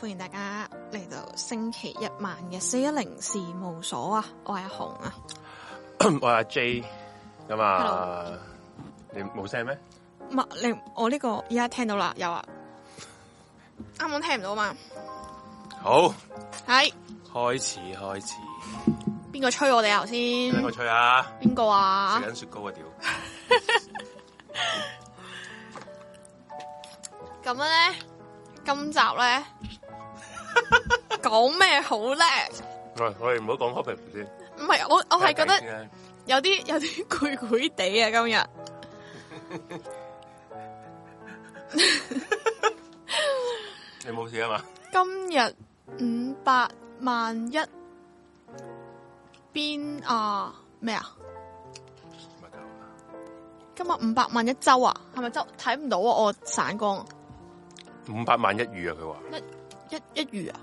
歡迎大家嚟到星期一晚嘅四一零事務所啊！我係阿紅啊， 我係阿 J 咁啊，Hello. 你冇聲咩？唔係你我呢、呢個而家聽到啦，有啊，啱啱聽唔到啊嘛？好，係開始開始，邊個吹我哋頭先？邊個吹啊？邊個啊？食緊雪糕啊屌！咁 樣咧，今集咧。講 咩好叻？喂、啊，我哋唔好講 copy 先。唔係，我我係覺得有啲有啲攰攰地啊！今日 你冇事啊嘛？今日五百萬一邊啊咩啊？今日五百萬一周啊？係咪周睇唔到啊？我散光五百萬一月啊！佢話。一一月啊，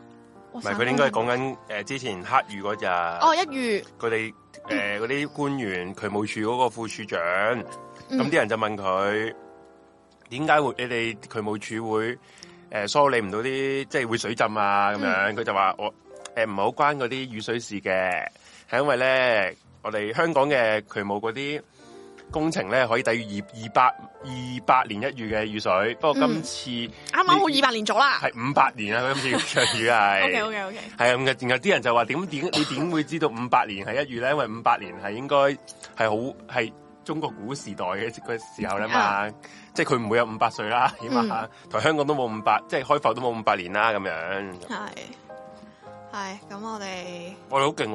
唔係佢應該係講緊誒，之前黑雨嗰日哦，一月佢哋誒嗰啲官員、嗯、渠務署嗰個副署長，咁啲人就問佢點解會你哋渠務署會誒、呃、梳理唔到啲即係會水浸啊咁樣，佢、嗯、就話我誒唔係好關嗰啲雨水事嘅，係因為咧我哋香港嘅渠務嗰啲，工程咧可以抵禦二二百二百年一遇嘅雨水，不過今次啱啱、嗯、好二百年咗啦，係五百年啊！ 今次嘅雨係，OK OK OK，係啊，然後啲人就話點點你點會知道五百年係一遇咧？因為五百年係應該係好係中國古時代嘅時候啦 嘛，即係佢唔會有五百歲啦，起碼同、嗯、香港都冇五百，即係開埠都冇五百年啦，咁樣係。 係，咁我哋我哋好勁，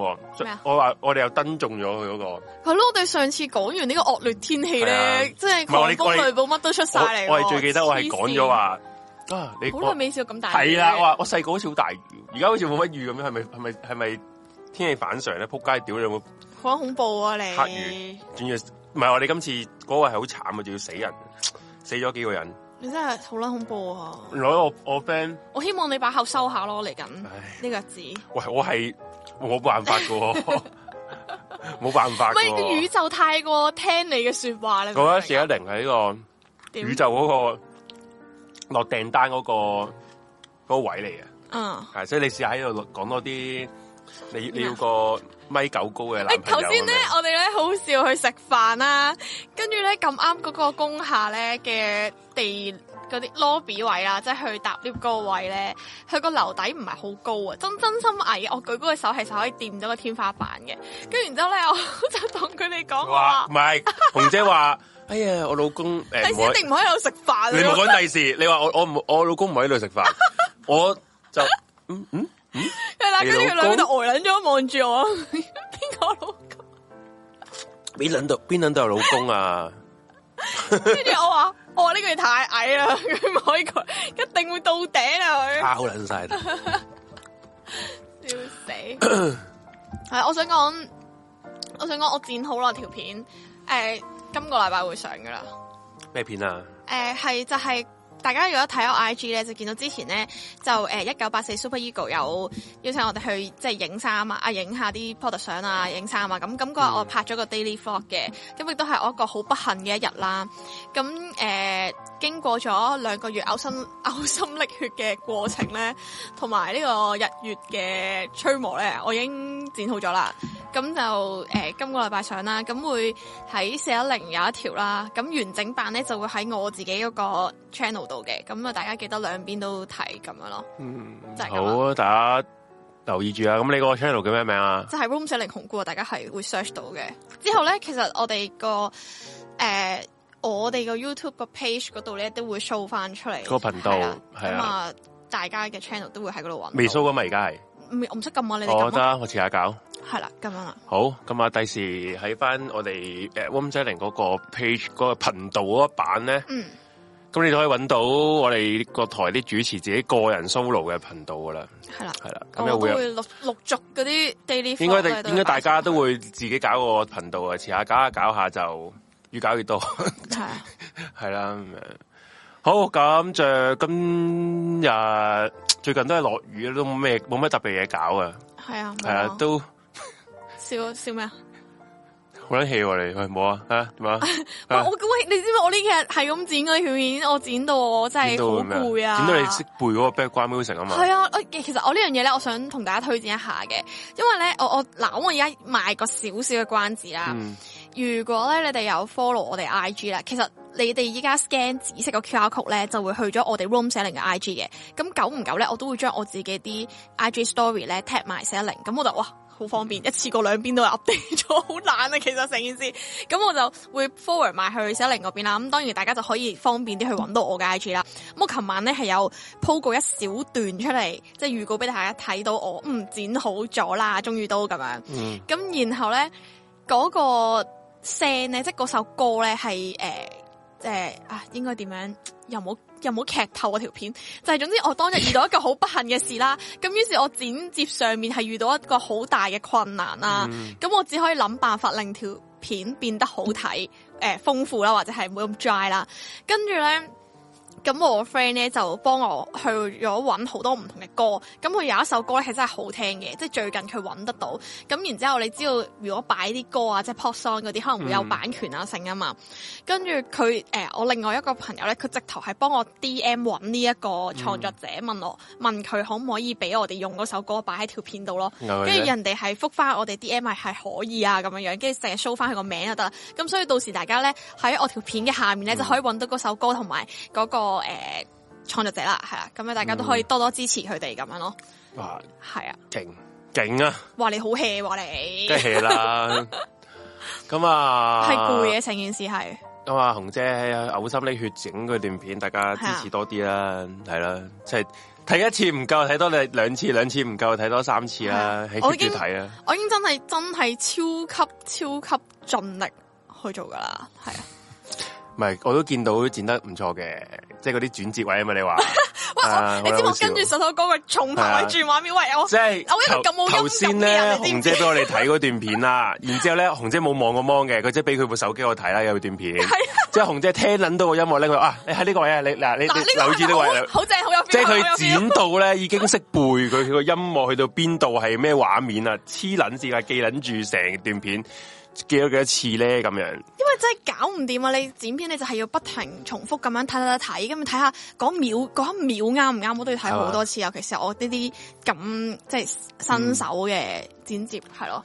我話、啊、我哋又登中咗佢嗰個，係咯，我哋上次講完呢個惡劣天氣咧，即係，唔係我哋乜都出晒嚟，我係最記得我係講咗話啊，你好耐未笑咁大，係啦、啊，我話我細個好似好大雨，而家好似冇乜雨咁樣，係咪係咪係咪天氣反常咧？撲街屌你有冇？好恐怖啊你，黑雨！仲要！唔係話你今次嗰個係好慘啊，仲要死人，死咗幾個人。你真係好撚恐怖啊！攞我我 friend，我，我希望你把口收下咯，嚟緊呢個字。喂，我係冇辦法噶，冇 辦法的。喂，這個、宇宙太過聽你嘅說話啦。我覺得四一零係呢個宇宙嗰、嗰個落訂單嗰、嗰個嗰、嗰個位嚟嘅。嗯，係，所以你試下喺度講多啲，你你要，你要個。米九高嘅，誒、哎，頭先咧，我哋咧好少去食飯啦，跟住咧咁啱嗰個工廈咧嘅地嗰啲 lobby 位啦，即係去搭 lift 嗰個位咧，佢個樓底唔係好高啊，真真心矮，我舉高嘅手其實可以掂到個天花板嘅，跟住然之後咧，我就同佢哋講話，唔係，紅姐話， 哎呀，我老公誒，一定唔可以喺度食飯，你唔好講第時， 你話我我我老公唔喺度食飯， 我就嗯嗯。嗯嗯，佢跟住兩個都呆捻咗望住我，邊個老公個？邊捻到，邊捻到有老公啊？跟 住我話，我話呢句太矮啦，佢唔可以，佢一定會到頂啊佢。好卵晒。 笑死！係我想講，我想講，我剪好耐條片，誒、呃，今個禮拜會上噶啦。咩片啊？誒、呃，係就係、是。大家如果睇我 IG 咧，就見到之前咧就誒一、呃、九八四 Super Ego 有邀請我哋去即係影衫啊，影下啲 portrait 相啊，影衫啊，咁嗰日我拍咗個 daily vlog 嘅，咁亦都係我一個好不幸嘅一日啦，咁經過咗兩個月嘔心嘔心瀝血嘅過程咧，同埋呢個日月嘅吹磨咧，我已經剪好咗啦。咁就誒、呃、今個禮拜上啦，咁會喺四一零有一條啦。咁完整版咧就會喺我自己嗰個 channel 度嘅。咁啊，大家記得兩邊都睇咁樣咯。嗯、就係咁咯，好，大家留意住啊！咁你個 channel 叫咩名啊？就係 room 四一零紅姑，大家係會 search 到嘅。之後咧，其實我哋個誒。呃我哋個 YouTube 個 page 嗰度咧，都會 show 翻出嚟個頻道咁啊，啊！大家嘅 channel 都會喺嗰度揾未 show 噶嘛？而家係我唔識咁啊！你、哦、哋。我得，我遲下搞係啦，咁、啊、樣啦。好，咁、嗯、啊，第時喺翻我哋誒 Warmzing 嗰個 page 嗰、個頻道嗰版咧，嗯，咁你都可以揾到我哋個台啲主持自己個人 solo 嘅頻道噶啦，係啦、啊，係啦、啊，咁會錄錄足嗰啲 data 應該大應該大家都會自己搞個頻道啊！遲下搞下搞下就。越搞越多係、啊 係啊，係係啦咁樣。好咁就今日最近都係落雨，都冇咩冇咩特別嘢搞啊。係啊。係啊，係啊，都笑笑咩啊？好冷氣喎，你佢冇啊吓點啊，啊， 啊？我你知唔知我呢幾日係咁剪嗰啲片，我剪到我真係好攰啊剪！剪到你識背嗰個、啊《Breaking News》啊嘛？係啊，其實我這件事呢樣嘢咧，我想同大家推薦一下嘅，因為咧，我我嗱，我而家賣個少少嘅關子啦。嗯如果咧，你哋有 follow 我哋 I G 啦，其實你哋依家 scan 紫色個 QR code 咧，就會去咗我哋 room 410嘅 I G 嘅。咁久唔久咧，我都會將我自己啲 I G story 咧 tag 埋410。咁、mm-hmm. 我就哇，好方便，一次過兩邊都有 update 咗，好懶啊，其實成件事。咁我就會 forward 埋、mm-hmm. 去410嗰邊啦。咁當然大家就可以方便啲去搵到我嘅 I G 啦。咁我琴晚咧係有鋪過一小段出嚟，即係預告俾大家睇到我，唔、嗯、剪好咗啦，終於都咁樣。咁、mm-hmm. 然後咧嗰、那個。聲咧，即係嗰首歌咧，係誒，即係啊，應該點樣？又冇又冇劇透嗰條片，就係、是、總之我當日遇到一個好不幸嘅事啦。咁於是我剪接上面係遇到一個好大嘅困難啦。咁、嗯、我只可以諗辦法令條片變得好睇，誒、呃、豐富啦，或者係唔會咁 dry 啦。跟住咧。咁我 friend 咧就幫我去咗揾好多唔同嘅歌，咁佢有一首歌咧係真係好聽嘅，即係最近佢揾得到。咁然之後，你知道如果擺啲歌啊，即係 pop song 嗰啲，可能會有版權啊，剩啊嘛。跟住佢誒我另外一個朋友咧，佢直頭係幫我 DM 揾呢一個創作者，嗯、問我問佢可唔可以俾我哋用嗰首歌擺喺條片度咯。跟、okay. 住人哋係復翻我哋 DM 係係可以啊咁樣樣跟住成日 show 翻佢個名就得啦。咁所以到時大家咧喺我條片嘅下面咧、嗯、就可以揾到首歌同埋、嗰個。我、呃、誒，創作者啦，係啊，咁樣大家都可以多多支持佢哋咁樣咯、嗯。哇，係啊，勁勁啊！哇，你好氣啊、啊、你，梗係氣啦。咁啊，係攰嘅成件事係。咁啊，紅、啊、姐嘔心瀝血整佢段片，大家支持多啲啦，係啦，即係睇一次唔夠，睇多你兩次，兩次唔夠，睇多三次啦，喺邊度睇啊？我已經真係真係超級超級盡力去做噶啦，係啊。唔係，我都見到剪得唔錯嘅，即係嗰啲轉折位啊嘛！你話，喂、 啊，你知我跟住首首歌嘅重頭位轉畫面，啊、喂，我即係我一個咁冇頭先咧，紅姐俾我哋睇嗰段片啦， 然之後咧，紅姐冇望個芒嘅，佢即係俾佢部手機我睇啦，有段片，即 係後呢 紅姐聽撚到個音樂咧，佢啊，啊，你喺呢個位啊，你嗱、這個、你留意呢位，好正好有，即係佢剪到咧 已經識背佢個音樂去到邊度係咩畫面啊，黐撚字啊，記撚住成段片。幾多幾多次咧？咁樣，因為真係搞唔掂啊！你剪片你就係要不停重複咁樣睇睇睇咁啊，睇下講一秒講一秒啱唔啱？我都要睇好多次、啊，尤其是我呢啲咁即係新手嘅剪接，係、嗯、咯。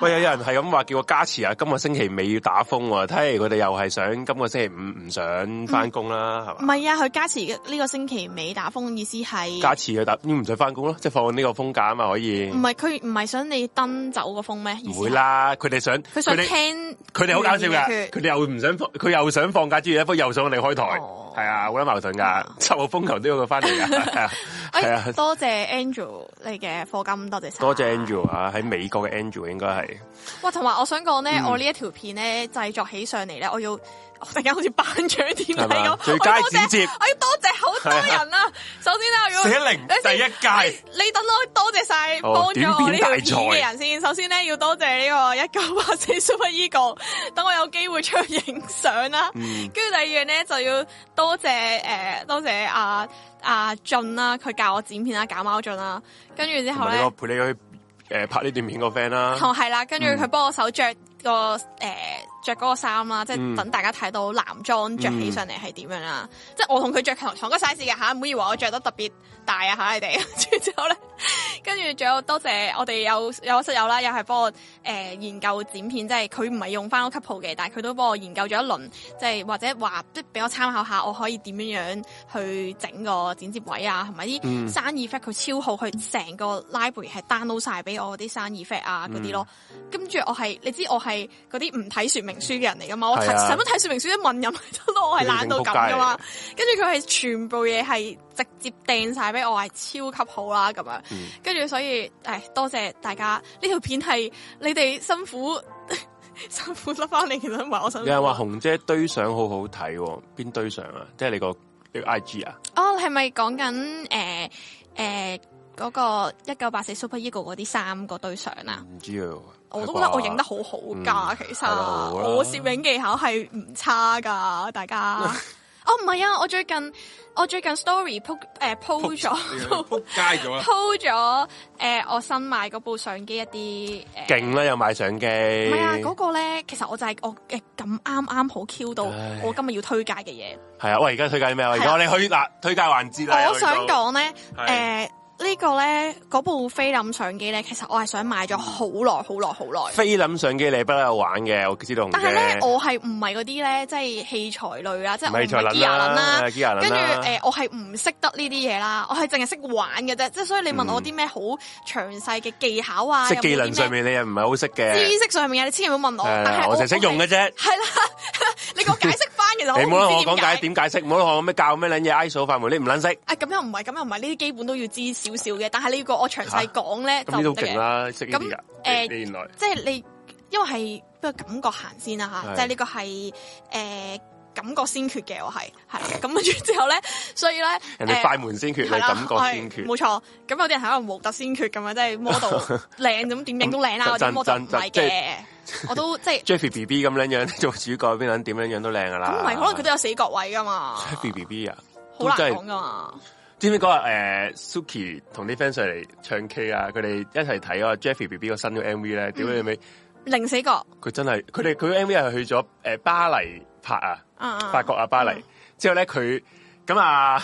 喂，有人係咁話叫我加持啊？今個星期尾要打風喎，睇嚟佢哋又係想今個星期五唔想翻工啦，係、嗯、嘛？唔係啊，佢加持呢個星期尾打風，意思係加持佢打，唔唔使翻工咯，即、就、係、是、放呢個風假啊嘛，可以。唔係佢唔係想你登走個風咩？唔會啦，佢哋想佢想聽，佢哋好搞笑㗎。佢哋又唔想，佢又想放假，之餘呢，佢又想我哋開台，係、哦、啊，好鬼矛盾㗎，七、哦、號風球都要佢翻嚟㗎。 係、哎、啊，多謝 Angel 你嘅課金，多謝多謝 Angel 啊，喺美國嘅 Angel 應該係。哇，同埋我想講咧、嗯，我條呢一條片咧製作起上嚟咧，我要我突然間好似頒獎典禮咁，最佳剪接我要多謝好多，多，多人啦、啊啊。首先啦，四一零第一屆，你等我多謝晒，幫助我呢個片嘅人先。首先咧要多謝呢個一九八四 Super Eagle，等我有機會出去影相啦。跟、嗯、住第二樣咧就要多謝誒、呃，多謝啊！阿、啊、俊啦、啊，佢教我剪片啦、啊，搞貓俊、啊呃啊哦、啦，跟住之後咧，我陪你去誒拍呢段片個 friend 啦，同係啦，跟住佢幫我手着個誒，嗯個呃着嗰個衫啦、啊，即、嗯、係等大家睇到男裝着起上嚟係點樣啦、啊嗯。即係我同佢着同同個 size 嘅吓，唔好以為我着得特別大啊吓你哋。跟住之後咧，跟住仲有多謝我哋有有室友啦，又係幫我誒、呃、研究剪片，即係佢唔係用翻屋 c o 嘅，但係佢都幫我研究咗一輪，即係或者話即係俾我參考下，我可以點樣樣去整個剪接位啊，同埋啲 sound effect 佢超好，佢成個 library 係 download 晒俾我啲 sound effect 啊啲咯。跟、嗯、住我係你知我係嗰啲唔睇說明。書嘅人嚟噶嘛？我睇使乜睇說明書，一問人，都 我係懶到咁噶嘛？跟住佢係全部嘢係直接掟晒俾我，係超級好啦咁樣。跟住所以，誒多謝大家呢條片係你哋辛苦 辛苦甩翻嚟，其實我想你係話紅姐堆相好好睇。啊，邊堆相啊？即係你個個 I G 啊？哦、oh,，係咪講緊誒誒嗰個一九八四 Super Eagle 嗰啲三個堆相啊？唔知啊。我都覺得我影得好好噶，其實、嗯 Hello、我攝影技巧係唔差噶，大家。哦，唔係啊，我最近我最近 story 鋪誒鋪咗，鋪、呃、街咗，鋪咗誒，我新買嗰部相機一啲。勁、呃、啦，又買相機。唔係啊，嗰、那個咧，其實我就係、是、我誒咁啱啱好 Q 到我今日要推介嘅嘢。係啊，喂，而家推介啲咩？而家你推嗱推介環節啦。我想講咧，誒。這個、呢個咧，嗰部菲林相機咧，其實我係想買咗好耐、好耐、好耐。菲林相機你不嬲玩嘅，我知道。但係咧，我係唔係嗰啲咧，即係器材類啦，即係唔係機啦，跟住誒、啊呃，我係唔識得呢啲嘢啦，我係淨係識玩嘅啫，即係所以你問我啲咩好詳細嘅技巧啊？即係技能有有上面你又唔係好識嘅。知識上面你千祈唔好問我。但我淨係識用嘅啫。係 啦， 你講解釋翻其實。你唔好學我講解點解釋，唔好學我咩教咩捻嘢，ISO 範圍你唔捻識。咁又唔係，咁又唔係，呢啲基本都要知識。少少嘅，但係呢個我詳細講咧就咁呢勁啦，食呢誒，呃、原來即係你，因為係個感覺行先啦、啊、吓，即係呢個係誒、呃、感覺先決嘅，我係係咁跟住之後咧，所以咧人哋快門先決、呃，你感覺先決，冇錯。咁有啲人係一模特先決咁樣，即係 model 靚咁點影都靚啦， 我啲 model 嘅。我都即係 Jaffy BB 咁樣樣做主角，邊諗點樣樣都靚噶啦。唔係，可能佢都有死角位噶嘛？Jaffy BB 啊，好難講噶、就是、嘛。知唔知嗰日 Suki 同啲 friend 上嚟唱 K 啊、嗯？佢哋一齊睇嗰個 Jeffy B B 個新嘅 M V 咧，點解你未零死角？佢真係佢哋佢 M V 係去咗誒、呃、巴黎拍啊！法國啊巴黎。啊、之後咧佢咁啊，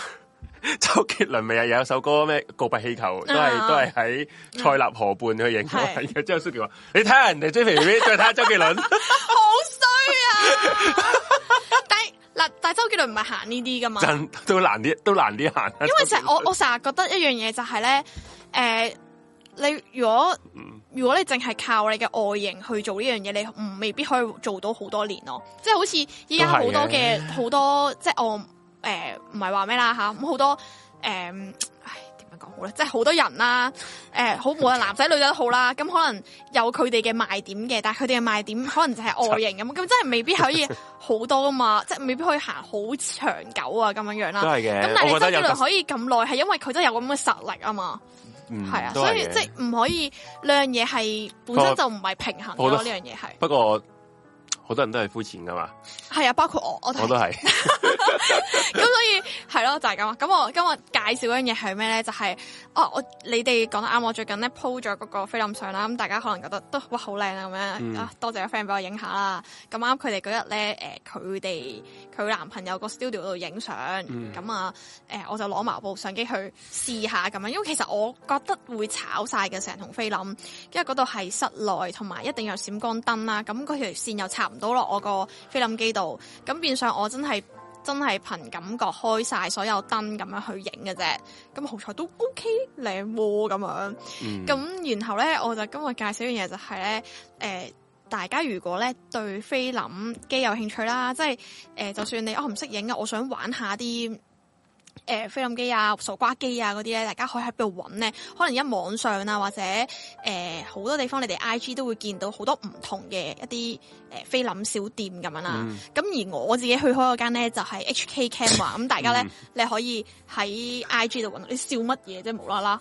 周杰倫咪有，有一首歌咩《告白氣球》啊、都係都係喺塞納河畔去影。之、啊、後，後 Suki 話：你睇下人哋 Jeffy B B，再睇下周杰倫 好衰壞啊！ 但係。嗱，但係周杰倫唔係行呢啲㗎嘛？都難啲，都難啲行。因為成我我成日覺得一樣嘢就係、是、咧，誒、呃，你如果如果你淨係靠你嘅外形去做呢樣嘢，你唔未必可以做到好多年咯。即係好似依家好多嘅好多，即係我誒唔係話咩啦吓，咁、呃、好多誒。呃好即係好多人啦、啊，誒、欸，無生生好無論男仔女仔都好啦，咁 可能有佢哋嘅賣點嘅，但係佢哋嘅賣點可能就係外形咁，咁真係未必可以好多噶嘛，即係未必可以行好長久啊，咁樣樣、啊、啦。都係嘅，咁但係周杰倫可以咁耐，係、嗯、因為佢都有咁嘅實力啊嘛，係、嗯、啊，所以即係唔可以兩樣嘢係本身就唔係平衡咯，呢樣嘢係。不過好多人都係膚淺噶嘛，係啊，包括我，我都係。咁 所以係咯，就係咁啊。咁我今日介紹嗰樣嘢係咩咧？就係、是、哦，我你哋講得啱。我最近咧鋪咗嗰個菲林相啦，咁大家可能覺得都哇好靚啊咁樣、嗯、啊，多謝阿 friend 俾我影下啦。咁啱佢哋嗰日咧，誒佢哋佢男朋友個 studio 度影相，咁、嗯、啊誒、呃、我就攞埋部相機去試一下咁樣，因為其實我覺得會炒晒嘅成筒菲林，film，因為嗰度係室內，同埋一定有閃光燈啦，咁嗰條線又插。倒落我個菲林機度，咁變相我真係真係憑感覺開晒所有燈咁樣去影嘅啫，咁好彩都 OK 靚喎咁樣，咁、嗯、然後咧我就今日介紹樣嘢就係、是、咧，誒、呃、大家如果咧對菲林機有興趣啦，即係誒就算你我唔識影啊，我想玩下啲。誒、呃，菲林機啊，傻瓜機啊，嗰啲咧，大家可以喺邊度揾咧？可能而家網上啊，或者誒好、呃、多地方，你哋 I G 都會見到好多唔同嘅一啲誒、呃、菲林小店咁樣啦、啊。咁、嗯、而我自己去開嗰間咧就係、是、H K Cam 啊、 嗯。咁大家咧，你可以喺 I G 度揾。你笑乜嘢啫？無啦啦，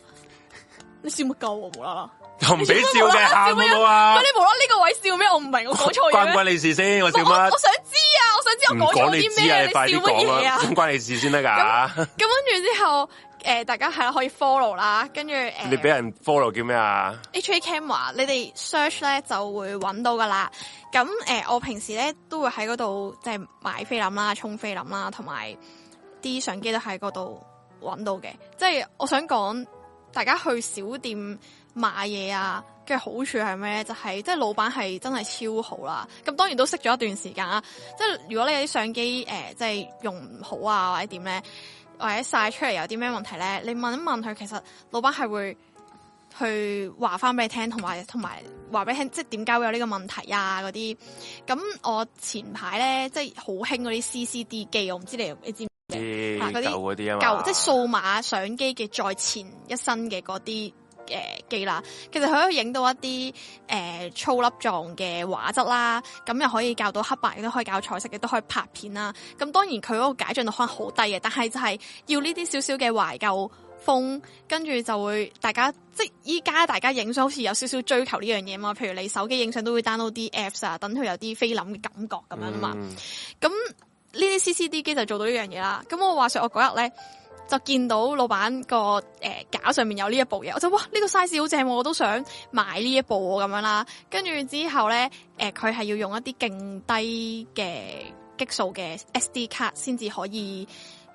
你笑乜鳩？無啦啦，又唔俾笑咩？無無哭哭啊、笑乜呀？你無啦啦呢個位笑咩？我唔明，我講錯咗。關唔關你事先，我笑乜？我想知啊。我想知我講你知啊，你笑乜嘢啊？唔關你事先得噶。咁跟住之後，誒、呃，大家係可以 follow 啦，跟住誒、呃，你俾人 follow 叫咩啊？HACAM 你哋 search 咧就會揾到噶啦。咁、嗯、誒、呃，我平時咧都會喺嗰度即係買菲林啦、沖菲林啦，同埋啲相機都喺嗰度揾到嘅。即係我想講，大家去小店。買嘢啊，跟住好處係咩咧？就係即係老闆係真係超好啦。咁當然都識咗一段時間啦。即係如果你有啲相機誒，即係用唔好啊，或者點咧，或者晒出嚟有啲咩問題咧，你問一問佢，其實老闆係會去話翻俾你聽，同埋同埋話俾你聽，即係點解會有呢個問題啊？嗰啲咁我前排咧，即係好興嗰啲 CCD 機，我唔知你你知唔知嗰啲舊即係數碼相機嘅再前一新嘅嗰啲。嘅機啦，其實佢可以影到一啲誒、呃、粗粒狀嘅畫質啦，咁又可以教到黑白嘅，都可以教彩色嘅，都可以拍片啦。咁當然佢嗰個解像度可能好低嘅，但係就係要呢啲少少嘅懷舊風，跟住就會大家即係依家大家影相好似有少少追求呢樣嘢嘛。譬如你手機影相都會 download 啲 apps 啊，等佢有啲菲林嘅感覺咁樣啊嘛。咁呢啲 CCD 機就做到件事呢樣嘢啦。咁我話説我嗰日咧。就見到老闆個誒架上面有呢一部嘢，我就哇，呢、這個 size 好正喎，我都想買呢一部咁、啊、樣啦。跟住之後咧，誒佢係要用一啲勁低嘅級數嘅 SD 卡先至可以。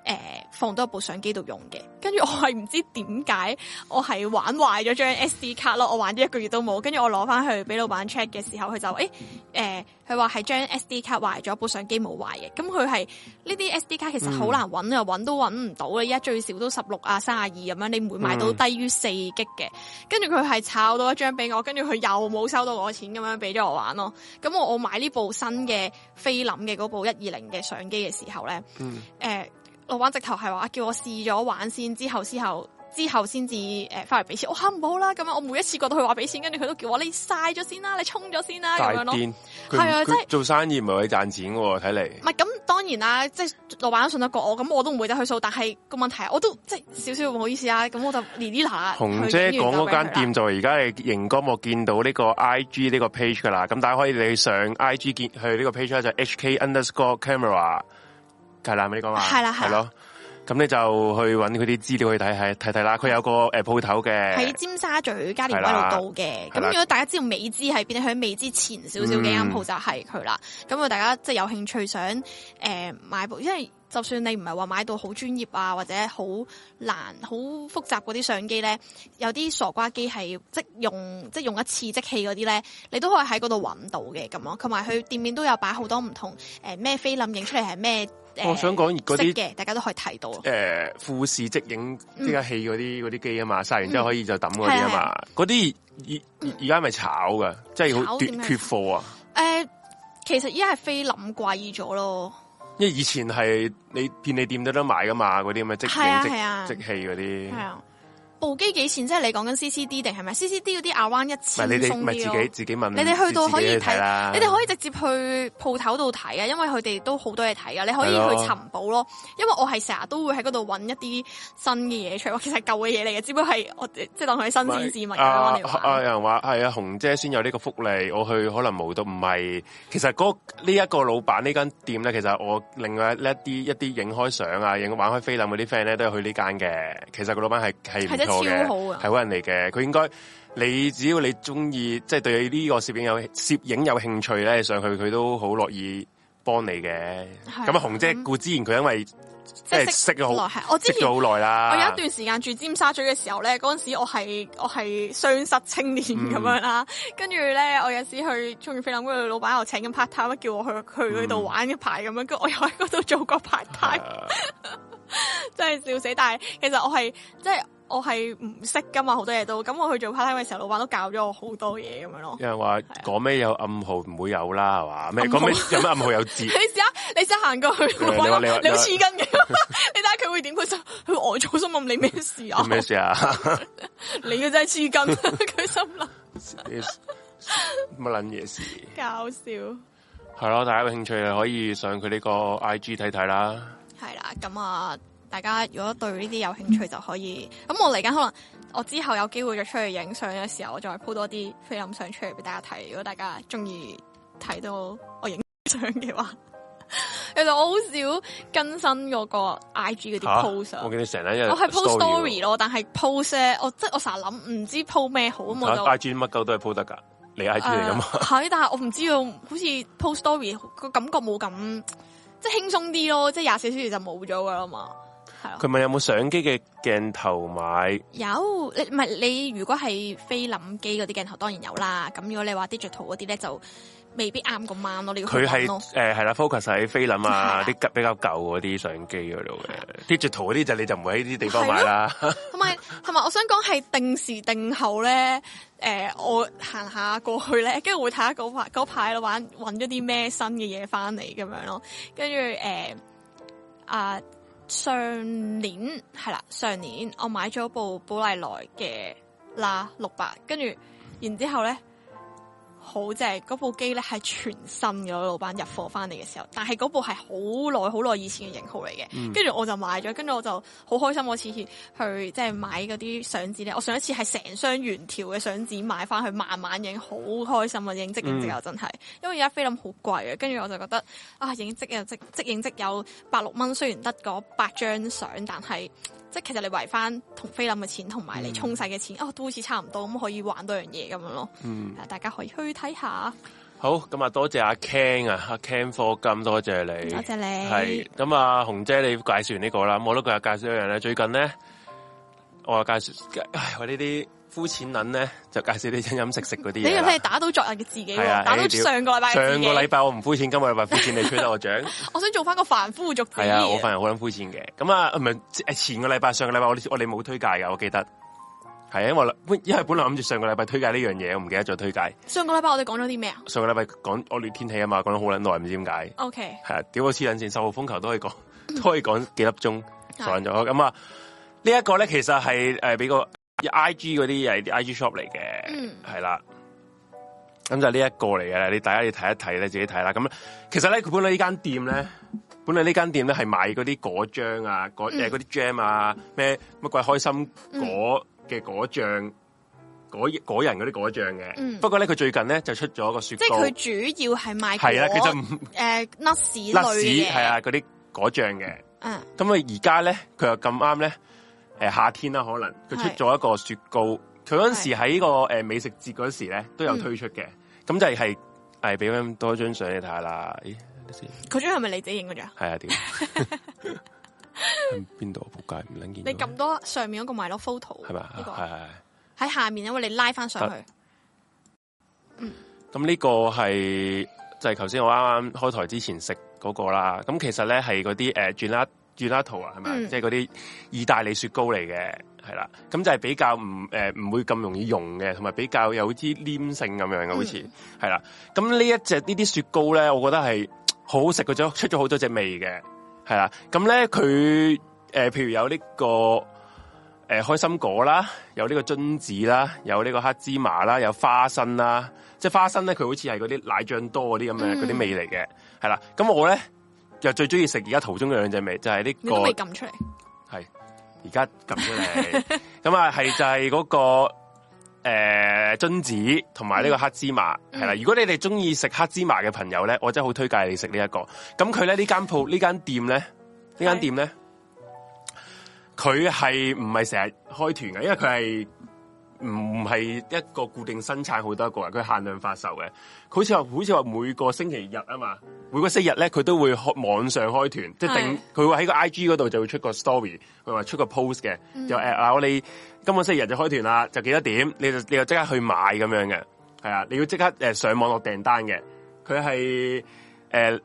誒，放到一部相機度用嘅，跟住我係唔知點解我係玩壞咗張 SD 卡咯，我玩咗一個月都冇，跟住我攞翻去俾老闆 check 嘅時候，佢就誒，誒、欸，佢話係張 SD 卡壞咗，部相機冇壞嘅，咁佢係呢啲 SD 卡其實好難搵啊，搵、嗯、都搵唔到啊，依家最少都十六啊，卅二咁樣，你唔會買到低於四 G 嘅，跟住佢係抄到一張俾我，跟住佢又冇收到我錢咁樣俾咗我玩咯。咁我我買呢部新嘅菲林嘅嗰部一二零嘅相機嘅時候咧，誒、嗯呃。老闆直頭係話叫我試咗玩先，之後之後之後先至誒，翻嚟俾錢。我話唔好啦，咁我每一次過到佢話俾錢，跟住佢都叫我你晒咗先啦，你充咗先啦，咁樣咯。係啊，即係、啊就是、做生意唔係為賺錢嘅、啊、喎，睇嚟。唔係咁，當然啦，即、就、係、是、老闆都信得過我，咁我都唔會得去數。但係個問題，我都即係少少唔好意思啊。咁我就呢啲啦。紅姐講嗰間店就而家係熒光幕見到呢個 I G 呢個 page 噶啦。咁大家可以上 I G 見佢呢個 page 就是、H K Underscore Camera。係啦，你講話係啦，係咯，咁你就去揾佢啲資料去睇睇睇睇啦。佢有個誒鋪頭嘅喺尖沙咀嘉年威路度嘅。咁如果大家知道美資係邊，喺美資前少少嘅間鋪就係佢啦。咁、嗯、啊，大家即係有興趣想誒、呃、買部，因為就算你唔係話買到好專業啊，或者好難好複雜嗰啲相機咧，有啲傻瓜機係即用即用一次即棄嗰啲咧，你都可以喺嗰度揾到嘅。咁樣同埋佢店面都有擺好多唔同誒咩菲林影出嚟係咩。我、嗯哦、想講嗰啲，大家都可以睇到、呃。誒，富士即影即有嗰啲嗰啲機啊嘛，晒完之後可以就抌嗰啲啊嘛，嗰啲而而家咪炒㗎，炒即係好缺缺貨啊。誒、呃，其實依家係菲林貴咗咯，因為以前係你便利店都得買噶嘛，嗰啲咁嘅即影即器嗰啲。部機幾錢？即係你講緊 CCD 定係咪？CCD 嗰啲亞灣一次，唔係你哋，自己自己問。你哋去到可以睇，你哋可以直接去鋪頭度睇啊！因為佢哋都好多嘢睇啊！你可以去尋寶咯，因為我係成日都會喺嗰度搵一啲新嘅嘢出嚟。其實舊嘅嘢嚟嘅，只不過係我即係、就是、當佢新鮮事物。有人話係啊，紅姐先有呢個福利。我去可能冇到，唔係。其實嗰呢一個老闆呢間店咧，其實我另外一啲一啲影開相啊，影玩開菲林嗰啲 friend 咧，都係去呢間嘅。其實個老闆係超好嘅，係好人嚟嘅。佢應該，你只要你中意，即、就、係、是、對呢個攝影有攝影有興趣咧，上去佢都好樂意幫你嘅。咁啊，紅姐顧之、嗯、然佢因為即係識咗好，我識咗好耐啦。我有一段時間住尖沙咀嘅時候咧，嗰陣時我係我係雙失青年咁、嗯、樣啦。跟住咧，我有次去沖完菲林，嗰個老闆又請緊 part time，叫我去、嗯、去佢度玩一排咁樣。咁我又喺嗰度做過 part time，啊、 真係笑死。但係其實我係即係。我係唔識噶嘛，好多嘢都。咁我去做 part time 嘅時候，老闆都教咗我好多嘢咁樣咯。因為話講咩有暗號唔會有啦，係嘛？咩講咩有咩暗號有字？ 你試下，你先行過去，你好黐筋嘅。你睇下佢會點？佢就佢呆心問你咩事啊？咩事啊？你嘅真係黐筋，佢心諗乜撚嘢事？搞笑。係 咯，大家有興趣可以上佢呢個 I G 睇睇啦。係啦，咁啊。大家如果對呢啲有興趣就可以咁，我嚟緊可能我之後有機會再出去影相嘅時候，我再鋪多啲菲林相出嚟俾大家睇。如果大家中意睇到我影相嘅話，其 實我好少更新嗰個 I G 嗰啲鋪相。我見你成日因為我係鋪 story 咯，但係鋪 set 我即係我成日諗唔知鋪咩好我啊嘛。I G 乜鳩都係鋪得噶，你 I G 嚟、呃、噶嘛？係， 但係我唔知道，好似鋪 story 個感覺冇咁即係輕鬆啲咯，即係廿四小時就冇咗噶啦嘛。佢問、啊、有冇相機嘅鏡頭買？有，你唔係你如果係菲林機嗰啲鏡頭，當然有啦。咁如果你話 digital 嗰啲咧，就未必啱咁啱咯。呢個佢係誒係啦，focus 喺菲林啊啲、啊、比較舊嗰啲相機嗰度嘅 d i digital 嗰啲就你就唔會喺呢啲地方買啦、啊。同 埋我想講係定時定後咧，誒、呃、我行下過去咧，跟住會睇下嗰排嗰排玩搵咗啲咩新嘅嘢翻嚟咁樣咯。跟住誒啊。上年係啦，上年我買咗部寶麗來嘅啦六百，跟住然之後咧。好正嗰部機咧係全新嘅，老老闆入貨翻嚟嘅時候，但係嗰部係好耐好耐以前嘅型號嚟嘅。跟、嗯、住我就買咗，跟住我就好開心。我次次去即係、就是、買嗰啲相紙咧，我上一次係成箱原條嘅相紙買翻去慢慢影，好開心啊，影即影即有真係，因為而家菲林好貴啊，跟住我就覺得啊影即啊即即影即有百六蚊，雖然得嗰八張相，但係。即係其實你維翻同菲林嘅錢，同埋你沖晒嘅錢，嗯、哦，都好似差唔多，咁可以玩多樣嘢咁樣咯。嗯，大家可以去睇下。好，咁啊，多謝阿 Ken 啊，阿 Ken 課金多謝你，多謝你。係，咁啊，紅姐你解釋介紹完呢個啦，咁我都今日介紹一樣咧，最近咧，我介紹，唉，我呢啲。膚淺撚咧，就介紹你飲飲食食嗰啲嘢，你要睇打到昨日嘅自己，啊，打到上個禮拜上個禮拜我唔膚淺，今個禮拜膚淺，你吹得我脹。 我想做翻個凡夫俗。係啊，我份人好撚膚淺嘅。咁啊，唔係前個禮拜，上個禮拜我我哋冇推介噶，我記得係、啊、因為本因為本來諗住上個禮拜推介呢樣嘢，我唔記得再推介。上個禮拜我哋講咗啲咩啊？上個禮拜講惡劣天氣啊嘛，講得好撚耐，唔知點解。O K，係啊，屌我黐撚線，十號風球都可以講、嗯，都可以講幾粒鐘散咗。咁啊，那個、呢一個咧其實係誒俾個。I G 嗰啲係啲 I G shop 嚟嘅，係、嗯、啦，咁就呢一個嚟嘅啦。你大家要睇一睇咧，自己睇啦。咁其實咧，佢本嚟呢間店咧，本嚟呢間店咧係賣嗰啲果醬啊，嗰誒啲 jam 啊，咩乜鬼開心果嘅果醬、嗯，果果仁嗰啲果醬嘅、嗯。不過咧，佢最近咧就出咗個雪糕。即係佢主要係賣係啦，其實誒、呃、nuts 類嘅，係啊，嗰啲果醬嘅。嗯。咁、嗯、啊，而家咧，佢又咁啱咧。誒，夏天啦，可能佢出咗一個雪糕，佢嗰時喺呢個誒美食節嗰時咧都有推出嘅，咁、嗯、就係係係俾多張相你睇下啦。咦、欸，佢張係咪你自己影嗰張？係啊，點？邊度仆街唔撚見？見你咁多上面嗰、那個咪攞 photo？係嘛？呢、啊這個係係喺下面，因為你拉翻上去。啊、嗯，咁呢個係就係頭先我啱啱開台之前食嗰、那個啦。咁其實咧係嗰啲誒轉啦。Gelato 啊，係咪？即係嗰啲意大利雪糕嚟嘅，係啦。咁就係比較唔誒唔會咁容易溶嘅，同埋比較有啲黏性咁樣嘅，好似係啦。咁呢一隻呢啲雪糕咧，我覺得係好好食種出咗好多隻味嘅，係啦。咁咧佢誒，譬如有呢、這個誒、呃、開心果啦，有呢個榛子啦，有呢個黑芝麻啦，有花生啦。即係花生咧，佢好似係嗰啲奶醬多嗰啲咁嘅嗰啲味嚟嘅，係、mm. 啦。咁我咧。又最中意食而家途中嘅兩隻味，就係、是、呢、這個。你都未撳出嚟。係，而家撳出嚟。咁 啊，係就係嗰、那個誒榛、呃、子同埋呢個黑芝麻係啦、嗯。如果你哋中意食黑芝麻嘅朋友咧，我真係好推介你食呢一個。咁佢咧呢間鋪呢間店咧呢間店咧，佢係唔係成日開團嘅，因為佢係。唔係一個固定生產好多個人，佢限量發售嘅。佢好似話，好似話每個星期日啊嘛，每個星期日咧佢都會開網上開團，即係定佢會喺個 I G 嗰度就會出個 story，佢話出個 post 嘅，嗯，就誒嗱，啊，我哋今個星期日就開團啦，就幾多點，你就你就即刻去買咁樣嘅，係啊，你要即刻誒、呃、上網絡訂單嘅，佢係誒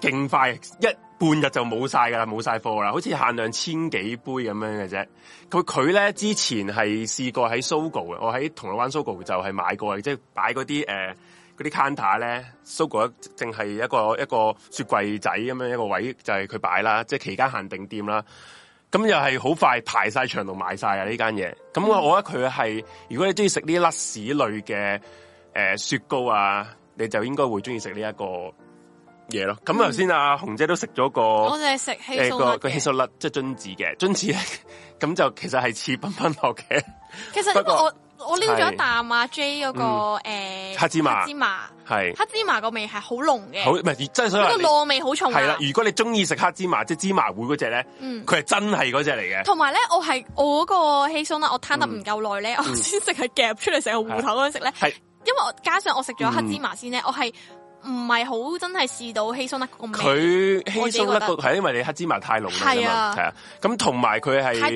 勁快一。半日就冇晒㗎啦，冇晒貨啦，好似限量千幾杯咁樣嘅啫。佢佢咧之前係試過喺 Sogo，我喺銅鑼灣 Sogo 就係買過，即係擺嗰啲誒嗰啲 counter 咧，Sogo 淨係一個一個雪櫃仔咁樣一個位就係佢擺啦，即係期間限定店啦。咁又係好快排晒長龍買晒啊！呢間嘢，咁我我覺得佢係如果你中意食啲甩屎類嘅誒雪糕啊，你就應該會中意食呢一個。嘢咯，咁頭先阿紅姐都食咗個，我淨係食稀松個氣松粒，即係榛子嘅榛子咧，咁就其實係似粉粉殼嘅。其實因為我我撩咗一啖阿 J 嗰個誒、嗯欸、黑芝麻，黑芝麻係黑芝麻個味係好濃嘅，好唔係真係所以個糯味好重，啊。係啦，如果你中意食黑芝麻，即係芝麻糊嗰隻咧，佢、嗯、係真係嗰隻嚟嘅。同埋咧，我係我嗰個稀松啦，我攤得唔夠耐咧，我先食係夾出嚟成個芋頭嗰陣食咧，係因為我加上我食咗黑芝麻、嗯、先咧，我係。唔係好真係試到稀疏粒。咁，佢稀疏粒嗰係因為你黑芝麻太濃啦嘛，係啊。咁同埋佢係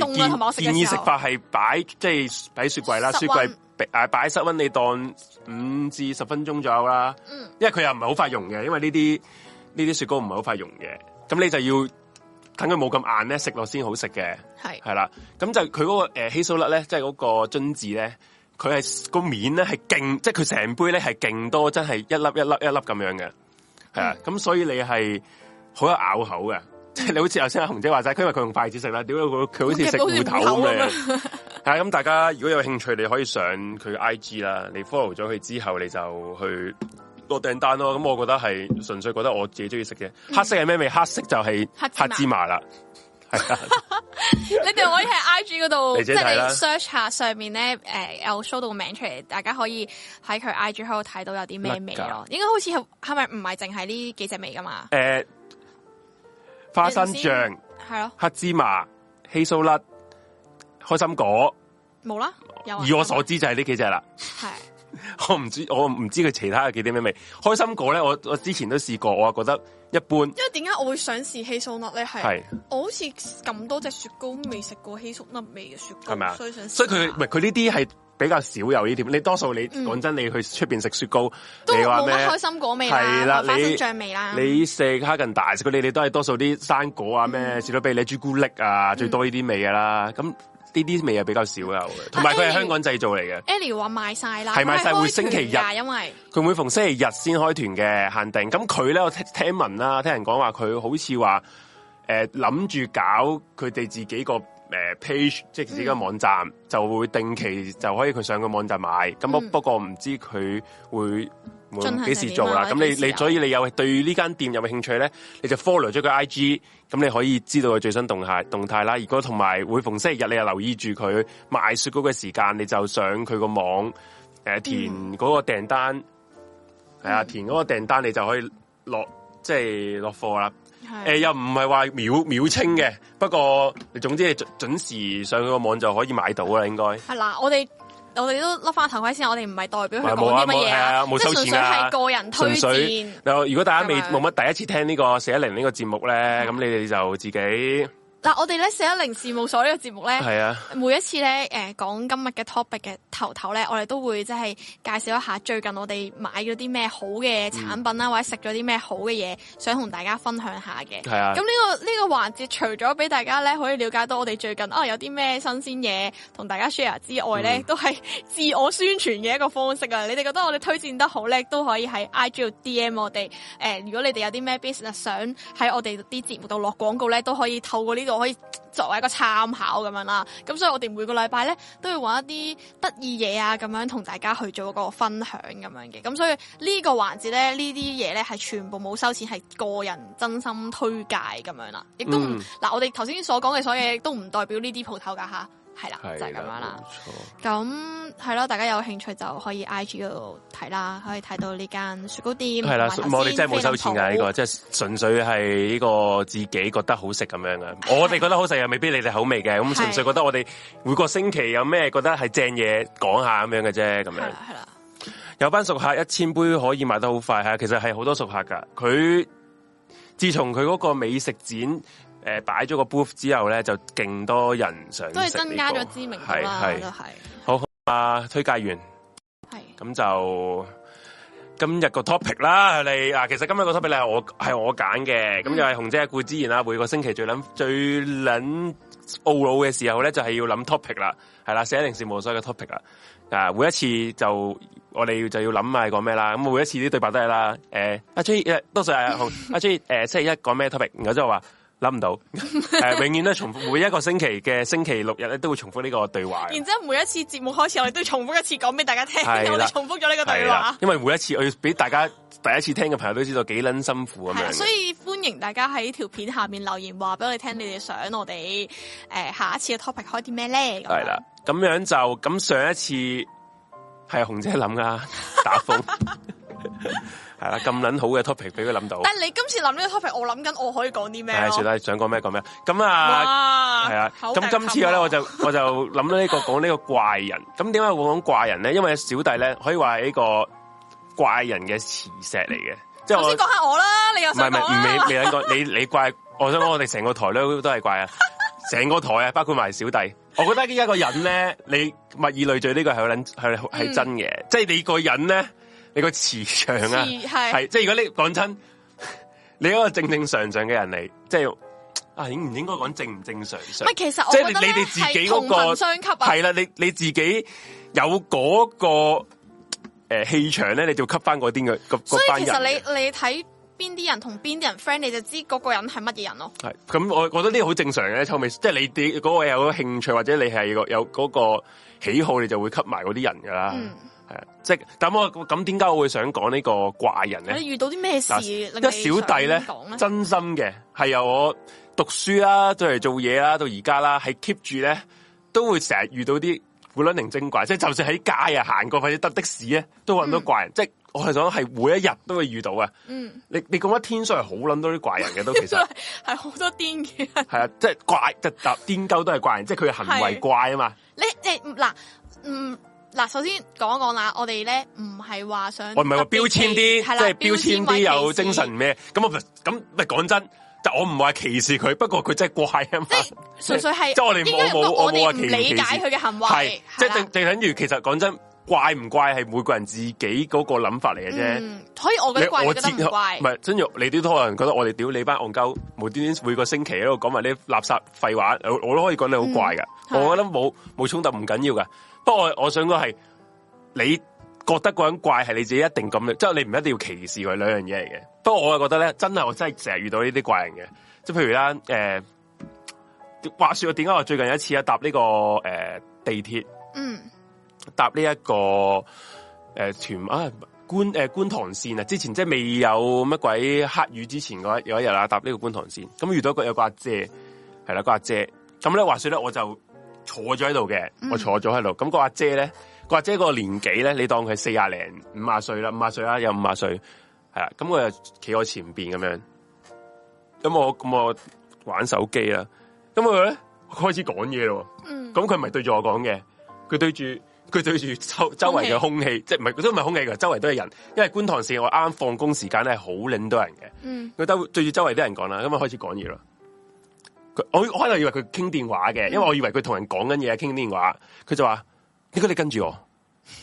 建議食法係擺即係、即係、擺雪櫃啦，雪櫃擺室溫，你當五至十分鐘左右啦。嗯，因為佢又唔係好快溶嘅，因為呢啲呢啲雪糕唔係好快溶嘅。咁你就要等佢冇咁硬咧，食落先好食嘅。係係啦，咁就佢嗰、嗰個稀疏粒咧，即係嗰個樽子咧。佢係個面咧係勁，即係佢成杯咧係勁多，真係一粒一粒一粒咁樣嘅，係啊。咁、嗯嗯、所以你係好有咬口嘅，即、嗯、係你好似頭先阿紅姐話齋，佢話佢用筷子食啦，點解佢佢好似食芋頭咁樣？係啊。咁、 嗯、大家如果有興趣，你可以上佢 I G 啦，你 follow 咗佢之後，你就去落訂單咯。咁我覺得係純粹覺得我自己中意食嘅，黑色係咩味？黑色就係黑芝麻啦，係啊。 你哋可以喺 IG 嗰度，即係 search 下上面咧，誒、呃、有 show 到個名出嚟，大家可以喺佢 IG 嗰度睇到有啲咩味咯。應該好似係，係咪唔係淨係呢幾隻味噶嘛？誒、呃，花生醬係咯，黑芝麻、稀酥粒、開心果，冇啦有、啊。以我所知就係呢幾隻啦。係， 我唔知我唔知佢其他有幾啲咩味。開心果咧，我我之前都試過，我覺得。一般，因為點解我會想試稀粟粒咧？係我好似咁多隻雪，雪糕，未食過稀粟粒味嘅雪糕，係咪啊？所以想，所以佢唔係佢呢啲係比較少有呢啲。你多數你講、嗯、真，你去出邊食雪糕，你說什麼都冇乜開心果味啦，花生醬味啦。你食哈根達斯佢哋，你你都係多數啲生果啊咩士多啤梨朱古力啊，最多呢啲味噶啦咁。嗯呢啲味又比較少、啊、有嘅，同埋佢係香港製造嚟嘅、欸。Ellie 話賣曬啦，係賣晒會星期日，因為佢每逢星期日先開團嘅限定。咁佢咧，我聽聞啦，聽人講話佢好似話誒諗住搞佢哋自己個誒、呃、page，即係自己嘅網站、嗯，就會定期就可以佢上個網站買。咁不、嗯、不過唔知佢會。冇幾時做啦、啊，咁、啊、你你所以你有對呢間店有冇興趣咧，你就 follow 咗佢 IG，咁你可以知道佢最新動態動態啦。如果同埋會逢星期日，你又留意住佢賣雪糕嘅時間，你就上佢個網誒填嗰個訂單。係、嗯、啊，填嗰個訂單你就可以落即係、就是、落貨啦、呃。又唔係話秒秒清嘅，不過你總之準準時上佢個網就可以買到啦。應該係啦，我哋。我哋都笠翻頭盔先，我哋唔係代表佢講啲乜嘢，即係純粹係個人推薦。如果大家未冇乜第一次聽呢個四一零呢個節目咧，咁、嗯、你哋就自己。嗱，我哋咧四一零事務所這個節呢個節目咧，係啊，每一次咧誒講今日嘅 topic 嘅頭頭咧，我哋都會即係介紹一下最近我哋買咗啲咩好嘅產品啦、嗯，或者食咗啲咩好嘅嘢，想同大家分享下嘅。係啊，咁呢、呢個呢、呢個環節除咗俾大家咧可以了解到我哋最近啊、哦、有啲咩新鮮嘢同大家 share 之外咧、嗯，都係自我宣傳嘅一個方式啊！你哋覺得我哋推薦得好叻，都可以喺 I G D M 我哋誒、呃、如果你哋有啲咩 business 想喺我哋啲節目度落廣告咧，都可以透過呢個。可以作為一個參考咁樣啦，咁所以我哋每個禮拜咧都要搵一啲得意嘢啊，咁樣同大家去做一個分享咁樣嘅，咁所以呢個環節咧，呢啲嘢咧係全部冇收錢，係個人真心推介咁樣、嗯、啦，亦都唔嗱我哋頭先所講嘅所有嘢，都唔代表呢啲鋪頭噶嚇。係啦，就係咁樣啦。咁係咯，大家有興趣就可以 I G 度睇啦，可以睇到呢間雪糕店。係啦，我哋真係冇收錢噶呢個，即係純粹係呢個自己覺得好食咁樣嘅。我哋覺得好食又未必你哋口味嘅，咁純粹覺得我哋每個星期有咩覺得係正嘢講下咁樣嘅啫，咁樣係啦。有班熟客一千杯可以賣得好快，係其實係好多熟客噶。佢自從佢嗰個美食展。誒、呃，擺咗個 booth 之後咧，就勁多人上、這個。都係增加咗知名度啦。都係好啊，推介完係咁，就今日個 topic 啦。你啊，其實今日個 topic 你我係我揀嘅，咁又係紅姐顧之然啦。每個星期最諗最諗懊惱嘅時候咧，就係、是、要諗 topic 啦。係啦，四一零事務所嘅 topic 啦。啊，每一次就我哋就要諗埋講咩啦。咁每一次啲對白都係啦。誒、欸、阿、啊、J、啊、多謝阿紅，誒，星、啊、期一講咩、啊啊啊、topic？然後就話。諗唔到，係永遠重從每一個星期嘅星期六日咧，都會重複呢個對話。然之後每一次節目開始，我哋都重複一次講俾大家聽，我哋重複咗呢個對話。因為每一次我要俾大家第一次聽嘅朋友都知道幾捻辛苦咁樣。所以歡迎大家喺條片下面留言，話俾我哋聽，你哋想我哋誒下一次嘅 topic 開啲咩咧？係啦，咁樣就咁上一次係紅姐諗噶，打風。 係啦、啊，咁撚好嘅 topic 俾佢諗到，但到。但係你今次諗呢個 topic，我諗緊我可以講啲咩？算啦，想講咩講咩？咁啊，係啊，咁今次咧，我就我就諗到呢、這個講呢 個怪人。咁點解會講怪人咧？因為小弟咧可以話係呢個怪人嘅磁石嚟嘅。即係我先講下我啦，你又唔係唔係唔你你講你你怪？我想講我哋成個台咧都係怪啊，成個台啊，包括埋小弟。我覺得呢個人咧，你物以類聚呢個係係係真嘅、嗯，即係你個人咧。你個磁場啊，係即係如果你講真，你嗰個正正常常嘅人嚟，即係啊你應唔應該講正唔正常常？咪，其實我覺得即係你你哋自己嗰、那個係啦、啊，你你自己有嗰、那個誒氣、呃、場咧，你就吸翻嗰啲嘅個。所以其實你你睇邊啲人同邊啲人 friend，你就知嗰個人係乜嘢人咯。係咁，我覺覺得呢個好正常嘅臭味，即係你哋嗰、那個有個興趣或者你係有嗰個喜好，你就會吸埋嗰啲人㗎啦。嗯係，即係，但我咁點解我會想講呢個怪人咧？你遇到啲咩事？一小弟咧，真心嘅係、嗯、由我讀書啦，再嚟做嘢啦，到而家啦，係 keep 住咧，都會成日遇到啲古捻靈精怪，即、嗯、係就算、是、喺街啊行過，或者搭的士咧，都搵到怪人。即、嗯、係我係想係每一日都會遇到呀。嗯，你你講天上係好捻多啲怪人嘅都 其實係好多癲嘅人係啊，即、就、係、是、怪就就癲鳩都係怪人，即係佢嘅行為怪啊嘛。你誒，嗱、啊，嗯。嗱，首先講一講啦，我哋咧唔係話想，我唔係話標籤啲，即係標籤啲有精神咩？咁我咁唔係講真，就我唔話歧視佢，不過佢真係怪啊嘛，純粹係，即係我哋冇冇冇話理解佢嘅行為，係即係定定等於其實講真。怪唔怪係每個人自己嗰個諗法嚟嘅啫，所以我覺得怪，你覺得唔怪，唔係真若你啲都可能覺得我哋屌你班戇鳩，無端端每個星期喺度講埋啲垃圾廢話我，我都可以講你好怪噶、嗯，我覺得冇冇衝突唔緊要噶。不過我想講係你覺得嗰人怪係你自己一定咁樣，即係你唔一定要歧視佢兩樣嘢嚟嘅。不過我又覺得咧，真係我真係成日遇到呢啲怪人嘅，即係譬如啦，誒、呃，話說我點解我最近有一次啊搭呢個誒、呃、地鐵，嗯。搭呢、這、一個誒、呃、團啊觀誒、呃、觀塘線啊，之前即係未有乜鬼黑雨之前嗰有一日啦、啊，搭呢個觀塘線，咁遇到個有個阿姐係啦，個阿姐咁咧，話説咧我就坐咗喺度嘅，我坐咗喺度，咁、那個阿姐咧，那個阿姐個年紀咧，你當佢四啊零五啊歲啦，五啊歲啦，有五啊歲係啦，咁佢就企我前邊咁樣，咁我咁我玩手機啦，咁佢咧開始講嘢咯，咁佢咪對住我講嘅，佢對住。佢對住周周圍嘅空氣，即係唔係佢都唔係空氣噶，周圍都係人。因為觀塘市我啱啱放工時間咧，好擰多人嘅。佢都對住周圍啲人講啦，咁啊開始講嘢啦。佢，我，我一開頭以為佢傾電話嘅、嗯，因為我以為佢同人講緊嘢傾電話。佢就話，點解你跟住我？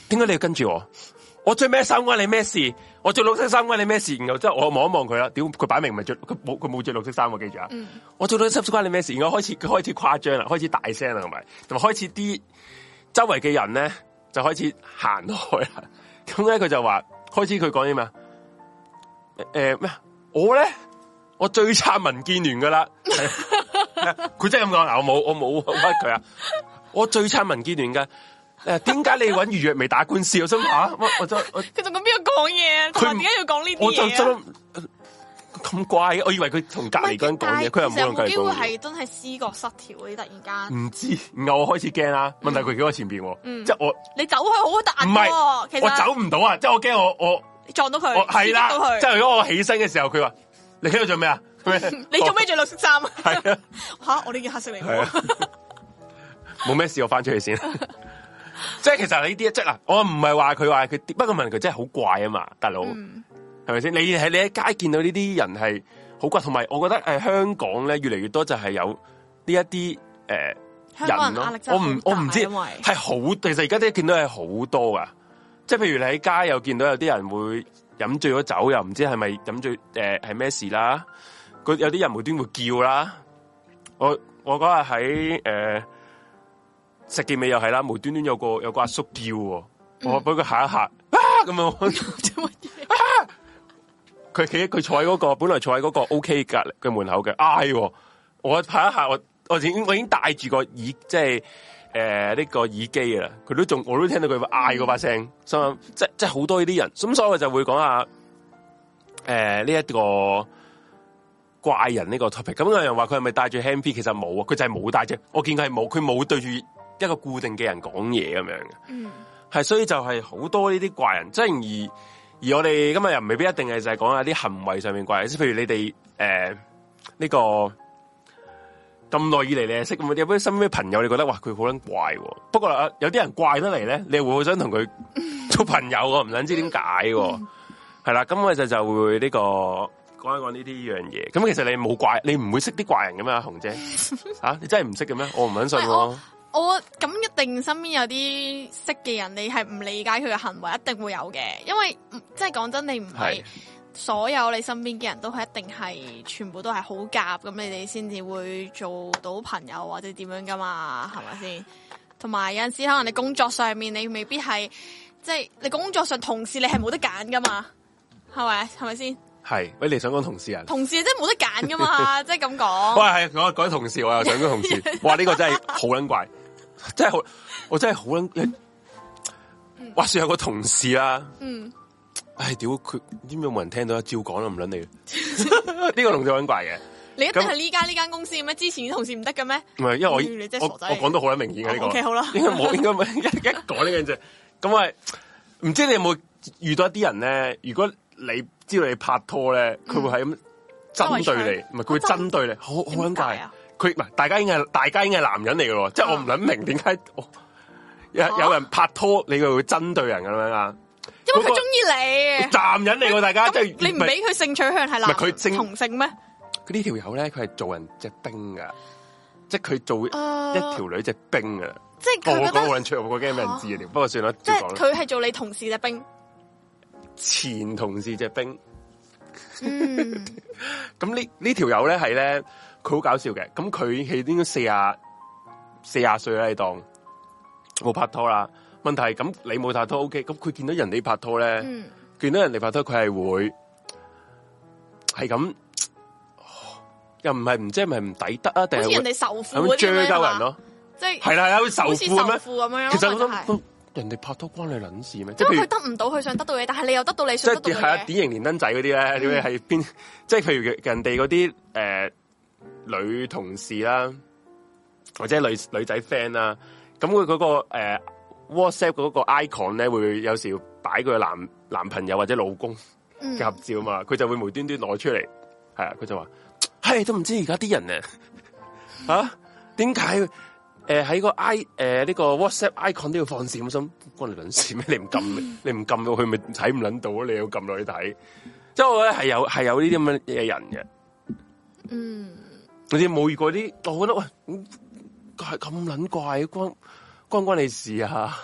點解你要跟住我？我着咩衫關你咩事？我着綠色衫關、啊、你咩事？然後之後我望一望佢啦，屌佢擺明唔係着，佢冇佢冇着綠色衫。我記住啊、嗯，我着到衫關你咩事？然後開始佢開始誇張啦，開始大聲啦，同埋同埋開始啲 D...。周圍嘅人咧就開始行開啦，咁咧佢就話開始佢講啲咩？誒、欸、咩、欸？我咧我最撐民建聯噶啦，佢 真係咁講，我冇我冇屈佢啊！我最撐民建聯噶誒點解你揾余若薇打官司我想問，我話，我我佢仲咁邊度講嘢？佢點解要講呢啲嘢？咁怪，我以為佢從隔籬嗰人講嘢，佢又唔同有機會係真係思覺失調嗰，突然間唔知，然後我開始驚啦。問題佢企喺我前邊，嗯，即係我你走去好大，唔係，我走唔到啊！即係我驚我我撞到佢，係啦，即係如果我起身嘅時候，佢話你喺度做咩 啊？你做咩着綠色衫啊？吓，我呢件黑色嚟，啊。係冇咩事，我翻出去先。 即係其實你呢啲即係嗱，我唔係話佢話佢，不過問佢真係好怪啊嘛，大佬。嗯係咪先？你喺你喺街見到呢啲人係好怪。同埋我覺得誒、呃，香港咧越嚟越多就係有呢一啲誒人咯。我唔我唔知係好，其實而家都見到係好多噶。即係譬如你喺街又見到有啲人會飲醉咗酒，又唔知係咪飲醉誒係咩事啦？佢有啲人無端會叫啦。我我嗰日喺誒食健美又係啦，無端端有個有個阿叔，叔叫，我俾佢吓一吓，咁、嗯、啊！ 佢企，佢坐喺嗰、嗰個，本來坐喺嗰個 O K 隔嘅門口嘅，嗌、啊，我拍一下我，我已經我已經戴住個耳，即係誒呢個耳機啦。佢都仲我都聽到佢嗌嗰把聲，心、嗯、即即係好多呢啲人。咁所以我就會講下誒呢一個怪人呢個 topic。咁有人話佢係咪戴住 h a p 其實冇啊，佢就係冇戴啫。我見佢係冇，佢冇對住一個固定嘅人講嘢咁樣嘅。係、嗯、所以就係好多呢啲怪人，即真而。而我哋今日又未必一定係就係講下啲行為上面的怪，即係譬如你哋誒呢個咁耐以嚟你係識有冇啲新咩朋友？你覺得哇佢好撚怪的，不過有啲人怪得嚟咧，你會唔會想同佢做朋友？我唔想知點解，係、嗯、啦，咁我就就會呢、這個講一講呢啲呢樣嘢。咁其實你冇怪，你唔會識啲怪人嘅咩？阿紅姐，吓、啊、你真係唔識嘅咩？我唔肯信。我、哦、咁一定身邊有啲識嘅人，你係唔理解佢嘅行為，一定會有嘅。因為即係講真，你唔係所有你身邊嘅人都係一定係全部都係好夾咁，你哋先至會做到朋友或者點樣噶嘛？係咪先？同埋有陣時可能你工作上面你未必係，即、就、係、是、你工作上同事你係冇得揀噶嘛？係咪？係咪先？係，喂，你想講同事啊？同事即係冇得揀噶嘛？ 即係咁講。喂，係我、那個、同事，我又想講同事。 哇，呢、這個真係好撚怪。 真係好，我真係好捻，話說有個同事啦、啊，嗯，唉屌佢，點解冇人聽到啊？照講都，唔捻你，呢 個弄到好捻怪嘅。你一定係呢間呢間公司嘅咩？之前啲同事唔得嘅咩？唔係，因為我、呃、我講得、啊這個嗯 okay，好捻明顯嘅呢個 OK 好啦。應該、這個、我應該一講呢樣嘢，咁啊，唔知你有冇遇到一啲人咧？如果你知道你拍拖咧，佢會係咁針對你，唔係佢會針對你，好好捻怪。大家應該係大家應該係男人嚟嘅，啊，即係我唔諗明點解有有人拍拖，你會會針對人咁樣啊？因為佢中意你？男人嚟個，大家即你唔俾佢性取向係男人性同性咩？佢呢條友咧，佢係做人隻兵噶，即係佢做一條女隻兵㗎！即係我講冇人出，我驚俾人治療，啊。不過算啦，即係佢係做你同事隻兵，前同事隻兵。咁、 嗯、 呢是呢條友咧係咧？佢好搞笑嘅，咁佢係應該四十四十歲啦，你當冇拍拖啦。問題係咁你冇拍拖 OK，咁佢見到人哋拍拖咧、嗯，見到人哋拍拖佢係會係咁，又唔係唔知係咪唔抵得啊？好似人哋仇富咁追究人咯，即係係啦係啦，好似仇富咩？仇富咁樣樣，其實我都人哋拍拖關你撚事咩？即係譬如得唔到佢想得到嘢，但係你又得到你想得到嘢，係、就、啊、是，典型連登仔嗰啲咧，你會係邊？即係譬如人哋嗰啲誒。呃女同事啦，或者女女仔 friend 啦，咁佢嗰個誒、呃、WhatsApp 嗰個 icon 咧，會，會有時擺佢個男男朋友或者老公嘅合照嘛，佢、嗯、就會無端端攞出嚟，係、hey, 啊，佢就話，係都唔知而家啲人啊，啊，點解誒喺個 i 誒、呃、呢、呢個 WhatsApp icon 都要放閃，我心關你卵事咩？ 你唔撳，你唔撳到佢咪睇唔捻到咯？你要撳落去睇，即係我覺得係有係有呢啲咁嘅嘢人嘅，嗯。你哋冇遇過啲，我覺得喂，係咁捻怪，關關關你事啊！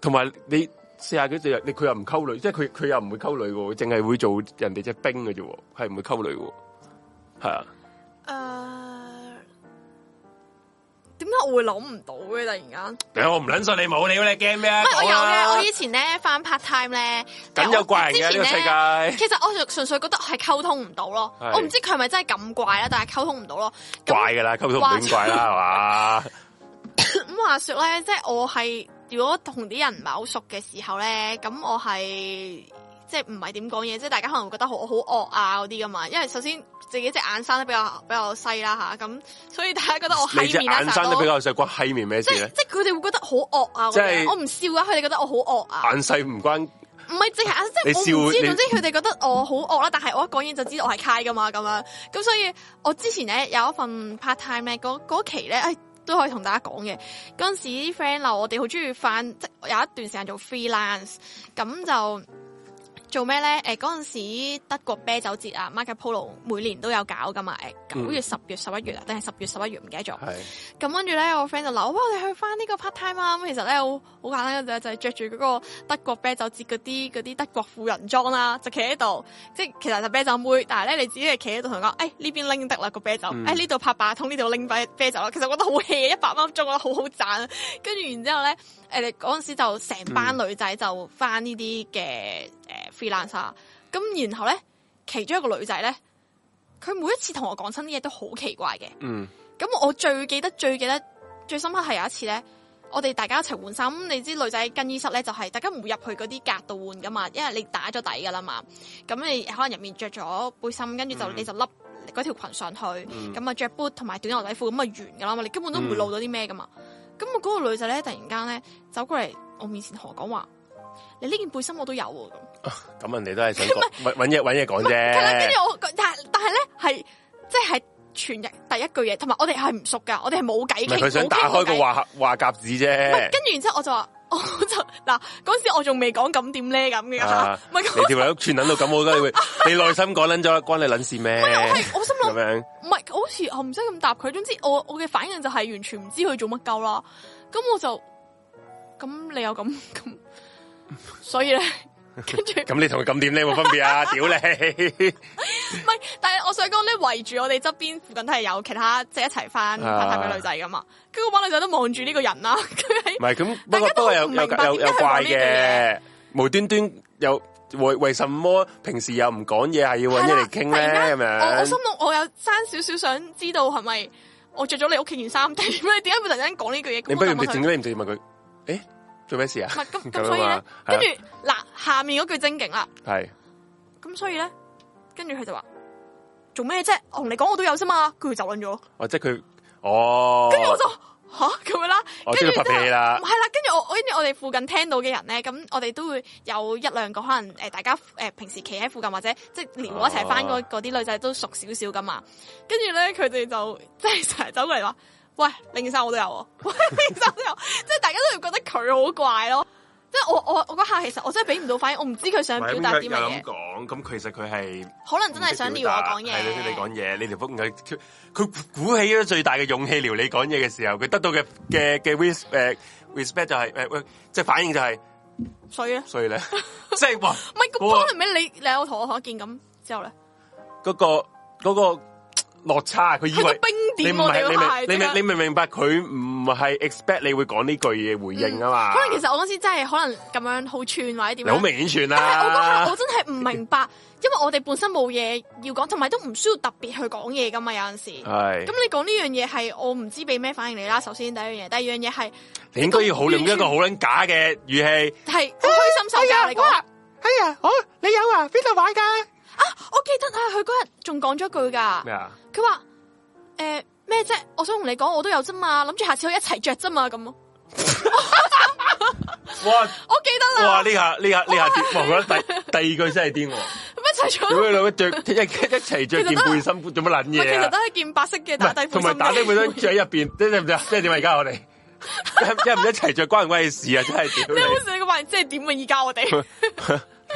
同埋你四廿幾歲，你佢又唔溝女，即係佢佢又唔會溝女嘅，淨係會做人哋隻兵嘅啫，係唔會溝女嘅，係啊。Uh... 我會諗唔到嘅，突然間、嗯，我唔捻信你冇你，你驚咩啊？唔係我有嘅！我以前咧返 part time 咧，咁、就、又、是、怪人嘅呢、這個世界。其實我純粹覺得係溝通唔到咯，我唔知佢係咪真係咁怪啦，但係溝通唔到咯，怪嘅啦，溝通唔怪啦，係嘛？咁話說咧，即係、 就是、我係如果同啲人唔係好熟嘅時候咧，咁我係。即係唔係點講嘢，即係大家可能覺得我好惡啊嗰啲噶嘛。因為首先自己隻眼生得比較比較細啦吓，咁、嗯、所以大家覺得我閪面啦。眼生得比較細，關閪面咩事咧？即係佢哋會覺得好惡啊！即係我唔笑啊，佢哋覺得我好惡啊。眼細唔關唔係淨係眼，即係我唔知。總之佢哋覺得我好惡啦。但係我一講嘢就知道我係 c a 噶嘛咁樣。咁所以我之前咧有一份 part time 咧，嗰期咧，誒、哎、都可以同大家講嘅。嗰陣時啲 friend 留我哋好中意翻，即有一段時間做 freelance 咁就。做咩咧？誒，嗰陣時德國啤酒節啊 Marco Polo 每年都有搞噶嘛。誒、呃、九月、十月、十一月啊，定係十月、十、嗯、一月，唔記得咗。咁跟住咧，我 friend 就話：哇！我哋去翻呢個 part time 啊！咁其實咧，好好簡單嘅就係、是、着住嗰個德國啤酒節嗰啲嗰啲德國婦人裝啦、啊，就企喺度。即係其實就啤酒妹，但係咧，你自己係企喺度同人講：誒呢邊拎得啦個啤酒，誒呢度拍八桶，呢度拎翻啤酒啦。其實我覺得好 hea 一百蚊鐘覺得好好賺、啊。跟住然之後咧，誒嗰陣時就成班女仔就翻呢啲嘅誒。嗯呃 freelancer，咁然後咧，其中一個女仔咧，佢每一次同我講親啲嘢都好奇怪嘅。嗯，咁我最記得最記得最深刻係有一次咧，我哋大家一齊換衫，你知女仔更衣室咧就係、係、大家唔會入去嗰啲格度換噶嘛，因為你打咗底噶啦嘛，咁你可能入面着咗背心，跟住就、嗯、你就笠嗰條裙上去，咁啊着 boot 同埋短牛仔褲，咁啊完噶啦嘛，你根本都唔會露到啲咩噶嘛。咁我嗰個女仔咧突然間咧走過嚟我面前同我講話。你，呢件背心我有、啊啊、都有喎，咁咁人哋都係想搵搵嘢搵嘢講啫。跟住我但係但係咧係即係全日第一句嘢，同埋我哋係唔熟噶，我哋係冇偈嘅。佢想打開，打開個話話匣子啫。跟住然之後我就話，我就嗱嗰時我仲未講咁點咧咁嘅。你條友串捻到咁，我都會你內心講捻咗，關你捻事咩？我心諗唔係好似我唔使咁答佢。總之我我嘅反應就係完全唔知佢做乜鳩啦。咁我就咁你又咁咁。所以咧， 跟住咁你同佢咁點有冇分別啊！屌你，唔係，但係我想講咧，圍住我哋側邊附近都係有其他即係一齊翻、啊、拍戲嘅女仔噶嘛，跟住個女仔都望住呢個人啦、啊，佢喺唔係咁，不過都係有有有，有，有怪嘅，無端端又為為什麼平時又唔講嘢，係要揾佢嚟傾咧咁樣？我我心諗，我有生少少想知道係咪我着咗你屋企件衫？點你點解會突然間講呢句嘢？你不如直整啲唔對，你問佢誒。欸做咩事啊？係咁咁，所以咧，跟住嗱下面嗰句正經啦。係咁，所以咧，跟住佢就話做咩啫？同你講，我都有心嘛。佢就問咗。哦，即係佢哦。跟住我就吓咁、啊、樣啦。我最你啦。係啦、就是，跟住我，跟住我哋附近聽到嘅人咧，咁我哋都會有一兩個可能誒、呃，大家誒、呃、平時企喺附近或者即係連我一齊翻嗰啲女仔都熟少少噶嘛。跟住咧，佢哋就即係成日走過嚟話。喂，林生我都有，喂林生都有，即係大家都會覺得佢好怪咯。即係我我我嗰下其實我真係俾唔到反應，我唔知佢想表達啲乜嘢。講咁其實佢係可能真係想撩我講嘢，係你你講嘢，你條幅佢佢佢鼓起咗最大嘅勇氣撩你講嘢嘅時候，佢得到嘅嘅嘅 respect 誒 respect 就係誒喂，即係反應就係所以咧，所以咧，即係話唔係咁多係咩？你你有同我開見咁之後咧，嗰個嗰個。落差，佢以為你唔係，你明你明你明明白佢唔係 expect 你會講呢句嘢回應啊嘛。可能其實我嗰時真係可能咁樣好串或者點。好明顯串啦。但係我覺得我真係唔明白，因為我哋本身冇嘢要講，同埋都唔需要特別去講嘢噶嘛。有陣時。係。咁你講呢樣嘢係我唔知俾咩反應你啦。首先第一樣嘢，第二樣嘢係。你應該要好用一個好撚假嘅語氣。係。開心收工啊！哎呀，我你有啊？邊度玩㗎？啊！我記得啊，佢嗰日仲講咗句噶。咩啊？佢話誒咩啫？我想同你講，我都有啫嘛，諗住下次可以一齊着啫嘛，咁咯。 哇！我記得啦。哇！呢下呢下呢下節目咧，這個、第 第二句真係癲。咁一齊着。如果兩位着一一齊着件背心，做乜撚嘢？其實都係件白色嘅打底褲。同埋打底褲都着喺入邊，知唔知啊？即係點啊？而家我哋即，即一唔一齊着關唔關事啊？真係。 即係好想一個萬，即係點啊？而家我哋。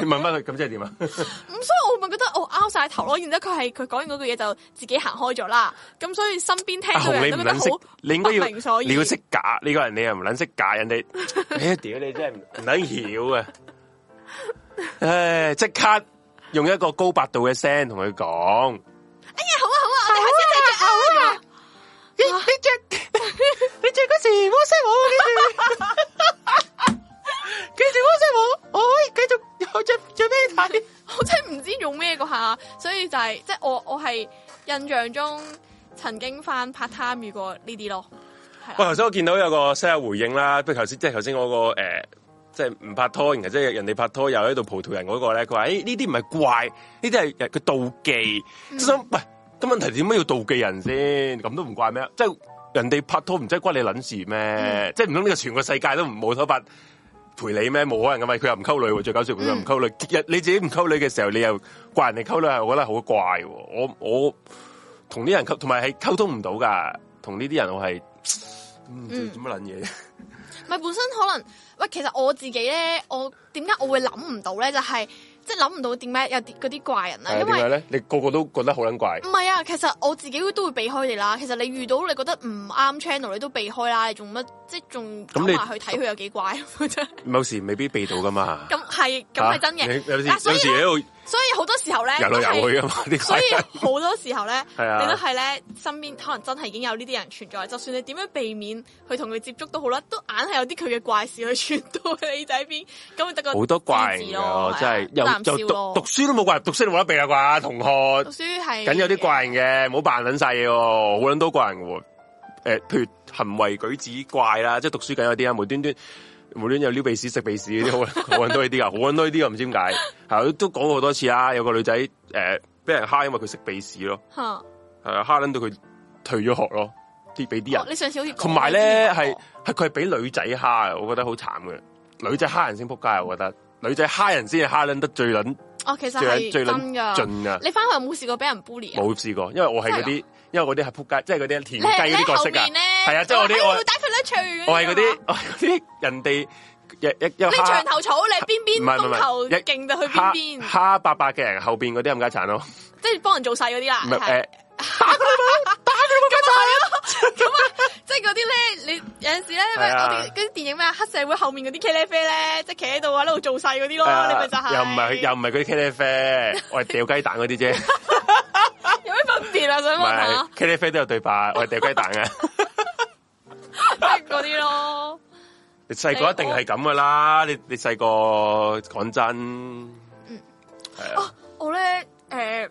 你問翻佢咁即係點啊？咁 所以我咪覺得我拗晒頭咯，然之後佢係佢講完嗰句嘢就自己行開咗啦。咁所以身邊聽你人都覺得、啊、你,你應該要你要識夾呢、這個人，你又唔捻識夾人哋。屌你,你真係唔捻曉啊！誒，即刻用一個高八度嘅聲同佢講。哎呀，好啊好啊，我哋開始戴住啊,啊！你你着你着嗰時我識我繼續嗰隻我，我可以繼續着着咩大啲？我， 我真係唔知用咩個下，所以就係、是、即係我我係印象中曾經翻拍拖遇過呢啲咯。喂，頭先我見到有個 share 回應啦，譬如頭先即係頭先我個誒，即係唔拍拖，然後即係人哋拍拖又喺度葡萄人嗰個咧，佢話誒呢啲唔係怪，呢啲係佢妒忌。心、嗯、想喂，咁問題點解要妒忌人先？咁都唔怪咩？即係人哋拍拖唔即係關你撚事咩、嗯？即係唔通呢個全個世界都唔冇拖法？陪你咩？冇可能噶嘛！佢又唔溝女，最搞笑佢又唔溝女。日、嗯、你自己唔溝女嘅時候，你又怪人哋溝女，係我覺得好怪。我我同啲人溝，同埋係溝通唔到噶。同呢啲人我係唔知做乜撚嘢？唔、嗯、係 本身可能喂，其實我自己咧，我點解我會諗唔到咧？就係、是。即係諗唔到點解，有啲啲怪人啊，因為咧，你個個都覺得好捻怪。唔係啊，其實我自己都會避開你啦。其實你遇到你覺得唔啱 channel，你都避開啦。你仲乜即係仲咁埋去睇佢有幾怪，真係。 有時未必避到噶嘛。咁、嗯、係，咁係真嘅，啊。有時、啊、有時喺度。所以好多時候咧都係，所以好多時候咧你都係咧，身邊可能真係已經有呢啲人存在，就算你點樣避免去同佢接觸都好啦，都硬係有啲佢嘅怪事去傳到你仔邊，咁得個好多怪人嘅、啊，真係又又讀讀書都冇怪人，讀書冇得避啊啩，同學。讀書係梗有啲怪人嘅，冇扮撚晒嘢喎，好撚多怪人喎，呃、譬如行為舉止怪啦，即係讀書梗有啲啊，無端端。無端有撩鼻屎食鼻屎嗰啲好，好多呢啲啊，好撚多呢啲啊，唔知點解，係 都講好多次啦。有個女仔誒俾人蝦，因為佢食鼻屎咯，係蝦撚到佢退咗學咯，啲俾啲人、哦。你上次好似同埋咧係係佢係俾女仔蝦啊，我覺得好慘嘅。女仔蝦人先扑街啊，我覺得女仔蝦人先係蝦卵得最撚。哦，其實係真噶，盡啊。你翻去有冇試過俾人 bully？冇試過，因為我係嗰啲。因為嗰啲係仆街，即係嗰啲田雞啲角色啊，係啊，即係、就是、我啲我係嗰啲，嗰啲人哋 一一一，你牆頭草，你邊邊風頭勁就去邊邊，哈八八嘅人後邊嗰啲冚家鏟咯，即係幫人做細嗰啲啊。唔係誒，咁就係咯，咁啊，即係嗰啲咧，你有陣時咧，我哋嗰啲電影咩黑社會後面嗰啲茄喱啡咧，即係企喺度啊喺度做勢嗰啲咯，你咪就係。又唔係，又唔係嗰啲茄喱啡，我係掉雞蛋嗰啲啫。有咩分別啊？想問下。唔係，茄喱啡都有對白，我係掉雞蛋啊。即係嗰啲咯。你細個一定係咁噶啦，你你細個講真。嗯。係啊。哦，我咧，誒。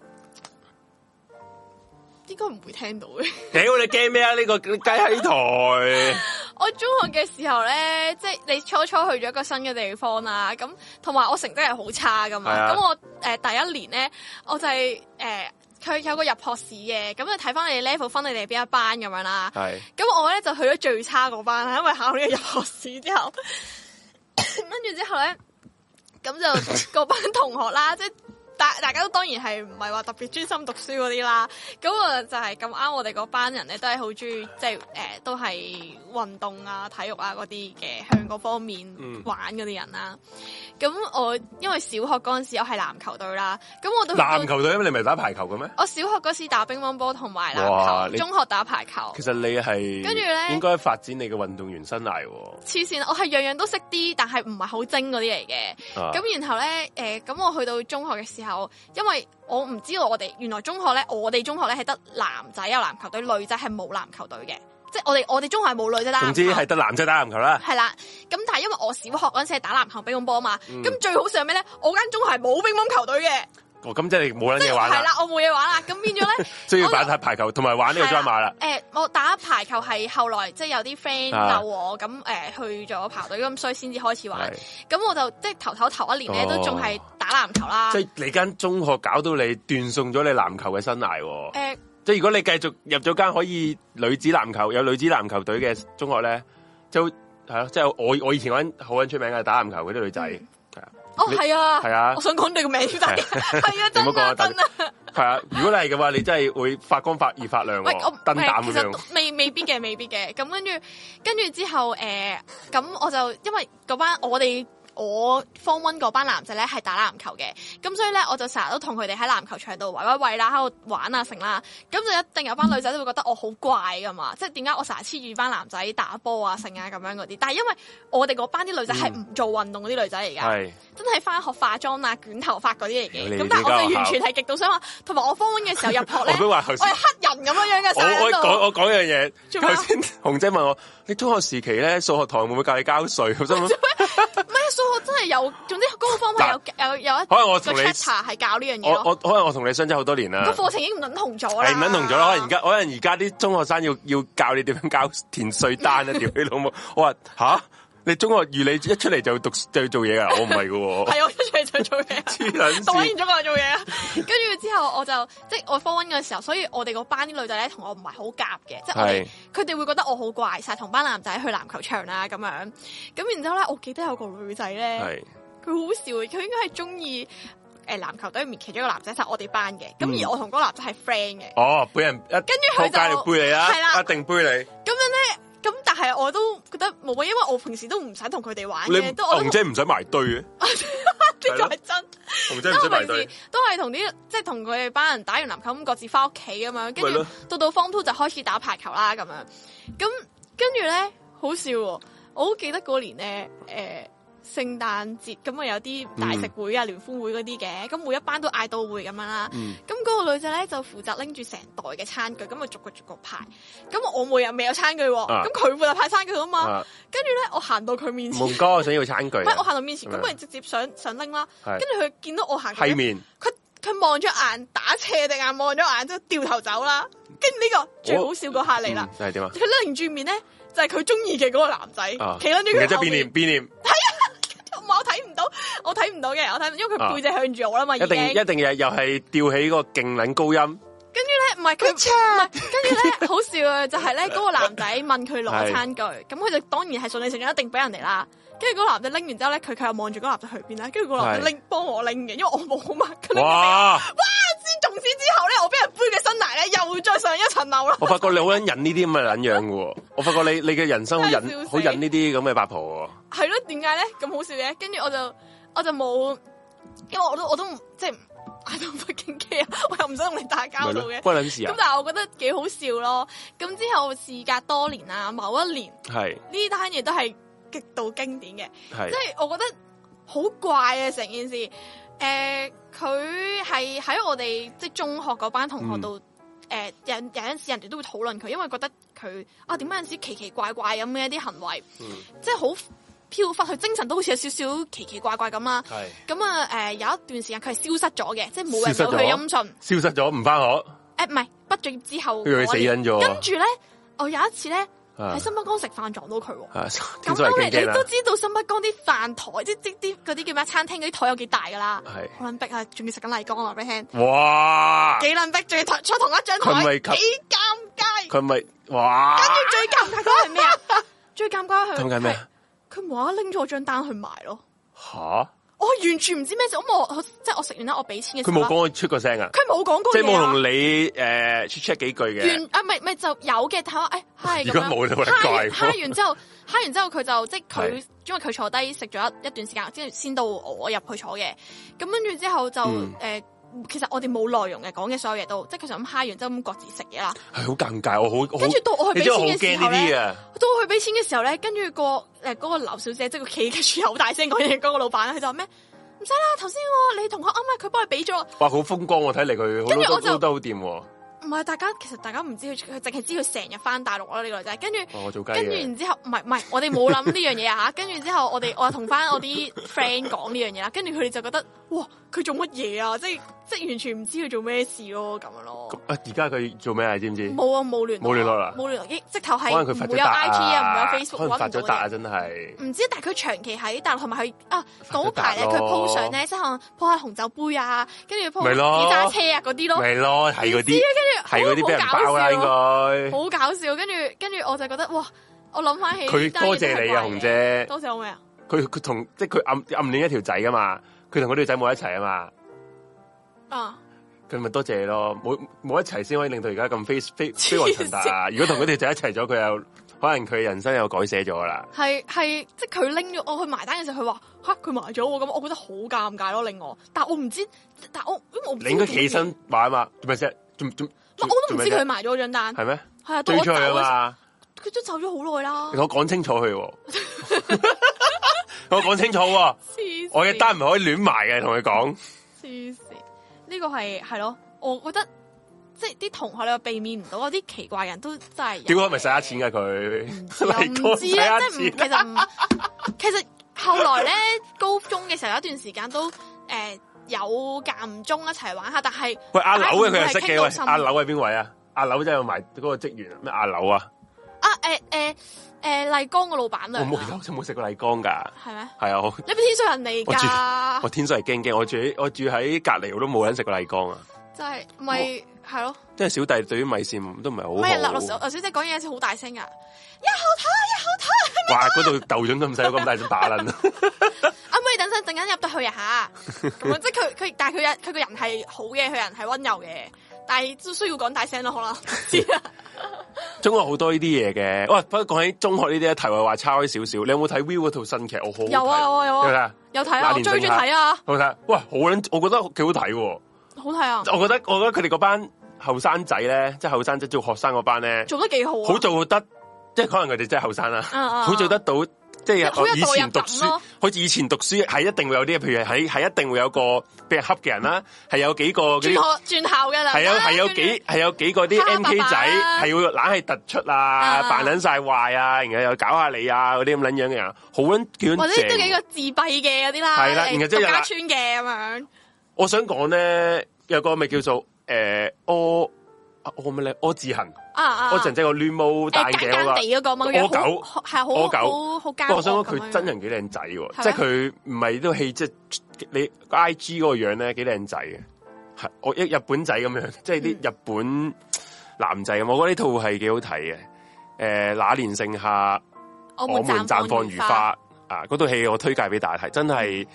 應該唔會聽到嘅。屌，你驚咩啊？呢個雞喺台。我中學嘅時候咧，即、就、係、是、你初初去咗一個新嘅地方啦，咁同埋我成績係好差㗎嘛。咁、啊、我誒、呃、第一年咧，我就係、是、誒，佢、呃、有個入學試嘅，咁就睇返你 level 分，你哋邊一班咁樣啦。係。咁我咧就去咗最差嗰班啦，因為考呢個入學試之後，跟住、啊、 之後咧，咁就嗰班同學啦，即、就、係、是。大大家都當然係唔係話特別專心讀書嗰啲啦，咁啊，就係咁啱我哋班人咧都係好中意即係誒、呃、都係運動啊、體育啊嗰啲嘅，向嗰方面玩嗰啲人啦。咁、嗯、我因為小學嗰陣時我係籃球隊啦，咁我都籃球隊，因為你唔係打排球嘅咩？我小學嗰時打乒乓波同埋籃球哇，中學打排球。其實你係跟住咧應該發展你嘅運動員生涯，哦。黐線，我係樣樣都識啲，但係唔係好精嗰啲嚟嘅。咁、啊、然後咧誒咁我去到中學嘅時候。因為我唔知道我哋原來中學咧，我哋中學咧係得男仔有籃球隊，女仔係冇籃球隊嘅，即係我哋我哋中學係冇女仔打籃球。總之係得男仔打籃球啦。係啦，咁但係因為我小學嗰陣時係打籃球、球嗯、乒乓波嘛，咁最好笑咩咧？我間中學係冇乒乓球隊嘅。哦，咁即係冇撚嘢玩啦。即係啦，我冇嘢玩啦。咁變咗咧，即 要打下排球，同埋玩呢個裝馬啦。誒、呃，我打排球係後來即係有啲 friend 逗我，咁、啊、誒、呃、去咗排隊，咁所以先至開始玩。咁我就即係頭頭頭一年咧都仲係打籃球啦、哦呃。即係你間中學搞到你斷送咗你籃球嘅生涯。誒，即係如果你繼續入咗間可以女子籃球有女子籃球隊嘅中學咧，就係、啊、即係我我以前好撚出名嘅打籃球嗰啲女仔。嗯哦、oh，係啊，係啊，我想講你個名，係啊，啊，啊，真唔係啊，啊，啊，啊，啊，啊，如果你係嘅話， 你真係會發光發熱發亮、哦，燈膽咁樣，未未必嘅，未必嘅，咁 跟住，跟住之後，誒、呃，咁我就因為嗰班我哋。我 form one 嗰班男仔咧係打籃球嘅，咁所以咧我就成日都同佢哋喺籃球場度圍圍圍啦，喺度玩啊成啦，咁就一定有班女仔都會覺得我好怪噶嘛，即係點解我成日黐住班男仔打波啊成啊咁樣嗰啲，但係因為我哋嗰班啲女仔係唔做運動啲女仔嚟噶，真係翻學化妝啊、捲頭髮嗰啲嚟嘅，咁但係我哋完全係極度想話，同埋我 form one 嘅時候入學咧， 我係黑人咁樣樣嘅時候我我講我講樣嘢，頭先紅姐問我，你中學時期咧數學堂會唔會教你交稅 我真係有，總之個方法有有有，有一個 chatter 係教呢樣嘢。我我可能我同你，你相差好多年啦。個課程已經唔撚同咗啦，係唔撚同咗啦。可能而家可能而家啲中學生要要教你點樣教填稅單啦，屌你老母！我話吓。你中學如你一出嚟就讀就去做嘢噶，我唔係噶喎。係我一出嚟就做嘢。黐卵先，讀完中學做嘢啊！跟住之後我就即係、就是、我 form one 嘅時候，所以我哋個班啲女仔咧同我唔係好夾嘅，即係佢哋會覺得我好怪，晒同班男仔去籃球場啦咁樣。咁然之後咧，我記得有個女仔咧，佢好笑，佢應該係中意誒籃球隊面其中一個男仔，就是、我哋班嘅。咁、嗯、而我同嗰個男仔係 friend 嘅。哦，俾人跟住佢就背你啦，一定背你。咁樣咧。咁但係我都覺得冇啊，因為我平時，我想 想 我平時都唔使同佢哋玩嘅，都我紅姐唔使埋堆嘅，呢個係真？紅姐唔使都係同啲即係同佢哋班人打完籃球咁，各自翻屋企咁樣，跟住，就是，到到方 two 就開始打排球啦咁樣，咁跟住咧好笑，哦，我好記得嗰年咧誒。呃聖誕節咁啊，有啲大食會啊、嗯、聯歡會嗰啲嘅，咁每一班都嗌到會咁樣啦。咁、嗯、嗰、嗰個女仔咧就負責拎住成袋嘅餐具，咁啊逐個逐個派。咁我每日未有餐具喎，咁佢負責派餐具啊嘛。跟住咧，我行到佢面前，唔該，我想要餐具。喂， 我行到面前，咁、啊、咪直接上上拎啦。跟住佢見到我行，係面。佢佢望咗眼打斜定眼，望咗眼，之後掉頭走啦。跟住呢個最好笑個下嚟啦，就係、是、點啊？佢拎住面咧，就係佢中意嘅嗰個男仔，企喺住佢。我睇唔到，我睇唔到嘅，我睇，因為佢背脊向住我啦嘛，已經一定一定又又係吊起個勁撚高音，跟住咧唔係佢唱，唔係跟住咧好笑嘅就係咧嗰個男仔問佢攞餐具，咁佢就當然係順理成章一定俾人哋啦。跟住嗰個男仔拎完之後咧，佢佢又望住嗰個男仔去邊啦。跟住個男仔拎幫我拎嘅，因為我冇嘛。哇哇！先從此之後咧，我俾人背脊伸埋咧，又再上一層樓啦。我發覺你好引引呢啲咁嘅撚樣嘅，我發覺你你嘅人生好引好引呢啲咁嘅八婆。係咯，點解咧咁好笑嘅？跟住我就我就冇，因為我都我都即係唔都唔不經機啊！我又唔想同你打交道嘅。關人事啊！咁但係我覺得幾好笑咯。咁之後事隔多年啦，某一年呢單嘢都係極度經典嘅，即係、就是、我覺得好怪啊！成件事，誒、呃，佢係喺我哋即係中學嗰班同學度，誒、嗯，呃、有有人有陣時人哋都會討論佢，因為覺得佢啊，點解有陣時奇奇怪怪咁嘅一啲行為，即係好。就是飄翻去，精神都好似有少少奇奇怪怪咁啊。係咁啊，誒、呃，有一段時間佢係消失咗嘅，即係冇人同佢音訊。消失咗唔翻學，唔係畢咗業之後。死咗。跟住咧，我有一次咧喺新北江食飯撞到佢。咁當你你都知道新北江啲飯台，即即啲嗰啲叫咩餐廳嗰啲台有幾大噶啦？係好逼啊！仲要食緊麗江，我話俾你聽。哇！幾卵逼，仲要坐同一張台，幾尷尬。佢咪哇？跟住最尷尬嗰個係咩啊？ 最尷尬係咩佢冇啊！拎咗張單去埋咯。吓！我完全唔知咩事，我，我即係我食完啦，我俾錢嘅時候。佢冇講，我出個聲啊！佢冇講過話、啊，即係冇同你誒 check check 幾句嘅。完啊，唔係唔係就有嘅。睇下誒，係、哎、咁樣。嗨完，完之後，嗨完之後佢就即係佢，是因為佢坐低食咗一一段時間，之後先到我入去坐嘅。咁跟住之後就誒。嗯呃其實我哋冇內容嘅，講嘅所有嘢都，即係佢就咁 high 完，之後咁各自食嘢啦。係好尷尬，我好跟住到我去俾錢嘅時候咧，到我去俾錢嘅時候咧，跟住、嗰個誒嗰、呃嗰個劉小姐即係佢企喺度好大聲講嘢，嗰、嗰個老闆佢就話咩？唔使啦，頭先你同學啱啱佢幫佢俾咗。哇，好風光，我睇嚟，佢好都掂唔係大家其實大家唔知佢，佢淨係知佢成日翻大陸咯呢、這個就係跟住，跟住然、哦、之後唔係唔係我哋冇諗呢樣嘢啊，跟住之後我哋我同翻我啲 friend 講呢樣嘢啦，跟住佢哋就覺得哇佢做乜嘢啊？即係即係完全唔知佢做咩事咯咁樣咯。而家佢做咩啊？知唔知？冇啊，冇聯絡，冇聯絡啦，冇聯，聯，聯，聯，聯絡，即直頭係唔會有 IG 啊，唔會有 Facebook，可能發咗達真係。唔知，但係佢長期喺大陸同埋佢啊嗰排咧，佢 po 上咧，即可 po 下紅酒杯啊，跟住 po 下紙紮車啊嗰啲咯，係嗰啲。係嗰啲俾人爆啦，應該好搞笑。跟住跟住，我就覺得哇！我諗翻起佢，多謝你啊，紅姐。多謝我咩啊？佢佢同即係佢暗暗戀一條仔噶嘛？佢同嗰條仔冇一齊啊嘛？啊！佢咪多謝你咯，冇冇一齊先可以令到而家咁飛飛飛黃騰達。如果同嗰條仔一齊咗，佢又可能佢人生又改寫咗啦。係係，即係佢拎咗我去埋單嘅時候，佢話吓佢埋咗我咁，我覺得好尷尬咯，令我。但我唔知，但我我，我你應該起身話啊嘛？做咩啫？做。我都唔知佢埋咗張單，係咩？係啊，對住啊嘛。佢都走咗好耐啦。你同我講清楚佢、哦， 同我講清楚喎、哦。黐線，我嘅單唔可以亂埋嘅，同佢講。黐線，呢個係係咯，我覺得即係啲同學你又避免唔到嗰啲奇怪人都真係。點解咪使下錢㗎佢？係。唔 知咧，即係其實其實後來咧， 高中嘅時候有一段時間都誒。呃有間唔中一齊玩下，但係喂阿柳佢又識嘅喎。阿柳係邊位啊？阿柳真係有埋嗰個職員咩、啊、阿柳啊？啊誒誒誒，麗江嘅老闆嚟噶，我真冇食過麗江噶，係咩？係啊，你係天水人嚟噶？我天水係驚驚，我住我住喺隔籬，我都冇人食過麗江啊！係、就係，係咪係咯？即係、就係、小弟對於米線都唔係好，咪啊！小姐講嘢好似好大聲噶，一口痰一口痰，哇！嗰度豆涌都唔使咁大聲打啦。 一陣間入得去呀吓，咁即係佢佢，但係佢人佢個人係好嘅，佢人係溫柔嘅，但係都需要講大聲咯，好能知啦。 中學好多呢啲嘢嘅，喂，不過講起中學呢啲題外話，我話差開少少。你有冇睇 Viu 嗰套新劇？我、哦、好有啊有啊有啊，有睇啊，有啊有有有啊，我追住睇啊，好睇。喂，好捻，我覺得幾好睇。好睇啊！我覺得我覺得佢哋嗰班後生仔咧，即係後生仔做學生嗰班咧，做得幾好、啊，好做得，即係可能佢哋真係後生啦，好做得到。即係以前讀書，好似以前讀書係一定會有啲，譬如喺係一定會有一個俾人恰嘅人啦，係 有幾個轉學轉校嘅啦，係有係有幾係有幾個啲 M K 仔，係會懶係突出啊，扮捻晒壞啊，然後又搞下你啊嗰啲咁捻樣嘅人，好捻短或者都幾個自閉嘅嗰啲啦，係啦、欸，然後即係加村嘅咁樣。我想講咧有一個咪叫做誒阿、呃、我咩你阿自行。我整整啊啊！陣即係個攣毛大嘅嗰個我狗，係好狗，好我想講佢真人幾靚仔喎，即係佢唔係戲，即質。你 I G 嗰個樣咧幾靚仔嘅，我一日本仔咁樣，即係啲日本男仔，就是。我覺得呢套係幾好睇嘅。誒、呃，那年盛夏，我們綻放如花啊？嗰套戲我推介俾大家睇，真係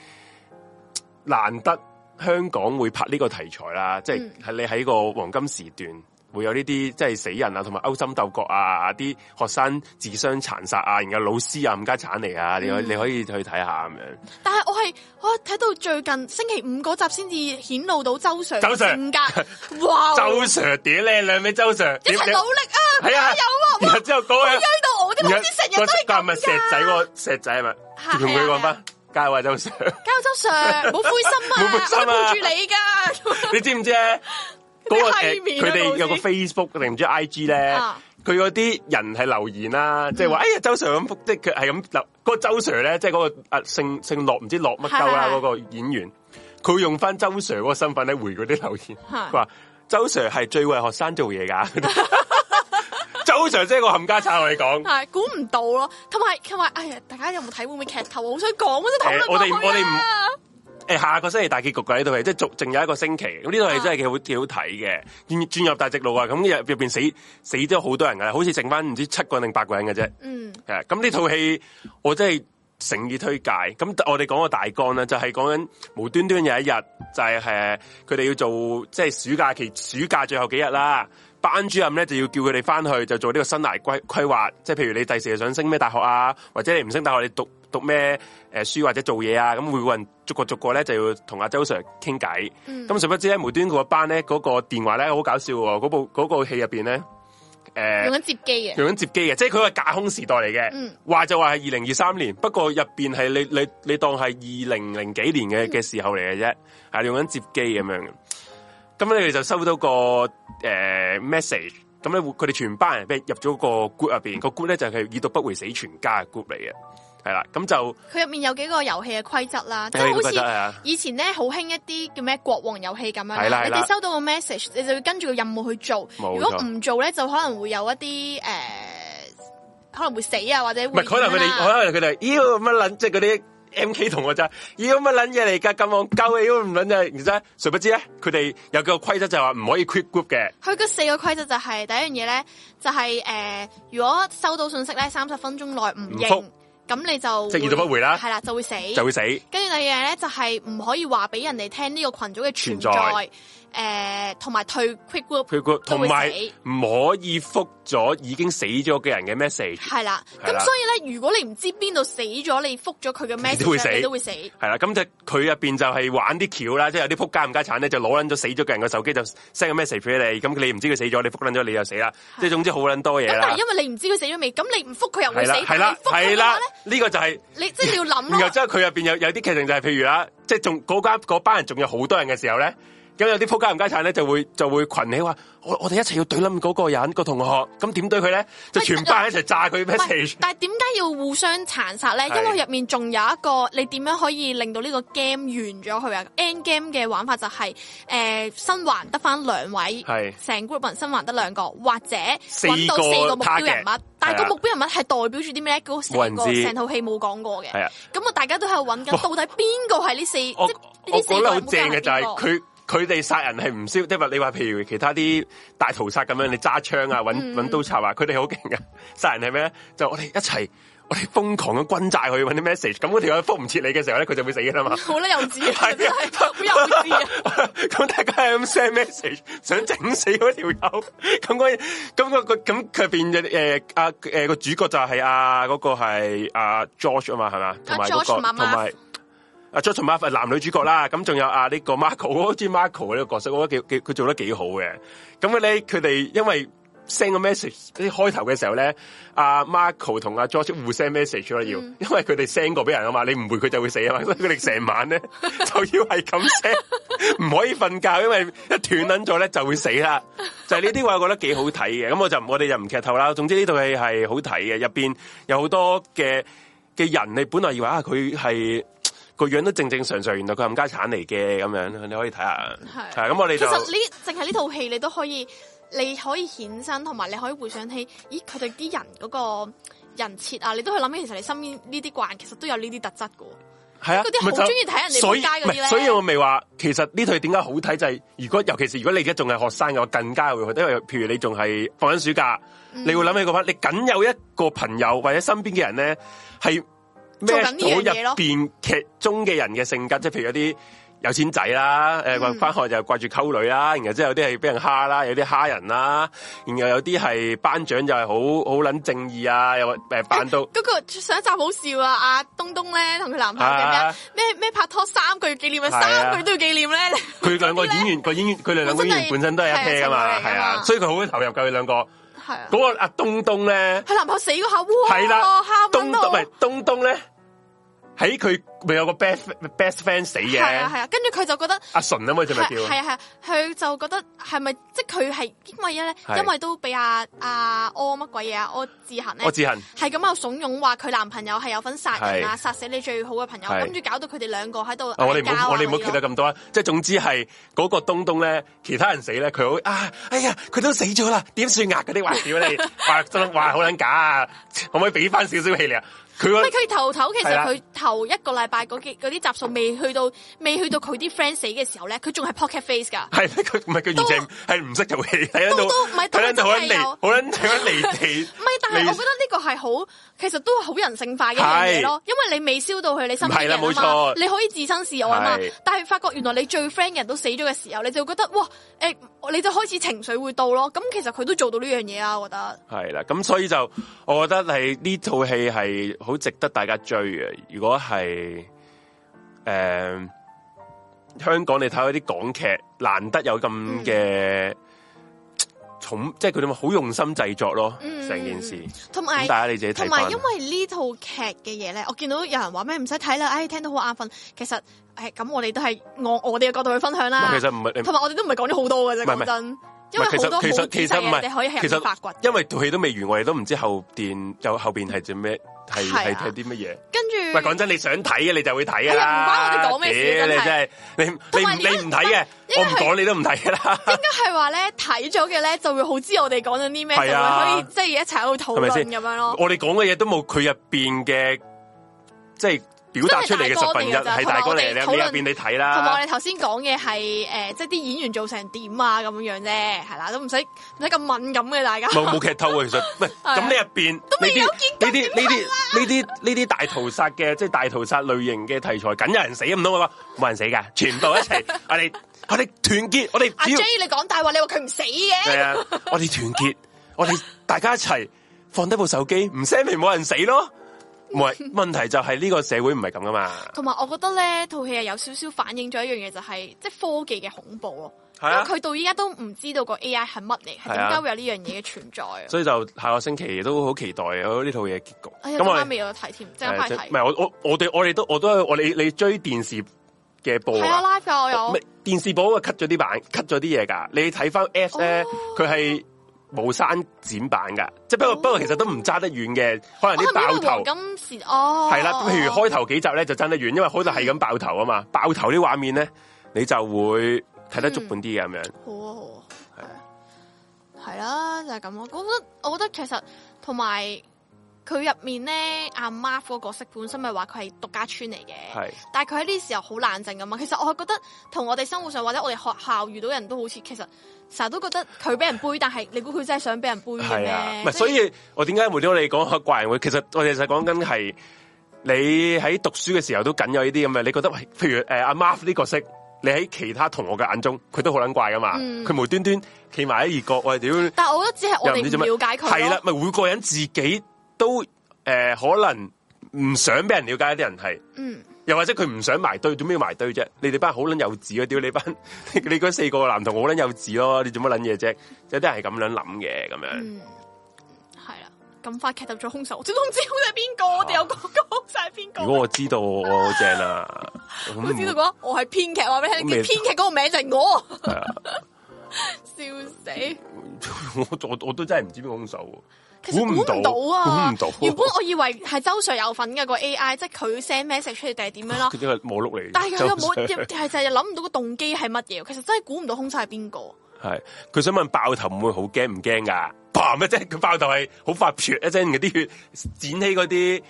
難得香港會拍呢個題材啦。即、就、係、是、你喺個黃金時段。嗯會有呢啲即係死人啊，同埋勾心鬥角啊，啲學生自相殘殺啊，然後老師啊冚家鏟嚟啊，嗯、你可你可以去睇下咁樣。嗯、但係我係我睇到最近星期五嗰集先至顯露到周 Sir 性格。Sir，哇，周 Sir 點靚靚咩？兩周 Sir 一齊努力你你啊！加油、啊！有啊後之後嗰日，到我啲老絲食人。都咪石，石仔，我石仔係咪？同佢講翻，加油，周 Sir！加油，周 Sir！唔好 灰心啊！灰心、啊，護住你噶、啊。你知唔知啊？ 那個佢哋有個 Facebook 定、啊、唔知 IG 咧，佢嗰啲人係留言啦、啊，即係話哎呀周 Sir 咁，即係佢係咁留。嗰、那個周 Sir 咧，即係嗰個阿、啊、姓姓駱，唔知駱乜鳩啊嗰個演員，佢用翻周 Sir 嗰個身份咧回嗰啲留言，佢話周 Sir 係最為學生做嘢噶。 周 Sir 即係個冚家鏟嚟講，係估唔到咯。同埋同埋，哎呀，大家有冇睇會唔會劇頭？好想講，好想討論翻誒、哎，下個星期大結局噶呢套戲，即係仲有一個星期。咁呢套戲真係幾好幾好睇嘅，轉轉入大直路啊！咁入入邊死死咗好多人啊，好似剩翻唔知七個定八個人嘅啫。嗯，誒、yeah,，咁呢套戲我真係誠意推介。咁我哋講個大綱咧，就係講緊無端端有一日就係、是、誒，佢哋要做即係、就是、暑假期暑假最後幾日啦。班主任咧就要叫佢哋翻去就做呢個生涯規規劃，即係譬如你第時想升咩大學啊，或者你唔升大學你讀讀咩？誒，書或者做嘢啊，咁會有人逐個逐個咧就要同阿周 sir 傾偈。咁、嗯、殊不知咧，無端個班咧嗰個電話咧好搞笑喎，嗰部嗰個戲入邊咧，誒、呃，用緊接機嘅，用緊接機嘅，即係佢係架空時代嚟嘅、嗯。話就話係二零二三年，不過入邊係你你你當係二零零幾年嘅嘅時候嚟嘅啫，係、嗯啊、用緊接機咁樣，樣。咁你哋就收到個誒、呃、message，咁咧佢哋全班人入咗個 group 入邊，個 group 咧就係已讀不回，死全家嘅 group 嚟嘅。係啦，咁就佢入面有幾個遊戲嘅規則啦，即係、就是、好似以前咧好興一啲叫咩國王遊戲咁樣啦、啊。你哋收到個 message，你就要跟住個任務去做。如果唔做咧，就可能會有一啲誒、呃，可能會死啊，或者唔係、啊。可能佢哋，可能佢哋，咦咁乜卵？即係嗰啲 M K 同我咋？咦咁乜卵嘢嚟噶？咁戇鳩嘅，咦咁卵嘢？而家誰不知咧？佢哋有幾個規則就係話唔可以 quit group 嘅。佢個四個規則就係、是、第一樣嘢咧，就係、是、誒、呃，如果收到信息咧，三十分鐘內唔應。咁你就即係遇到不回啦，係啦，就會死，就會死。跟住第二樣咧，就係、是、唔可以話俾人哋聽呢個群組嘅存在。存在誒、呃，同埋退 QuickGroup，佢個同埋唔可以覆咗已經死咗嘅人嘅 message。係啦，咁所以咧，如果你唔知邊度死咗，你覆咗佢嘅 message，你都會死。係、嗯、啦，咁就佢入邊就係玩啲橋啦，即係有啲仆街唔家產咧，就攞捻咗死咗嘅人嘅手機就 send 個 message 俾你。咁你唔知佢死咗，你覆捻咗，你就死啦。即係總之好捻多嘢。但係因為你唔知佢死咗未，咁你唔覆佢又會死。係啦，係啦，呢、這個就係、是、你即係你要諗啦、就是。即係佢入邊有有啲劇情就係譬如啦，即係仲嗰間嗰班人仲有好多人嘅時候咧。咁有啲仆街唔街產咧，就會就會群起話，我我哋一齊要懟冧嗰個人、個同學，咁點對佢咧？就全班一齊炸佢咩？但係點解要互相殘殺咧？因為入面仲有一個，你點樣可以令到個呢個 game 完咗佢啊？end game 嘅玩法就係、是、誒、呃，生還得翻兩位，係成 group 人生還得兩個，或者搵到四個目標人物，但係個目標人物係代表住啲咩咧？冇人知，成套戲冇講過嘅。係啊，咁啊，大家都係搵緊緊，到底邊個係呢四？我好留意嘅就係佢。佢哋殺人係唔少，即係話，你話，譬如其他啲大屠殺咁樣，你揸槍啊，搵揾刀插啊，佢哋好勁噶，殺人係咩？就我哋一齊，我哋瘋狂咁轟炸去搵啲 message，咁嗰條友覆唔切你嘅時候咧，佢就會死噶啦嘛。好幼稚啊，係咁大家係咁 send message，想整死嗰條友，咁嗰咁嗰個咁佢變嘅誒，阿、嗰、誒、個嗰個嗰個嗰個嗰個主角就係阿嗰個係阿、嗰個嗰個、George 啊嘛，係嘛、嗰個，同埋同埋。阿 John 男女主角啦，咁仲有阿呢個 Marco，我覺得 Marco 嘅呢個角色，我覺得幾幾佢做得幾好嘅。咁嘅咧，佢哋因為 send 個 message，啲開頭嘅時候咧，阿 Marco 同阿 John 互 send message 啦要，因為佢哋 send 過俾人啊嘛，你唔回佢就會死啊嘛，佢哋成晚咧就要係咁 send，唔可以瞓覺，因為一斷捻咗咧就會死啦。就係呢啲我覺得幾好睇嘅，咁我就我哋就唔劇透啦。總之呢套戲係好睇嘅，入邊有好多嘅嘅人，你本來以為啊佢係。個樣都正正常常，原來佢冚家鏟嚟嘅咁樣，你可以睇下。係，咁我哋其實呢，淨係呢套戲你都可以，你可以衍生，同埋你可以回想起，咦，佢哋啲人嗰個人設啊，你都去諗起，其實你身邊呢啲慣，其實都有呢啲特質噶。係啊，嗰啲好中意睇人哋冚家嗰啲所以，所以所以我咪話其實呢套點解好睇、就是，就係如果尤其是如果你而家仲係學生嘅話，我更加會去，因為譬如你仲係放緊暑假，嗯、你會諗起、個話，你僅有一個朋友或者身邊嘅人咧係。咩組入邊劇中嘅人嘅性格，即係譬如有啲有錢仔啦，誒，掛翻學就掛住溝女啦，然後之後有啲係俾人蝦啦，有啲蝦人啦，然後有啲係班長就係好好捻正義啊，又誒扮到嗰、欸那個上一集好笑啊，阿東東咧同佢男朋友咩咩、啊、拍拖三個月紀念，啊、三個月都要紀念咧，佢兩個演員個演員，佢哋兩個演員本身都係一 pair 噶嘛，係啊，就是、所以佢好投入，佢兩個。係啊，嗰、那個阿東東咧，係男朋友死嗰、啊、下，係啦，東東，係東東咧。喺佢咪有個 best best friend 死嘅，係啊，係啊，跟住佢就覺得阿純啊嘛，即係咪叫？啊，係啊，佢、啊啊、就覺得係咪即係佢係因為咧，因為都俾阿阿柯乜鬼嘢啊，柯志恒咧，柯志恒係咁樣慫恿話佢男朋友係有份殺人啊，殺死你最好嘅朋友，跟住搞到佢哋兩個喺度、啊。我哋唔好我哋唔好傾得咁多啊！即係總之係嗰個東東咧，其他人死咧，佢好啊！哎呀，佢都死咗啦，點算啊？嗰啲話屌你話 真話好捻假啊！可唔可以俾翻少少氣力啊？佢唔係佢頭頭，其實佢頭一個禮拜嗰啲集數未去到，未去到佢啲 friend 死嘅時候咧，佢仲係 pocket face 噶。係，佢唔係叫完整，係唔識遊戲睇得到。都唔係，好捻好捻好捻好捻離地。唔係， 但係我覺得呢個係好，其實都好人性化嘅嘢咯。因為你未燒到佢，你心唔係啦，冇錯。你可以置身事外啊嘛。但係發覺原來你最 friend 嘅人都死咗嘅時候，你就覺得哇，誒、欸，你就開始情緒會到咯。咁其實佢都做到呢樣嘢啊，我覺得。係啦，咁所以就我覺得你呢套戲係。好值得大家追嘅。如果係誒、呃、香港，你睇嗰啲港劇，難得有咁嘅重，即係佢哋話好用心製作咯，成、嗯、件事。同埋大家你自己睇，同埋因為呢套劇嘅嘢咧，我見到有人話咩唔使睇啦，哎聽到好眼瞓。其實誒咁，哎、我哋都係我我哋嘅角度去分享啦。其實唔係，同埋我哋都唔係講咗好多嘅啫，講真。因為其實很多很其實其實唔係，其實發掘，因為套戲都未完，我哋都唔知後邊有後邊係做咩。係係睇啲乜嘢？跟住喂，講真，你想睇嘅你就會睇啊啦。唔關我哋講咩嘢，你真係你你你唔睇嘅，我唔講你都唔睇噶啦。應該係話咧，睇咗嘅咧就會好知我哋講緊啲咩，係啊，可以即係一齊喺度討論咁樣咯。我哋講嘅嘢都冇佢入邊嘅即係，表達出嚟嘅十分一係，大哥你你入邊你睇啦，同埋我哋頭先講嘅係誒，即係啲演員做成點啊咁樣啫，係啦，都唔使唔使咁敏感嘅大家。冇劇透啊，其實唔係咁你入邊都未見，呢啲呢啲呢啲呢啲大屠殺嘅即係大屠殺類型嘅題材，梗有人死，唔通我話冇人死噶，全部一齊， 我哋我哋團結，我哋阿 J 你講大話，你話佢唔死嘅，係啊，我哋團結，我哋大家一齊放低部手機，唔聲明冇人死咯。唔 係問題就係呢個社會唔係咁噶嘛，同埋我覺得咧套戲係有少少反映咗一樣嘢、就係，就係即係科技嘅恐怖咯。係啊，佢到依家都唔知道個 A I 係乜嚟，係點解會有呢樣嘢嘅存在啊？所以就下個星期都好期待啊呢套嘢結局，咁、哎啊、我未有睇添，即係唔係我我我哋我哋都我,我都我你你追電視嘅播啊，live 我有我。電視播啊 cut 咗啲版，cut 咗啲嘢噶，你睇翻 app 咧，佢、哦、係。冇刪剪版噶，即係不過不過、oh. 其實都唔揸得遠嘅，可能啲爆頭哦係啦，譬、oh, oh. 如開頭幾集咧就爭得遠，因為開頭係咁爆頭啊嘛，爆頭啲畫面咧你就會睇得足本啲嘅咁樣。好啊好啊，係啊，係啦就係咁咯。我覺得我覺得其實同埋。佢入面咧，阿、啊、Mark 嗰角色本身咪話佢係獨家村嚟嘅，但係佢喺呢時候好冷靜㗎嘛。其實我覺得同我哋生活上或者我哋學校遇到人都好似，其實成日都覺得佢俾人背，但係你估佢真係想俾人背嘅咩？唔係、啊，所以，所以我點解無端你講怪人會？其實我哋就講緊係你喺讀書嘅時候都緊有呢啲咁嘅。你覺得譬如誒阿、啊、Mark 呢角色，你喺其他同學嘅眼中，佢都好撚怪㗎嘛？佢、嗯、無端端企埋喺異國，我哋點！但係我覺得只係我哋唔了解佢係啦，咪、啊、每個人自己。都誒、呃，可能唔想俾人了解一啲人係，嗯，又或者佢唔想埋堆，做咩要埋堆啫？你哋班好撚幼稚啊！屌你班，你嗰四個男同我好撚幼稚咯！你做乜撚嘢啫？有啲人係咁樣諗嘅，咁樣，嗯，係啦，咁快劇透咗凶手，我知凶手係邊個，我哋、啊、有講講晒邊個。如果我知道， 我好正棒啊！ 我知道講，我係編劇，話俾你聽，編劇嗰個名就係我，是的， 笑死！我我，我，我都真係唔知邊個凶手。估唔到啊！估唔到。原本我以為係周 Sir 有份嘅，哦、個 AI，即係佢 send message 出嚟定係點樣咯？佢呢個模錄嚟。但係又冇，係就係諗唔到個動機係乜嘢？其實真係估唔到凶手係邊個。係佢想問爆頭會唔會好驚？唔驚噶？爆咩啫？佢爆頭係好發即血，一聲嗰啲血剪起嗰啲誒，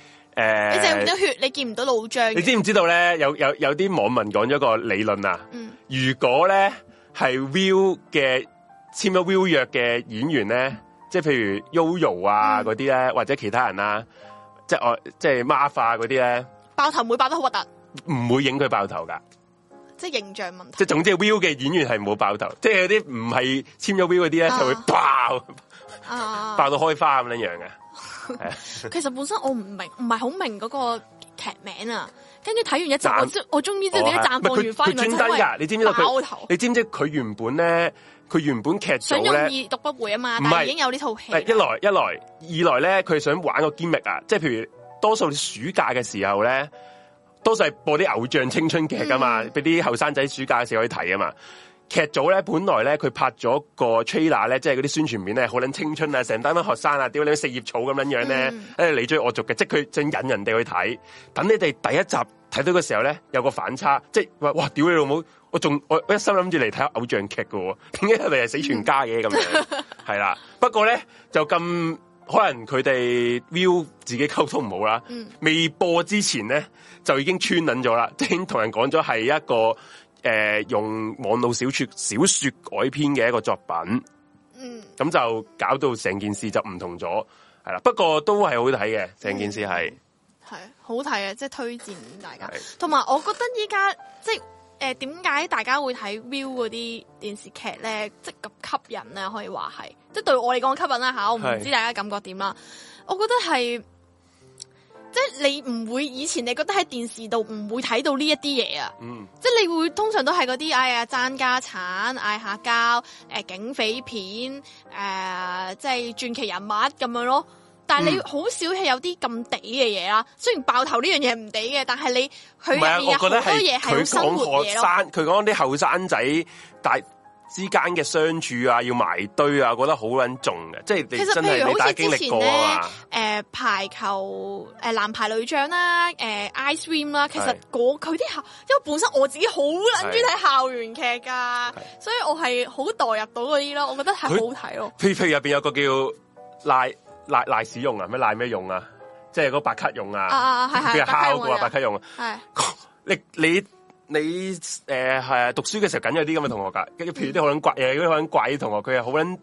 你淨係唔到血，你見唔到腦漿。你知唔知道咧？有有有啲網民講咗個理論啊、嗯！如果咧係 Viu 嘅簽咗 Viu 約嘅演員咧。嗯即係譬如 Yoyo 啊嗰啲咧，嗯、或者其他人啊，即係我即係馬化嗰啲咧，爆頭會爆得好核突，唔會影佢爆頭噶，即係形象問題的是的。即係總之 Viu 嘅演員係冇爆頭，即係有啲唔係簽咗 Viu 嗰啲咧，就會爆，啊、爆到開花咁樣樣嘅。啊、 其實本身我唔明，唔係好明嗰個劇名啊。跟住睇完一集，我知我終於知點解《綻放完花》專登噶？你知唔知道佢爆頭？你知唔知佢原本咧？佢原本劇組咧想容易讀不回啊嘛，唔係但係已經有呢套戲。一來一來，二來咧，佢想玩個堅力啊，即係譬如多數暑假嘅時候咧，多數係播啲偶像青春劇噶嘛，俾啲後生仔暑假嘅時候去睇啊嘛。劇組咧本來咧佢拍咗個 trailer 咧，即係嗰啲宣傳片咧，好捻青春啊，成班學生啊，屌你四葉草咁樣樣咧，誒、嗯、你追我逐嘅，即係佢正引人哋去睇。等你哋第一集睇到嘅時候咧，有個反差，即係話哇屌你老母！我仲我一心諗住嚟睇偶像劇喎，點解佢哋係死全家嘅咁樣？係、嗯、啦， 不過咧就咁可能佢哋 view 自己溝通唔好啦。嗯、未播之前咧就已經穿捻咗啦，就已經同人講咗係一個誒、呃、用網絡小說小說改編嘅一個作品。嗯，咁就搞到成件事就唔同咗係啦。不過都係好睇嘅，成件事係係、嗯、好睇嘅，即係推薦大家。同埋我覺得依家即係。誒、呃，點解大家會睇 Viu 嗰啲電視劇咧？即咁吸引咧，可以話係，即對我嚟講吸引啦吓，我唔知大家感覺點啦。我覺得係，即你唔會以前你覺得喺電視度唔會睇到呢一啲嘢啊。嗯，即你會通常都係嗰啲哎呀爭家產、嗌下交、誒、呃、警匪片、誒、呃、即係傳奇人物咁樣咯。但係你好少係有啲咁地嘅嘢啦，雖然爆頭呢樣嘢唔地嘅，但係你佢入面有好多嘢係生活嘢咯。佢講生，佢講啲後生仔大家之間嘅相處啊，要埋堆啊，覺得好捻重嘅，即係其實譬如好似之前過誒，排球誒，男、呃、排、呃、女將啦，誒、呃、，Ice Swim 啦，其實佢啲校，因為本身我自己好捻中睇校園劇噶，所以我係好代入到嗰啲咯，我覺得係好睇咯。譬譬如入邊有個叫拉。賴賴屎用啊？咩賴咩用啊？即係嗰白卡用啊？俾人蝦過啊？白卡用啊？ 你你你誒係讀書嘅時候，緊有啲咁嘅同學噶，跟、嗯、住譬如啲好撚怪嘢，啲好撚怪啲同學，佢係好撚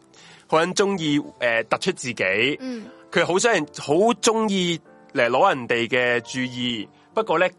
好撚中意誒突出自己，佢、嗯、好想好中意嚟攞人哋嘅注意。不過咧，誒、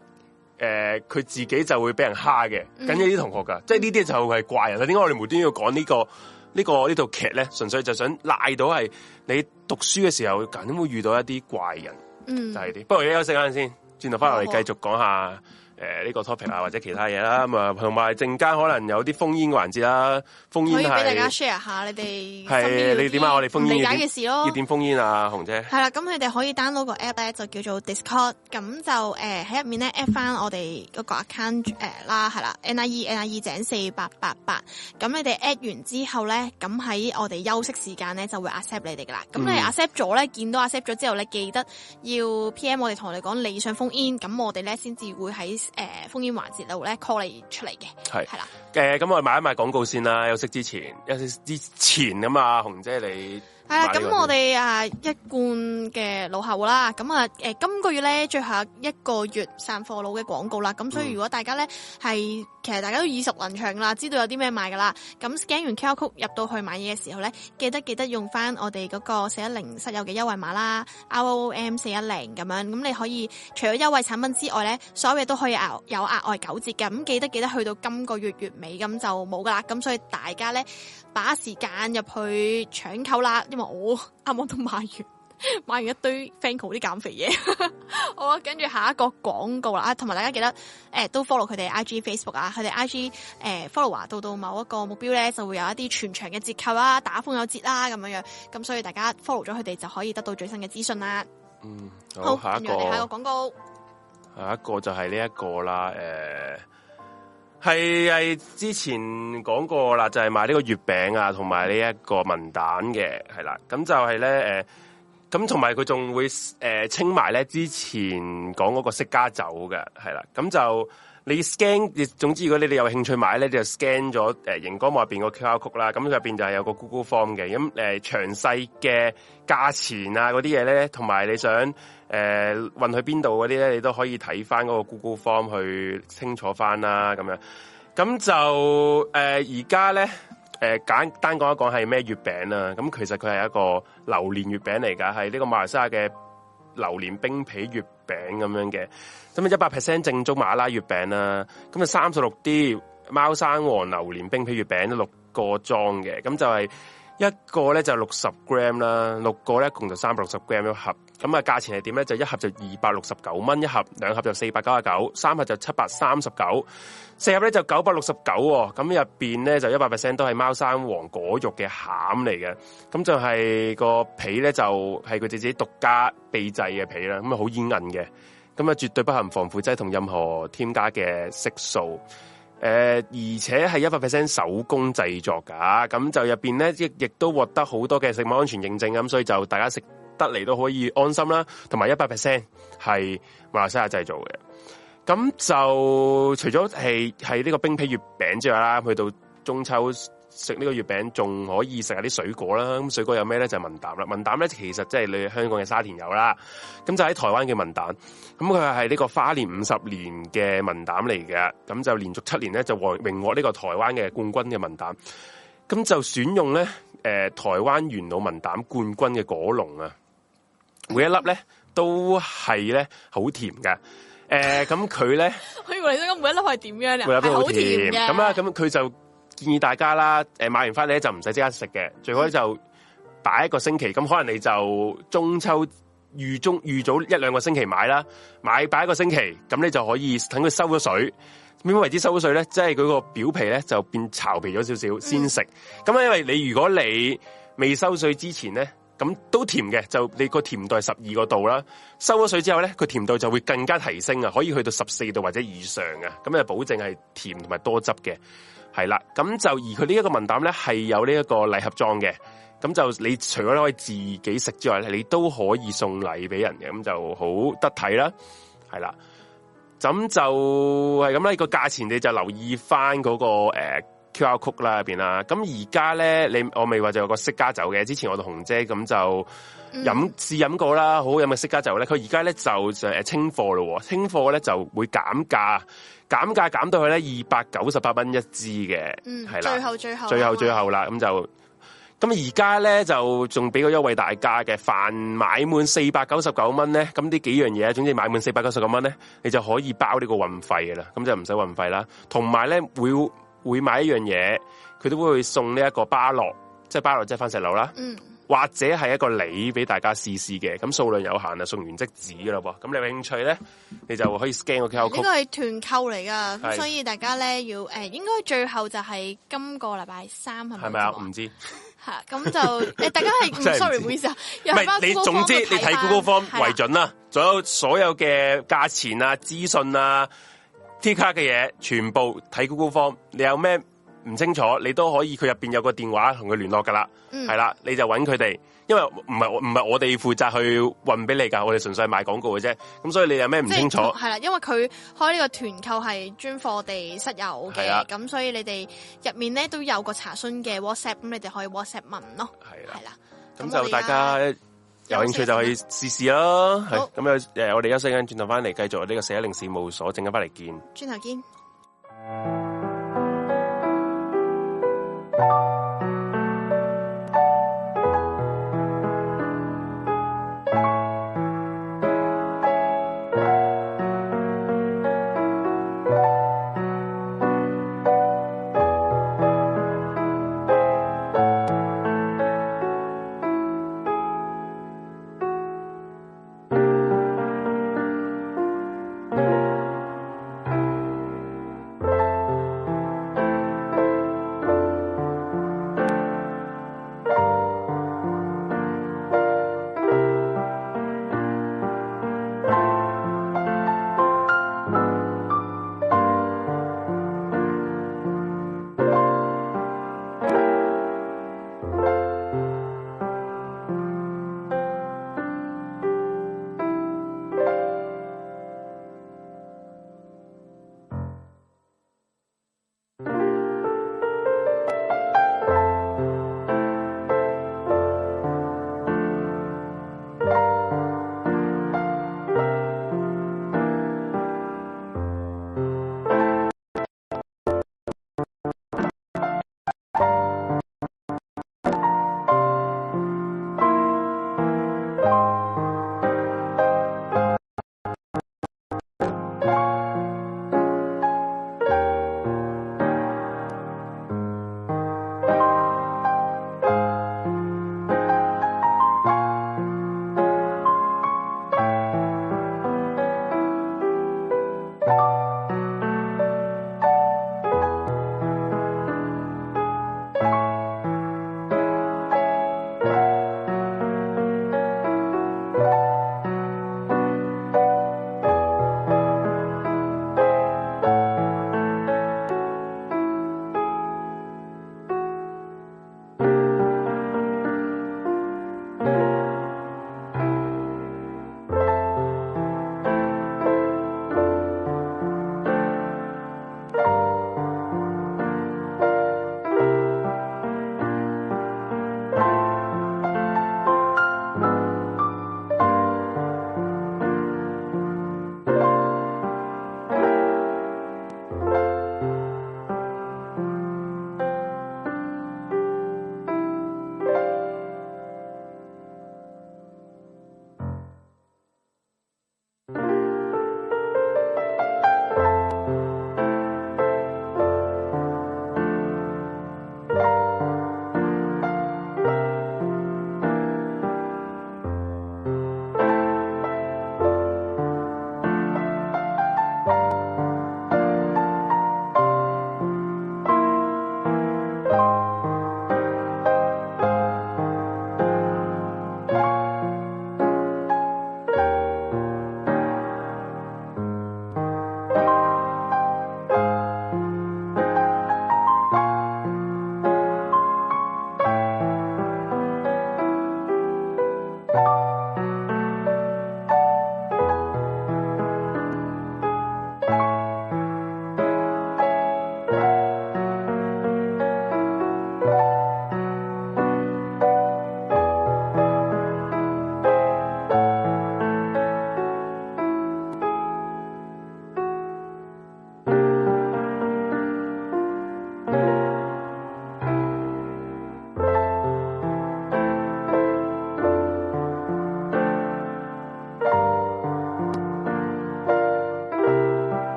呃、佢自己就會俾人蝦嘅，緊有啲同學噶、嗯，即係呢啲就係怪人。點解我哋無端端要講呢個？呢、呢個呢套劇呢，純粹就想賴到係你讀書嘅時候，緊會遇到一啲怪人，嗯、就係、呢、啲。不過你休息間先，轉頭返嚟繼續講下，哦。誒，呢個 topic 啊，或者其他嘢啦，咁啊，同埋陣間可能有啲封煙嘅環節啦，封煙可以俾大家 share 下你哋係你點解我哋封煙嘅事咯，要點封，封煙啊，紅姐係啦，咁你哋可以 download 個 app 咧，就叫做 Discord，咁就誒喺入面咧 add 翻我哋個 account 誒啦，係啦，NIE NIE 井四八八八，咁你哋 add 完之後咧，咁喺我哋休息時間咧就會 accept 你哋噶啦，咁你 accept 咗咧，見到 accept 咗之後咧，記得要 PM 我哋同我哋講你想封煙，咁我哋咧先至會喺。誒、呃，烽煙環節度咧 call 你出嚟嘅，係係啦。誒，咁、呃、我賣一賣廣告先啦。休息之前，休息之前咁啊，紅姐你。係啦，咁我哋啊一貫嘅老客戶啦，咁啊，誒、呃，今個月咧最後一個月散貨佬嘅廣告啦，咁所以如果大家咧係、嗯，其實大家都耳熟能詳噶啦，知道有啲咩賣噶啦，咁 scan 完 QR Code 入到去買嘢嘅時候咧，記得記得用翻我哋嗰個四一零室友嘅優惠碼啦，R O O M 四一零咁樣，咁你可以除咗優惠產品之外咧，所有嘢都可以有有額外九折嘅，咁記得記得去到今個月月尾咁就冇噶啦，咁所以大家咧，把時間入去搶購啦，因為我啱啱都買完，買完一堆 Fanco 啲減肥嘢。 好，跟住下一個廣告啦，同埋大家記得，誒、欸，都 follow 佢哋 IG、Facebook 啊，佢哋 IG 誒 follow 話到到某一個目標咧，就會有一啲全場嘅折扣啦，打風有折啦，咁樣樣。咁所以大家 follow 咗佢哋就可以得到最新嘅資訊啦。嗯，好，好跟住我哋下一個廣告，下一個就係呢一個啦，誒、呃。係係之前講過啦，就係賣呢個月餅啊，同埋呢一個文蛋嘅係啦，咁就係咧誒，咁同埋佢仲會誒、呃、清埋咧之前講嗰個色家酒嘅係啦，咁就你 scan，總之如果你哋有興趣買咧，你就 scan 咗誒熒光幕入邊個 QR code 啦，咁入邊就係有個 Google Form 嘅，咁誒詳細嘅價錢啊嗰啲嘢咧，同埋你想。誒、呃，運去邊度嗰啲咧，你都可以睇翻嗰個 Google Form 去清楚翻啦，咁樣。咁就誒，而家咧，誒、呃，簡單講一講係咩月餅啊？咁其實佢係一個榴蓮月餅嚟噶係呢個馬來西亞嘅榴蓮冰皮月餅咁樣嘅。咁啊，一百 percent 正宗馬拉月餅啦。咁啊，三十六 D 貓山王榴蓮冰皮月餅，就是，六個裝嘅。咁就係一個咧就六十 gram 啦，六個咧共就三百六十 gram 一盒。咁啊，價錢係點咧？就一盒就二百六十九蚊一盒，兩盒就四百九十九，三盒就七百三十九，四盒咧就九百六十九。咁入面咧就一百 percent 都係貓山王果肉嘅餡嚟嘅。咁就係個皮咧就係、是、佢自己獨家秘製嘅皮啦。咁啊好煙韌嘅。咁啊絕對不含防腐劑同任何添加嘅色素。誒、呃，而且係一百 percent 手工製作噶。咁就入面咧亦亦都獲得好多嘅食物安全認證。咁所以就大家食得嚟都可以安心啦，同埋一百 percent 係馬來西亞製造嘅。咁就除咗係係呢個冰皮月餅之外啦，去到中秋食呢個月餅，仲可以食下啲水果啦。咁水果有咩咧？就係、文旦啦。文旦咧，其實即係你香港嘅沙田柚啦。咁就喺台灣嘅文旦，咁佢係呢個花蓮五十年嘅文旦嚟嘅。咁就連續七年咧就獲榮獲呢個台灣嘅冠軍嘅文旦。咁就選用咧，誒、呃、台灣元老文旦冠，冠軍嘅果農啊。每一粒咧都係咧好甜嘅，誒、呃，咁佢咧佢以為，你每一粒係點樣咧？係好甜嘅。咁啊，咁佢就建議大家啦，誒，買完翻，咧就唔使即刻食嘅，最好就擺一個星期。咁可能你就中秋預中預早一兩個星期買啦，買，擺一個星期，咁你就可以等佢收咗水。點為之收咗水咧？即係佢個表皮咧就變巢皮咗少少，先食。咁、嗯、啊，因為你如果你未收水之前咧。咁都甜嘅，就你個甜度係十二個度啦。收咗水之後咧，佢甜度就會更加提升啊，可以去到十四度或者以上嘅，咁就保證係甜同埋多汁嘅，係啦。咁就而佢呢一個文旦咧係有呢一個禮盒裝嘅，咁就你除咗可以自己食之外咧，你都可以送禮俾人嘅，咁就好得睇啦，係啦。咁就係咁呢個價錢你就留意翻、那、嗰個誒。呃 QR 曲啦，入邊啦，咁而家咧，你我未話就有個釋迦酒嘅，之前我同紅姐咁就飲試飲過啦，好好飲嘅釋迦酒咧，佢而家咧就誒清貨咯，清貨咧就會減價，減價減到去咧二百九十八蚊一支嘅，係、嗯、啦，最後最後最後最後啦，咁、嗯、就咁而家咧就仲俾個優惠大家嘅，凡買滿四百九十九蚊咧，咁呢幾樣嘢，總之買滿四百九十九蚊咧，你就可以包個運費，運費呢個運費嘅啦，咁就唔使運費啦，同埋咧會。會買一樣嘢，佢都會送呢一個芭樂，即係芭樂，即係番石榴啦、嗯，或者係一個梨俾大家試試嘅。咁數量有限啊，送完即止噶啦噃。咁你有冇興趣咧？你就可以 scan 個 QR 呢、這個係團購嚟噶，所以大家咧要誒、呃，應該最後就係今個禮拜三係咪咪？啊？唔知。咁 就誒、哎，大家係唔 sorry，唔好意思啊。你總之你睇 Google Form 為準啦，仲有所有嘅價錢啊、資訊啊。T 卡嘅嘢，全部睇 Google Form，你有咩唔清楚，你都可以佢入邊有個電話同佢聯絡噶啦，嗯，係啦，你就揾佢哋，因為唔係唔係我哋負責去運俾你噶，我哋純粹係賣廣告嘅啫，咁所以你有咩唔清楚，係啦，因為佢開呢個團購係專貨地室友嘅，咁所以你哋入面咧都有個查詢嘅 WhatsApp，咁你哋可以 WhatsApp 問咯，係啦，係啦，咁就大家。有，有興趣就可以試試咯，咁樣誒，我哋休息緊，轉頭翻嚟繼續我呢個四一零事務所，陣間翻嚟見，轉頭見。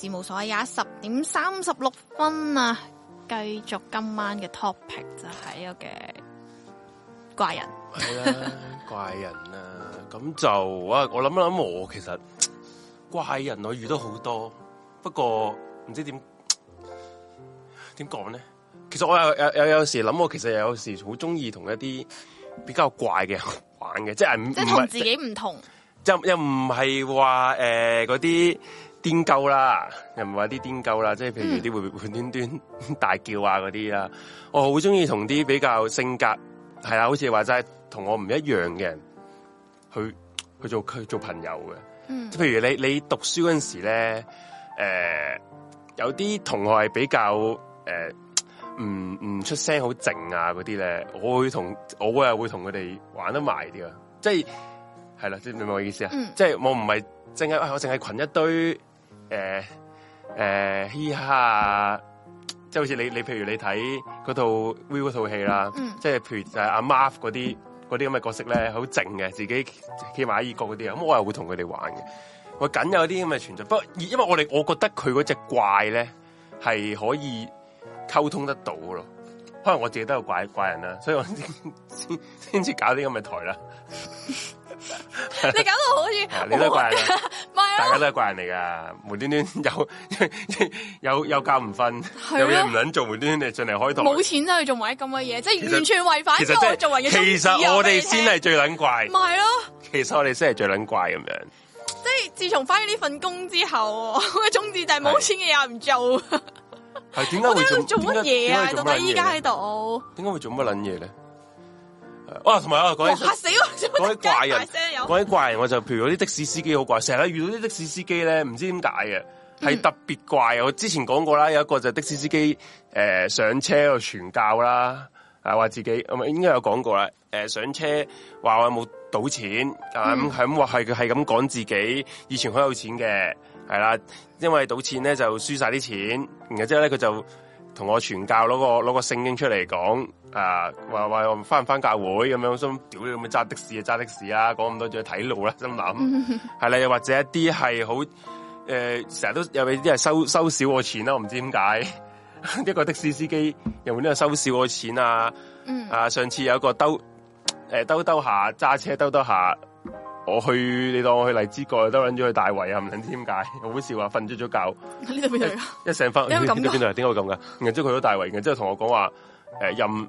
事冇所謂，而家十點三十六分啊。繼續今晚嘅 topic 就係一個嘅怪人系啦，怪人啊，咁就啊，我諗一諗，我其實怪人我遇到好多，不過唔知點點講咧。其實我又有有有，有時諗，我其實有時好中意同一啲比較怪嘅人玩嘅，即係即係同自己唔同，又又唔係話誒嗰啲。癲鳩啦，又唔係話啲癲鳩啦，即係譬如啲會胡、嗯、端端大叫啊嗰啲啦，我好中意同啲比較性格係啦、啊、好似話齋同我唔一樣嘅人，去去做去做朋友嘅，即、嗯、係譬如你你讀書嗰陣時咧，誒、呃、有啲同學係比較誒唔唔出聲好靜啊嗰啲咧，我會同我啊會同佢哋玩得埋啲啊，即係係啦，即係明白我意思啊，嗯、即係我唔係淨係我淨係、哎、群一堆。誒、呃、誒、呃，嘻哈，即係好似你你，譬如你睇嗰套 v i l l 嗰套戲啦，嗯嗯、即係譬如就阿 Marv 嗰啲嗰啲咁嘅角色咧，好靜嘅，自己企埋一角嗰啲啊，咁我又會同佢哋玩嘅。我梗有啲咁嘅存在，不過因為我哋我覺得佢嗰隻怪咧係可以溝通得到咯。可能我自己都有怪怪人啦，所以我先先至搞啲咁嘅台啦。 你搞到好似 你都怪人。 大家都係怪人嚟噶，無端端有有有教唔訓，有嘢唔捻做，無端端嚟進嚟開台冇錢都去做埋啲咁嘅嘢，即係完全違反呢、就是、我做為嘅宗旨，其實我哋先係最捻怪，唔係咯？其實我哋先係最捻怪咁、啊啊、樣。即係自從翻咗呢份工之後，我嘅宗旨就係冇錢嘅嘢唔做。係點解會做乜嘢啊？到底依家喺度？點解會做乜捻嘢咧？哇，同埋我講起怪人，講起怪人，我就譬如有啲的,的士司機好怪，成日遇到啲的士司機咧，唔知點解嘅，係特別怪、嗯。我之前講過啦，有一個就的士司機，誒、呃、上車就傳教啦，係話自己，咁應該有講過啦。誒、呃、上車話我有冇賭錢，咁咁話係係咁講自己以前好有錢嘅，係啦，因為賭錢咧就輸晒啲錢，然後之後咧佢就。同我傳教攞個攞個聖經出嚟講，啊，話話返唔返教會咁樣，想屌你咁樣揸的士就揸的士啊！講咁多仲要睇路啦，啊，心諗係啦，又 或者一啲係好誒，成、呃、日都有畀啲係收收少我錢啦，啊，我唔知點解一個的士司機又會呢個收少我錢啊！ 啊，上次有一個兜誒、呃、兜兜下揸車兜兜下。我去你當我去荔枝角，我都搵咗去大圍啊！唔諗知點解，好笑啊！瞓咗咗覺，呢度邊度一醒翻，點解咁？邊度？點解咁噶？然之後佢去咗大圍，然之後同我講話，誒任，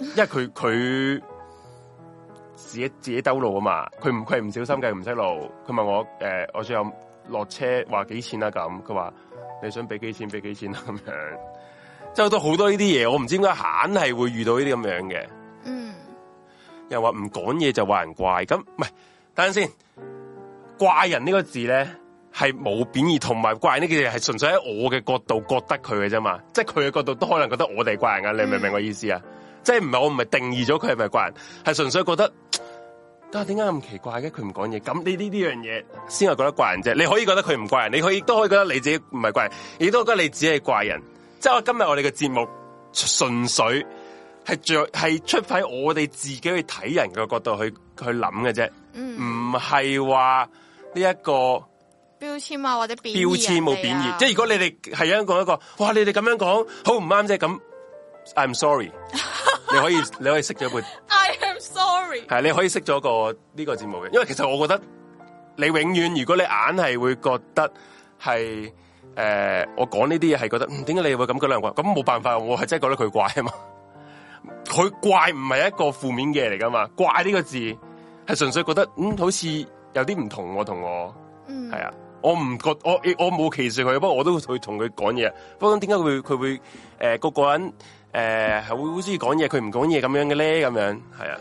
因為佢佢自己自己兜路啊嘛，佢唔係唔小心嘅，唔識路。佢問我誒、欸，我想落車，話幾錢啊？咁佢話你想俾幾錢，俾幾錢啊？咁樣，即係都好多呢啲嘢，我唔知點解，硬係會遇到呢啲咁樣嘅。嗯，又話唔講嘢就話人怪，咁唔係。等陣先，怪人呢個字咧係冇貶義，同埋怪人呢件嘢係純粹喺我嘅角度覺得佢嘅啫嘛，即係佢嘅角度都可能覺得我哋怪人噶，你明唔明我意思啊？ 即係唔係我唔係定義咗佢係咪怪人，係純粹覺得，但係點解咁奇怪嘅？佢唔講嘢，咁呢呢呢樣嘢先係覺得怪人啫。你可以覺得佢唔怪人，你可以都可以覺得你自己唔係怪人，亦都覺得你自己係怪人。即係我今日我哋嘅節目純粹。係着係出喺我哋自己去睇人嘅角度去去諗嘅啫，唔係話呢一個標籤啊，或者貶標籤冇貶義，即係如果你哋係咁講一個，哇你哋咁樣講好唔啱啫，咁 I'm sorry， 你可以你可以熄咗佢，I am sorry，係你可以熄咗個呢個節目嘅，因為其實我覺得你永遠如果你硬係會覺得係誒、呃、我講呢啲嘢係覺得，點、嗯、解你會咁講，兩個人咁冇辦法，我係真係覺得佢怪啊嘛。佢怪唔係一個負面嘅嘢嚟噶嘛？怪呢個字係純粹覺得，嗯，好似有啲唔同我同我，係、嗯、啊，我唔覺得我我冇歧視佢，不過我都會同佢講嘢。不過點解佢佢會誒個、呃、個人誒係會好中意講嘢，佢唔講嘢咁樣嘅咧？咁樣係啊。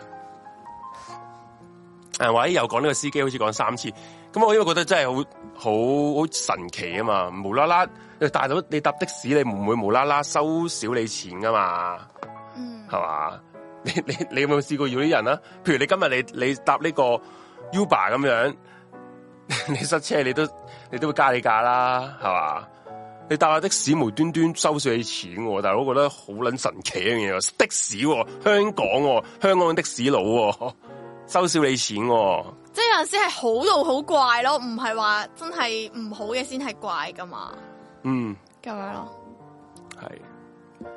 誒，或者又講呢個司機，好似講三次。咁我因為覺得真係好好好神奇啊嘛，無啦啦，大佬你搭的士，你唔會無啦啦收少你錢噶嘛？係嘛？你你你有冇試過要啲人啊？譬如你今日你你搭呢個 Uber 咁樣，你塞車你都你都會加你價啦，係嘛？你搭下的士無端端收少你錢，但係我覺得好捻神奇一樣嘢，的士香港香港的士佬收少你錢，即係有陣時係好到好怪咯，唔係話真係唔好嘅先係怪噶嘛？嗯，咁樣咯，係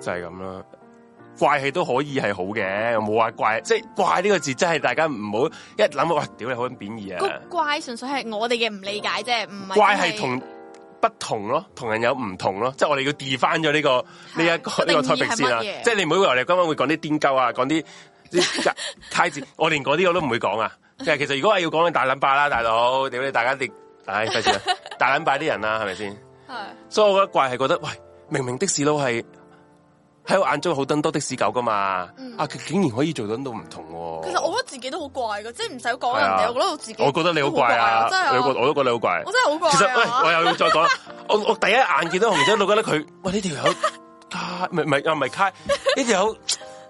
就係咁啦。怪氣都可以係好嘅，冇話怪，即、就、係、是、怪呢個字，真係大家唔好一諗到喂，屌、哎、你、啊，好咁貶義啊！怪純粹係我哋嘅唔理解啫，唔怪係同不同咯，同人有唔同咯、就是這個，嗯這個這個，即係我哋要調翻咗呢個呢一個呢個 topic 先啦。即係你唔好以為我哋今晚會講啲癲鳩啊，講啲啲太字，我連嗰啲我都唔會講啊。即 係其實如果我係要講緊大捻霸啦，大佬，屌你，大家啲唉，費事啦，大捻霸啲人啦，係咪先？係， 哎、是是 所以我覺得怪係覺得喂、哎，明明的士佬係。喺我眼中好撚多的士狗噶嘛，啊，竟然可以做到咁唔同、啊嗯。其實我覺得自己都好怪嘅，即係唔使講人哋、啊，我覺得我自己怪、啊，我覺得你好怪啊！真啊我我都覺得你好怪。我真係好怪、啊。其實、欸，我又要再講， 我我第一眼見到紅姐都、覺得佢，喂、 啊，呢條友？唔係唔係唔係卡，呢條友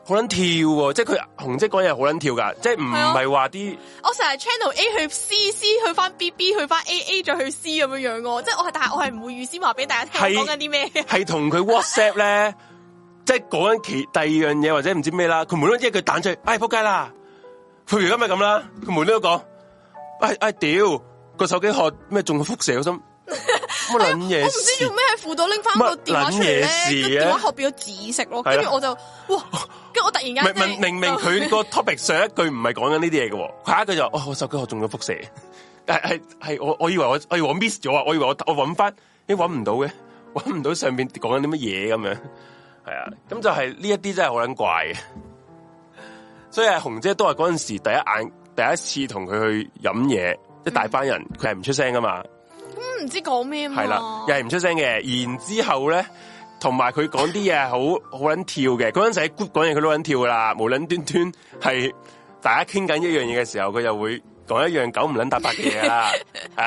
好撚跳、啊，即係佢紅姐講嘢好撚跳噶，即係唔係話啲。我成日 channel A 去 C C 去翻 B B 去翻 A A 再去 C 咁樣樣嘅，即係我係，但係我係唔會預先話俾大家聽講緊啲咩，係同佢 WhatsApp 咧。 即係講緊其第二樣嘢或者唔知咩啦，佢冇諗一句佢彈出去，哎扑街啦！佢如今咪咁啦，佢冇諗都講，哎哎屌個手機殼咩仲有輻射我心，冷嘢事，我唔知用咩喺副度拎翻個電話出嚟咧，個、啊、電話殼變咗紫色咯，跟住、啊、我就嘩！跟住我突然間、就是、明明明佢個 topic 上一句唔係講緊呢啲嘢嘅，下一句就哦我手機殼中咗輻射，係、哎、係、哎哎、我我以為我我 miss 咗啊，我以為我我搵返、翻、搵唔、哎、到嘅，搵唔到上邊講緊啲乜嘢咁樣。係啊，咁就係呢一啲真係好撚怪嘅，所以係紅姐都係嗰陣時第一眼第一次同佢去飲嘢，即、嗯、大班人，佢係唔出聲噶嘛，咁、嗯、唔知講咩嘛，係啦、啊，又係唔出聲嘅，然之後咧，同埋佢講啲嘢係好好撚跳嘅，嗰陣時喺 group 講嘢佢都撚跳噶啦，無撚端端係大家傾緊一樣嘢嘅時候，佢就會講一樣九唔撚搭八嘅嘢啦，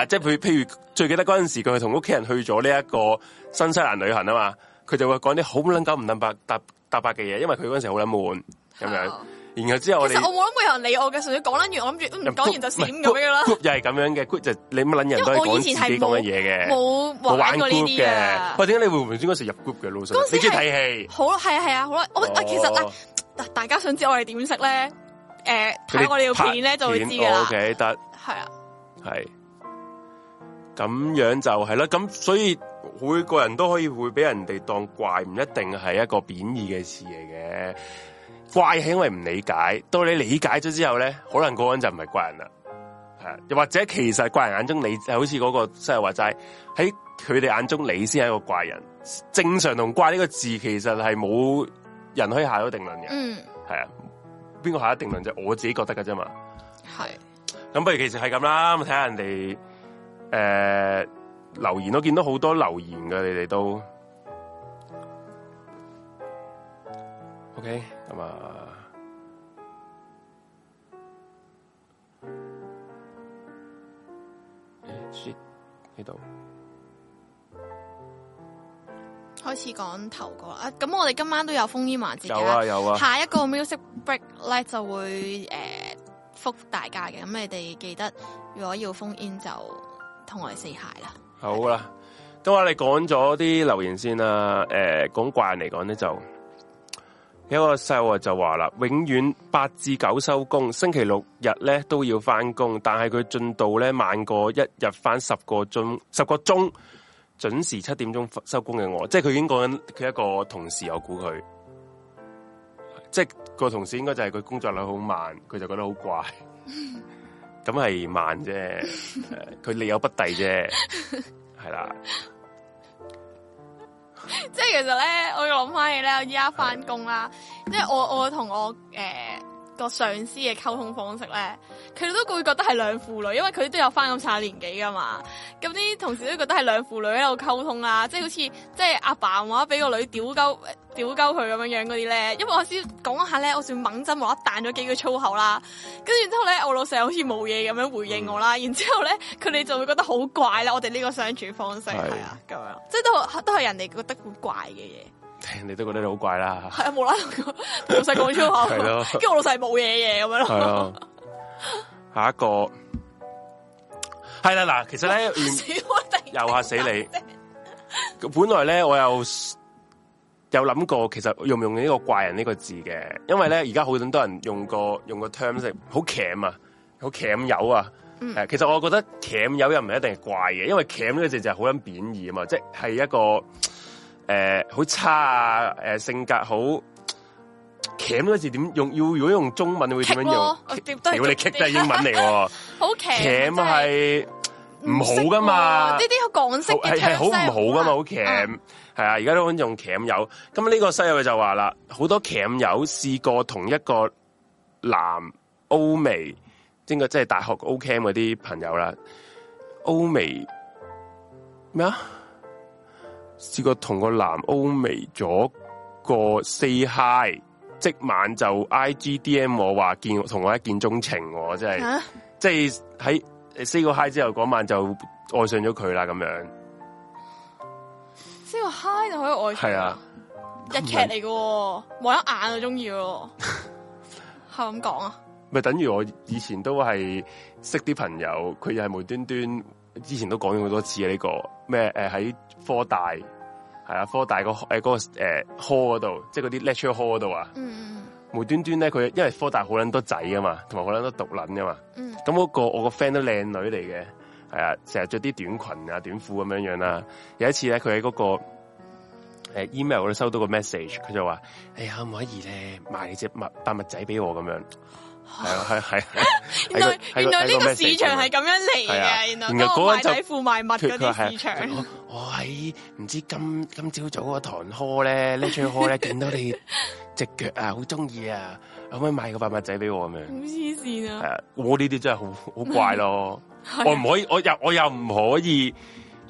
即係譬譬如最記得嗰陣時佢係同屋企人去咗呢一個新西蘭旅行啊嘛。佢就會講啲好冇捻搞唔捻白答答白嘅嘢，因為佢嗰陣時好捻悶咁樣。然後之後我其實我冇諗過有人理我嘅，純粹講捻完我諗住唔講完就閃咁 樣嘅啦。group 又係咁樣嘅 group 就你乜捻人都係講自己講嘅嘢嘅，冇玩過呢啲嘅。喂，點解你會唔會先嗰時入 group 嘅？老細，你睇戲。好啦，係啊係啊，好啦。我其實嗱、啊，大家想知我哋點識咧？誒、呃，睇我哋條片咧就會知 O K 得。係啊。係、okay。咁樣就係啦，咁所以。每個人都可以會俾人哋當怪，唔一定係一個貶義嘅詞嚟嘅。怪係因為唔理解，到你理解咗之後咧，可能嗰個人就唔係怪人啦。係，又或者其實怪人眼中你，好似嗰個即係話齋係喺佢哋眼中你先係一個怪人。正常同怪呢個字其實係冇人可以下到定論嘅。嗯，係啊，邊個下定論就我自己覺得噶啫嘛。係，咁不如其實係咁啦，我睇下人哋誒。呃留言都見到好多留言嘅，你哋都 OK 咁、嗯、啊！誒 shit 喺度開始講頭歌啦，咁我哋今晚都有 phone in 環節，有啊有啊。下一個 Music Break 咧就會誒、呃、覆大家嘅，咁你哋記得如果要 phone in 就同我哋 say hi 啦。好啦，等我哋講咗啲留言先啦。誒、呃，講怪人嚟講咧，就有一個細路就話啦，永遠八至九收工，星期六日咧都要翻工，但係佢進度咧慢過一日翻十個鐘，十個鐘準時七點鐘收工嘅我，即係佢已經講緊佢一個同事，我估佢，即係個同事應該就係佢工作率好慢，佢就覺得好怪。 咁係慢啫，佢 理有不抵啫，係啦。即係其實咧，我要諗翻起咧，我依家翻工啦， 即係我我同我誒個、呃、上司嘅溝通方式咧，佢都會覺得係兩父女，因為佢都有翻咁差年紀噶嘛。咁啲同事都覺得係兩父女喺度溝通啦、啊，即係好似即係阿爸話俾個女屌鳩。屌鳩佢咁樣樣嗰啲咧，因為我先講一下咧，我算猛針我一彈咗幾句粗口啦，跟住之後咧，我老細好似冇嘢咁樣回應我啦，嗯、然之後咧，佢哋就會覺得好怪啦，我哋呢個相處方式係啊咁樣，即係都都係人哋覺得好怪嘅嘢，你都覺得你好怪啦，係、啊、無啦啦老細講粗口，跟住 然 我老細冇嘢嘢咁樣咯，係下一個係啦嗱，其實咧又嚇死你，本來咧我又，有諗過，其實用唔用呢個怪人呢個字嘅？因為咧，而家好多人用個用個 terms 好、like, cam 啊，好 cam 友啊、嗯。其實我覺得 cam 友又唔一定係怪嘅，因為 cam 呢個字就係好有貶義啊嘛，即、就、係、是、一個誒好、呃、差啊，誒、呃、性格好 cam 呢個字點用？要如果用中文你會點樣用？啊、你 cam 都係英文嚟。 很是不好 cam 係唔好噶嘛？呢、就、啲、是、港式嘅 cam 唔好噶嘛，好 cam。係啊，而家都用 Cam 友。咁呢個室友就話啦，好多 Cam 友試過同一個男歐美，即係即係大學 O Camp 嗰啲朋友啦。歐美咩啊？試過同個男歐美咗個 say hi，即晚就 I G D M 我話見同我一見鍾情，我真係、啊、即係喺 say 個 hi 之後，嗰晚就愛上咗佢啦，咁樣。即係嗨就可以愛情，日劇嚟嘅，望、嗯、一眼就中意咯，係咁講啊？咪等於我以前都係識啲朋友，佢又係無端端，之前都講咗好多次啊！呢、這個咩誒喺科大係啊，科大、那個誒嗰、呃那個誒 hall 嗰度，即係嗰啲 lecture hall 嗰度啊！無端端咧，佢、就是嗯、因為科大好捻多仔噶嘛，同埋好捻多毒撚噶嘛，咁、嗯、嗰、那個我個 friend 都靚女嚟嘅。係啊，成日着啲短裙啊、短褲咁樣樣啦。有一次咧，佢喺嗰個誒、呃、email 嗰度收到個 message，佢就話，你可唔可以咧買隻隻八物仔俾我咁樣？係係係。原來原來呢個市場係咁樣嚟嘅。原來原來嗰個賣仔褲賣物嘅市場。我喺唔知今今朝早嗰堂課咧 lecture 咧見到你隻腳啊，好中意啊， 可唔可以買個八物仔俾我咁樣？好黐線啊！係啊，我呢啲真係好好怪咯。 啊、我唔可以，我又我又唔可以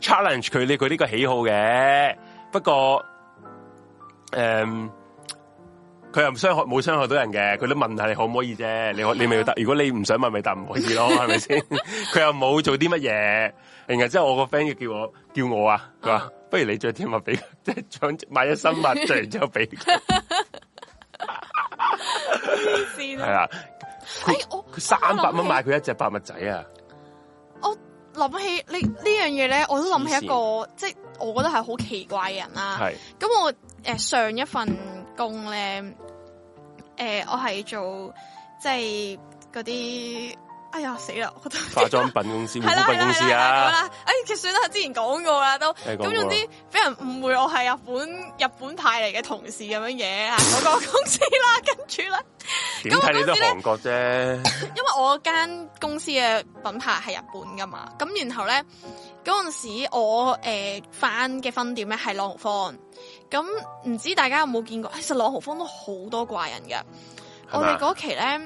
challenge 佢你佢呢個喜好嘅。不過，誒、嗯，佢又唔傷害冇傷害到人嘅。佢都問下你可唔可以啫？你你咪要答。 如果你唔想問，咪答唔可以咯，係咪先？佢又冇做啲乜嘢。然後之後我個 friend 要叫我叫我啊，佢話： 不如你着貼襪俾，即係買咗新襪，着完之後俾。佢 神經病。 黐線！係、哎、啦，佢三百蚊買佢一隻白襪仔啊！我諗起這呢呢樣嘢咧，我都諗起一個，即係我覺得係好奇怪嘅人啦、啊。咁我誒、呃、上一份工咧，誒、呃、我係做即係嗰啲。就是哎呀死啦！化妝品公司，係啦係啦係啦！哎、啊，其實咧之前說過了講過啦都，咁總之俾人誤會我係日本日本派嚟嘅同事咁樣嘢吓，嗰、那個公司啦，跟住咧，點睇你都係韓國啫？因為我間公司嘅品牌係日本噶嘛，咁然後咧嗰陣時我誒返嘅分店咧係朗豪坊，咁唔知大家有冇見過？其實朗豪坊都好多怪人嘅，我哋嗰期咧。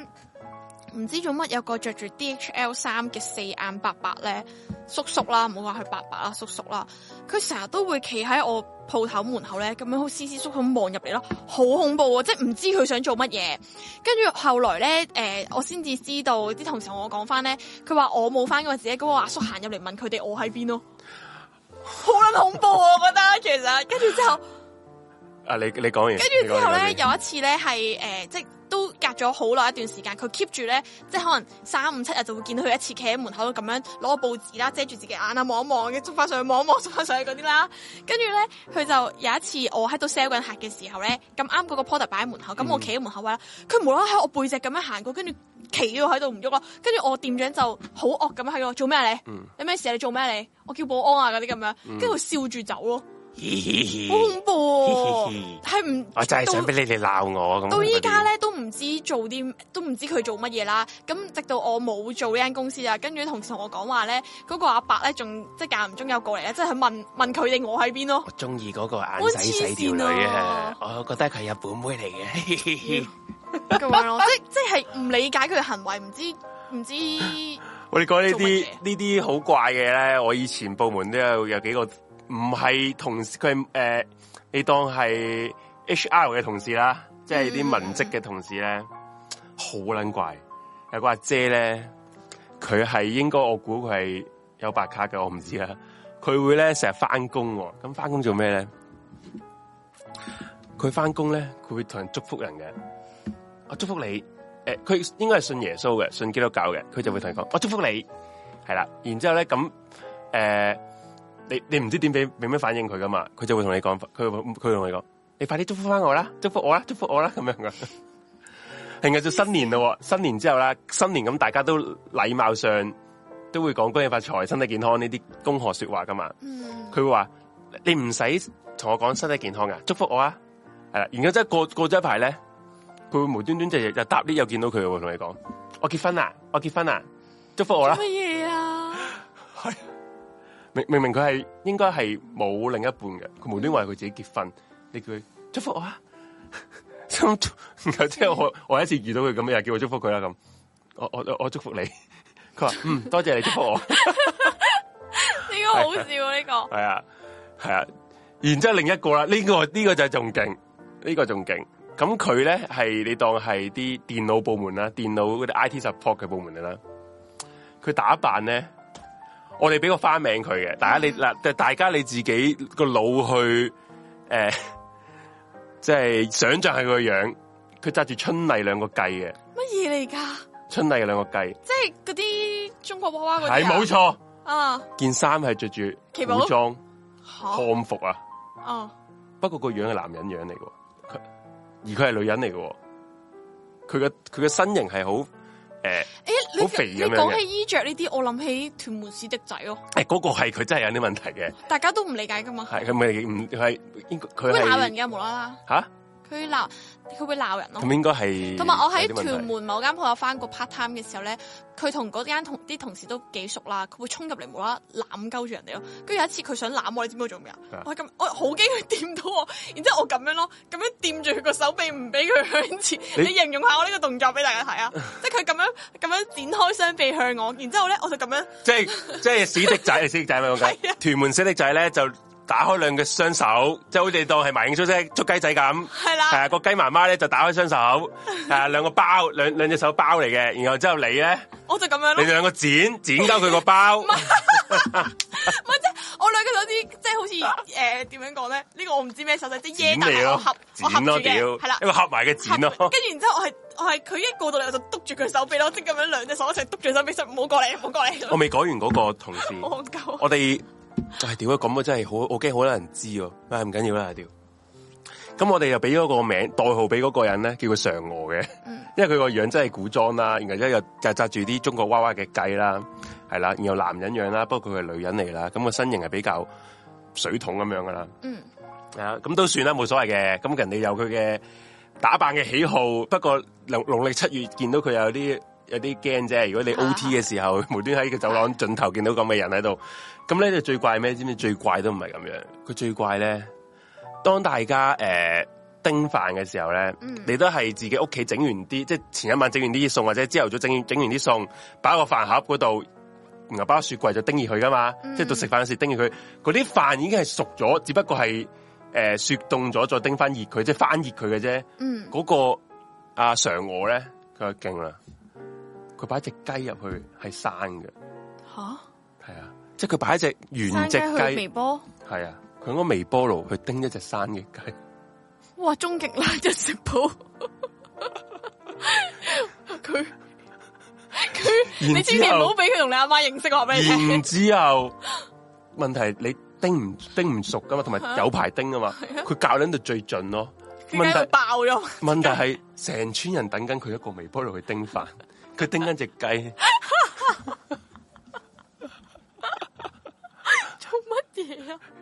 唔知做乜有個着住 DHL 衫嘅四眼伯伯咧，叔叔啦，唔好話佢伯伯啦，叔叔啦，佢成日都會企喺我鋪頭門口咧，咁樣好斯斯縮咁望入嚟咯，好恐怖啊、哦！即係唔知佢想做乜嘢。跟住後來咧，誒、呃，我先至知道啲同事同我講翻咧，佢話我冇翻嗰個自己嗰、嗰個阿叔行入嚟問佢哋我喺邊咯，好 捻恐怖啊！我覺 得其實，跟住之後，啊，你你講完，跟住之後咧，有一次咧係誒，即都隔咗好耐一段時間，佢 keep 住咧，即係可能三五七日就會見到佢一次，企喺門口度咁樣攞個報紙啦，遮住自己眼啊，望一望嘅，捉翻上去望一望，捉翻上去嗰啲啦。跟住咧，佢就有一次我喺度 sell 緊客嘅時候咧，咁啱嗰個 product 擺喺門口，咁、嗯、我企喺門口位啦，佢無啦啦喺我背脊咁樣行過，跟住企喺度唔喐啊。跟住我店長就好惡咁喺度做咩、啊、你？嗯、你有咩事、啊、你做咩、啊、你？我叫保安啊嗰啲咁樣，跟住佢笑住走咯。好 恐怖哦！係 唔，我真係想俾你哋鬧我咁。到依家咧都唔知做啲，都唔知佢做乜嘢啦。咁 直到我冇做呢間公司啊，跟住同事同我講話咧，嗰個阿伯咧仲即係間唔中有過嚟咧，即係佢問問佢哋我喺邊咯。我中意嗰個眼仔細女啊！我覺得佢係日本妹嚟嘅。咁樣咯，即即係唔理解佢嘅行為，唔知唔 唔知。我哋講呢啲呢啲好怪嘅咧，我以前部門都有有幾個。唔係同佢，誒、呃，你當係 HR 嘅同事啦，即係啲文職嘅同事咧，好撚怪。有個阿姐咧，佢係應該我估佢係有白卡嘅，我唔知啦。佢會咧成日翻工，咁翻工做咩咧？佢翻工咧，佢會同人祝福人嘅。我祝福你，誒、呃，佢應該係信耶穌嘅，信基督教嘅，佢就會同你講，我祝福你，係啦。然之後咧，咁誒。呃你你唔知點俾俾咩反應佢噶嘛？佢就會同你講，佢佢同你講，你快啲祝福翻我啦，祝福我啦，祝福我啦，咁樣噶。係咪就新年咯， 新年之後啦，新年咁大家都禮貌上都會講恭喜發財、身體健康呢啲恭賀說話噶嘛。佢、嗯、會話你唔使同我講身體健康噶，祝福我啦。係啦，然後真係過過咗一排咧，佢會無端端就就搭啲又見到佢會同你講我結婚啦，我結婚啦，祝福我啦。 明明佢係應該係冇另一半嘅，佢無端端話佢自己結婚，你叫佢祝福我啊！即 係我我一次遇到佢咁樣，又叫我祝福佢啦咁，我我我祝福你。佢 話嗯，多謝你祝福我。呢 個好笑呢、啊、個。係 啊係啊，啊，啊，然之後另一個啦，呢、呢個呢、呢個就係仲勁，呢個嗯、呢個仲勁。咁佢咧係你當係啲電腦部門啦，電腦嗰啲 I T support 嘅部門嚟啦。佢打扮咧。我哋俾個花名佢嘅，大家你嗱、嗯，大家你自己腦、呃就是、個腦去誒，即係想象係佢個樣，佢紮住春麗兩個髻嘅，乜嘢嚟噶？春麗兩個髻，即係嗰啲中國娃娃嗰啲，係冇錯啊！錯 uh, 件衫係着住古裝漢服啊，哦、uh,，不過個樣係男人樣嚟嘅，而佢係女人嚟嘅，佢嘅佢嘅身形係好。誒、欸，好肥。你講起衣着呢啲，我諗起屯門市的仔咯。誒、欸，嗰、那個係佢真係有啲問題嘅。大家都唔理解噶嘛。係佢咪唔係，應該佢會吓人嘅，無啦啦。吓、啊？佢鬧，佢會鬧人咯、哦。咁應該係。同埋我喺屯門某間鋪有翻個 part time 嘅時候咧，佢同嗰間同啲同事都幾熟啦，佢會衝入嚟冇啦攬鳩住人哋咯。跟住有一次佢想攬我，你知唔知我做咩啊？我咁我好驚佢掂到我，然之後我咁樣咯，咁樣掂住佢個手臂唔俾佢向前。你形容下我呢個動作俾大家睇啊！ 即係佢咁樣咁樣展開雙臂向我，然之後咧我就咁樣。即係即係史迪仔，史 迪仔咩、 啊、屯門史迪仔咧就。打開兩隻雙手，即係好似當係麻鷹出聲捉雞仔咁。係啦，係啊，個雞媽媽咧就打開雙手，係啊，兩個包，兩兩隻手包嚟嘅。然後之後你咧，我就咁樣，你兩個剪剪鳩佢個包 唔係。唔係即係我兩個手指，即、就、係、是、好似誒點樣講咧？ 呃、呢、呢個我唔知咩手勢，即係耶大剪咯，係啦，一個合埋嘅剪咯。跟住然之後我係我係佢一過到嚟，我就篤住佢手臂咯，即咁樣兩隻手一齊篤住手臂，就唔好過嚟，唔好過嚟。我未講 完嗰、個同事， 我哋。唉、哎，屌！咁啊真係好，我驚好多人知喎。唉、哎，唔緊要啦，屌、哎。咁我哋又俾咗個名代號俾嗰個人咧，叫佢嫦娥嘅。因為佢個樣真係古裝啦，然後咧又就紮住啲中國娃娃嘅髻啦，係、嗯、啦，然後男人樣啦，不過佢係女人嚟啦。咁、個身形係比較水桶咁樣噶啦。嗯。啊，咁都算啦，冇所謂嘅。咁人哋有佢嘅打扮嘅喜好，不過農農曆七月見到佢有啲有啲驚啫。如果你 O T 嘅時候，啊、無端喺個走廊盡頭見到咁嘅人喺度。咁咧就最怪咩？知唔知最怪都唔係咁樣。佢最怪咧，當大家誒、呃、叮飯嘅時候咧、嗯，你都係自己屋企整完啲，即係前一晚整完啲餸，或者朝頭早整整完啲餸，擺喺個飯盒嗰度，然後擺喺雪櫃就叮熱佢噶嘛。嗯、即係到食飯嗰時候叮住佢，嗰啲飯已經係熟咗，只不過係誒、呃、雪凍咗，再叮翻熱佢，即係翻熱佢嘅啫。嗰、嗯，那個阿嫦娥咧，佢就勁啦，佢擺隻雞入去係生嘅。吓？即係佢擺一隻原隻雞微波，係啊，佢用個微波爐去叮一隻生嘅雞。哇，終極辣只食譜。佢 佢，你千祈唔好俾佢同你阿媽，媽認識我咩唔知然之後，問題你叮唔叮唔熟噶嘛，同埋有排叮㗎嘛，佢、啊、教捻到最盡咯。問題爆咗。問題係成村人等緊佢一個微波爐去叮飯，佢 叮緊隻雞。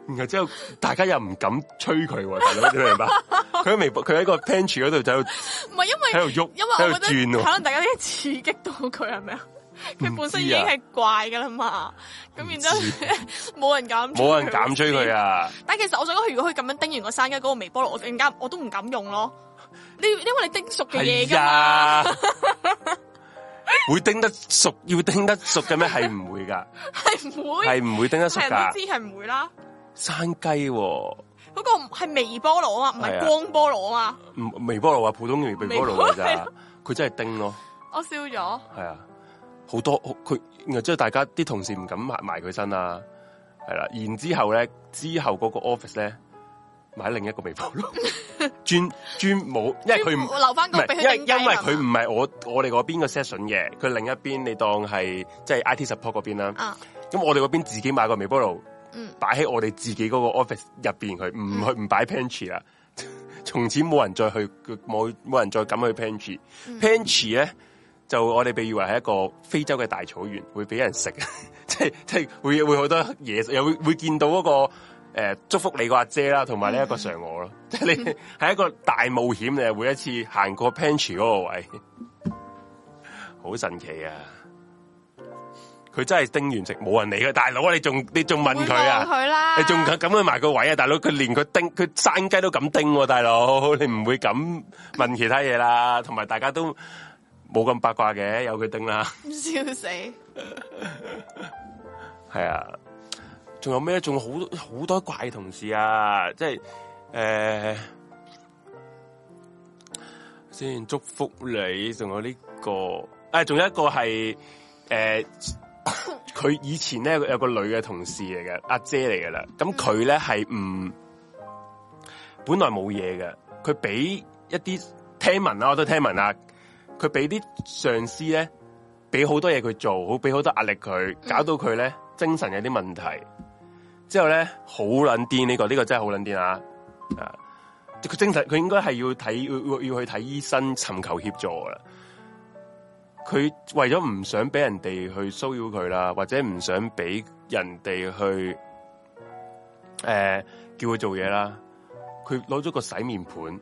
然後之後大家又唔敢吹佢喎，你明唔明啊？佢喺微博，佢喺一個 pantry 嗰度就唔係因為喺度喐，因為,因為我覺得，可能大家已經刺激到佢係咪啊？佢本身已經係怪噶啦嘛，咁、啊、然之後冇人敢冇人敢吹佢啊！但其實我想講，佢如果可以咁樣叮完個生雞嗰、那個微波爐，我陣間我都唔敢用咯。你因為你叮熟嘅嘢噶 會叮得熟，要叮得熟嘅咩？係唔會噶，係 唔會，係唔會叮得熟噶。知，係唔會啦。生雞、哦，嗰、嗰個係微波爐啊，唔係光波爐啊嘛。微波爐啊，普通嘅微波爐嚟噶，佢真係叮咯。我笑咗。係啊，好多佢即係大家啲同事唔敢埋埋佢身啊。係啦、啊，然之後咧，之後嗰個 office 咧。買另一個微波爐， 專專冇，因為佢留翻個唔因為因為佢唔係我 我哋嗰邊個 session 嘅，佢另一邊你當係即係 IT support 嗰邊啦。咁、啊、我哋嗰邊自己買個微波爐，擺擺喺我哋自己嗰個 office 入邊，佢唔去唔擺 pantry 啦。從、嗯、此冇人再去，冇冇人再敢去 pantry、嗯。pantry 咧就我哋被譽為係一個非洲嘅大草原，會俾人食， 即係即係會會好多嘢，又會會見到嗰、那個。誒、呃，祝福你個阿姐啦，同埋呢一個上我咯，即、嗯、係 你係一個大冒險、啊，你係每一次行過 p a n c h 嗰個位置，好 神奇啊！佢真係叮完食冇人理嘅，大佬你仲你仲問佢啊？佢啦，你仲敢咁去埋個位啊？大佬佢連佢叮，佢山雞都敢叮、啊，大佬你唔會咁問其他嘢啦，同 埋大家都冇咁八卦嘅，有佢叮啦，唔笑死，係 啊。仲有咩？仲有好多怪同事啊！即係誒、呃，先祝福你。仲有呢、呢個，誒、哎，仲有一個係誒，佢、呃、以前咧有一個女嘅同事嚟嘅阿姐嚟噶啦。咁佢咧係唔本來冇嘢嘅，佢俾一啲聽聞啦，我都聽聞啦。佢俾啲上司咧俾好多嘢佢做，好俾好多壓力佢，搞到佢咧精神有啲問題。之後咧好撚癲呢、呢個呢、呢個真係好撚癲啊！啊，佢精神佢應該係要睇要，要去睇醫生尋求協助啦。佢為咗唔想俾人哋去騷擾佢啦，或者唔想俾人哋去誒、呃、叫佢做嘢啦。佢攞咗個洗面盤，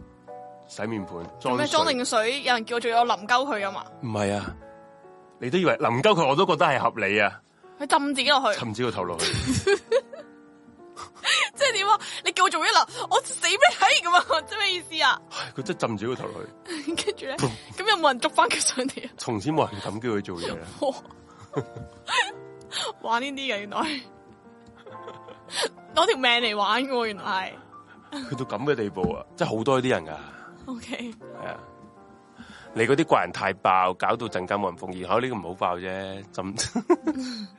洗面盆裝定水，有人叫我做咗淋鳩佢啊嘛？唔係啊，你都以為淋鳩佢我都覺得係合理啊？佢浸自己落去，浸自己個頭落去。 即係點啊？你叫我做一樓，我死畀你睇咁啊？即咩意思啊？佢真係浸住個頭去，跟住咧，咁 有冇人捉翻佢上嚟？啊？從此冇人敢叫佢做嘢，我 玩呢啲嘅原來攞條命嚟玩嘅，原來， 來，的原來去到咁嘅地步啊！ 即係好多啲人噶。OK，係啊，你嗰啲怪人太爆，搞到陣間冇人 phone in。而我呢個唔好爆啫，浸。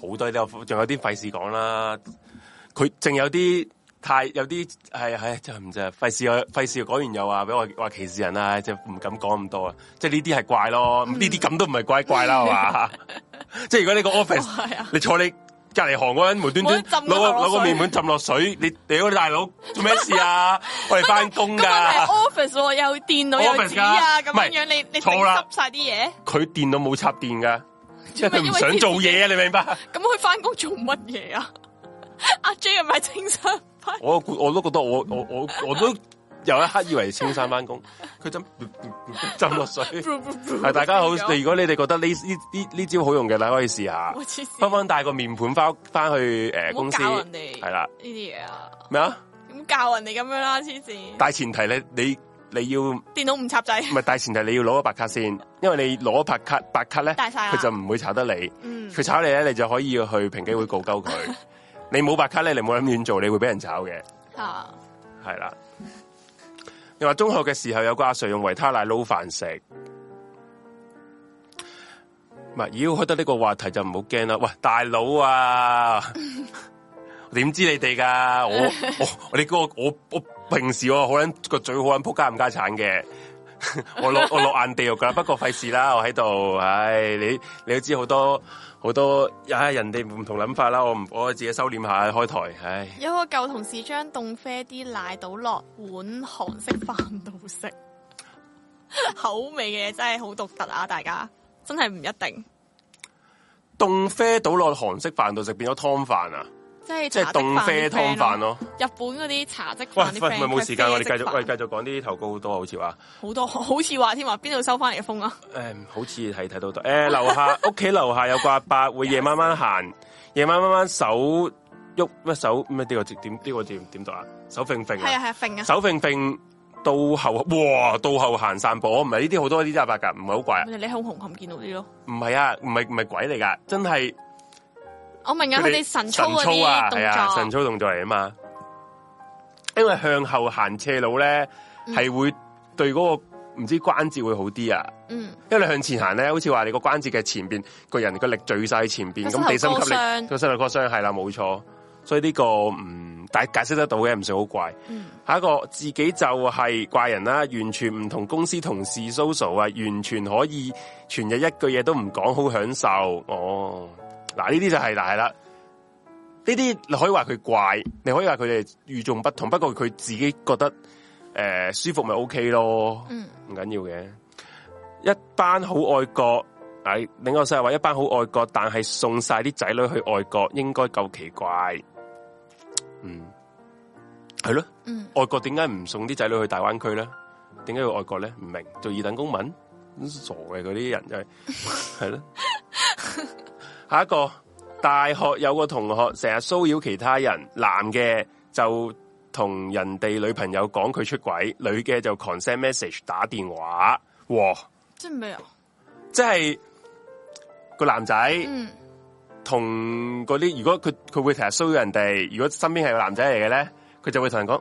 好多啲又仲有啲費事講啦，佢淨有啲太有啲係係真係唔真，費事又費事講，完又話俾我話歧視人、嗯怪怪嗯 office，哦、啊，即係唔敢講咁多啊，即係呢啲係怪咯，呢啲咁都唔係怪怪啦係嘛，即係如果呢個 office 你坐你隔籬行嗰人無端端攞個攞個麵碗浸落水， 你你啲大佬做咩事啊？ 我哋翻工噶 office 喎，有電腦有紙啊，咁、啊、樣樣你你濕晒啲嘢，佢電腦冇插電噶。即係佢唔想做嘢，你明白？咁佢翻工做乜嘢啊？ 阿 J 又唔係青山我我都覺得我我我我都有一刻以為青山翻工，佢浸 浸落入水。係 大家好，如果你哋覺得呢呢呢呢招好用嘅，大家可以試下，翻翻帶個面盤翻翻去誒、呃、公司。係啦，呢啲嘢啊。咩啊？咁教人哋咁樣啦，黐線！但係前提你你。你你要電腦唔插仔，唔係大前提你要攞個白卡先， 因為你攞咗白卡，白卡咧，佢就唔會炒得你。佢、嗯、炒你咧，你就可以去平機會告鳩佢。你冇白卡咧，你冇諗遠做，你會俾人炒嘅。吓，係啦。你話中學嘅時候有個阿 Sir 用維他奶撈飯食，唔係如果開得呢個話題就唔好驚啦。喂，大佬啊，我點 知道你哋噶？我我我哋個我我。平時我好捻個嘴，好捻仆街唔家產嘅， 我落我落眼地獄噶， 不過費事啦，我喺度，唉，你你都知好多好多，又係，人哋唔同諗法啦，我唔我自己收斂下開台，唉。有個舊同事將凍啡啲奶倒落碗韓式飯度食， 口味嘅嘢真係好獨特啊！大家真係唔一定，凍啡倒落韓式飯度食變咗湯飯啊！即係凍啡湯飯咯，日本嗰啲茶漬飯喂，唔係冇時間，我哋繼續，喂，繼續講啲投稿好多，好似話好多，好似話添話，邊度收翻嚟嘅風啊？誒、嗯，好似係睇到得誒，樓、欸、下屋企樓下有個阿伯，會夜晚晚行，夜晚晚晚手喐咩手咩呢、呢個字點？呢、呢個字點讀啊？手揈揈係啊手揈揈到後哇，到後行散步，唔係呢啲好多呢啲阿伯噶，唔係好怪啊！你喺紅磡見到啲咯？唔係啊，唔係唔係鬼嚟噶，真係。我明啊，佢哋神操嗰啲動作啊神操動作嚟啊嘛。因為向後行斜路咧，係、嗯，會對嗰、嗰個唔知關節會好啲啊。嗯，因為你向前行咧，好似話你個關節嘅前邊個人個力聚晒前邊，咁地心吸力個膝頭哥傷係啦，冇錯、啊。所以呢、這個唔大、嗯、解釋得到嘅，唔算好怪、嗯。下一個自己就係怪人啦、啊，完全唔同公司同事 social 啊，完全可以全日一句嘢都唔講，好享受哦。嗱呢啲就係嗱啦，呢啲你可以話佢怪，你可以話佢哋與眾不同。不過佢自己覺得誒、呃、舒服咪 O K 咯，唔緊要嘅。一班好愛國，誒、哎，另外個話一班好愛國，但係送晒啲仔女去外國應該夠奇怪，嗯，係咯、嗯，外國。點解唔送啲仔女去大灣區咧？點解要外國咧？唔明，做二等公民，傻嘅嗰啲人就係係咯。 對了 下一個，大學有個同學成日騷擾其他人，男嘅就同人哋女朋友講佢出軌，女嘅就 send message 打電話。哇，真係咩！即係個男仔，同嗰啲如果佢佢會成日騷擾人哋，如果身邊係個男仔嚟嘅咧，佢就會同人講：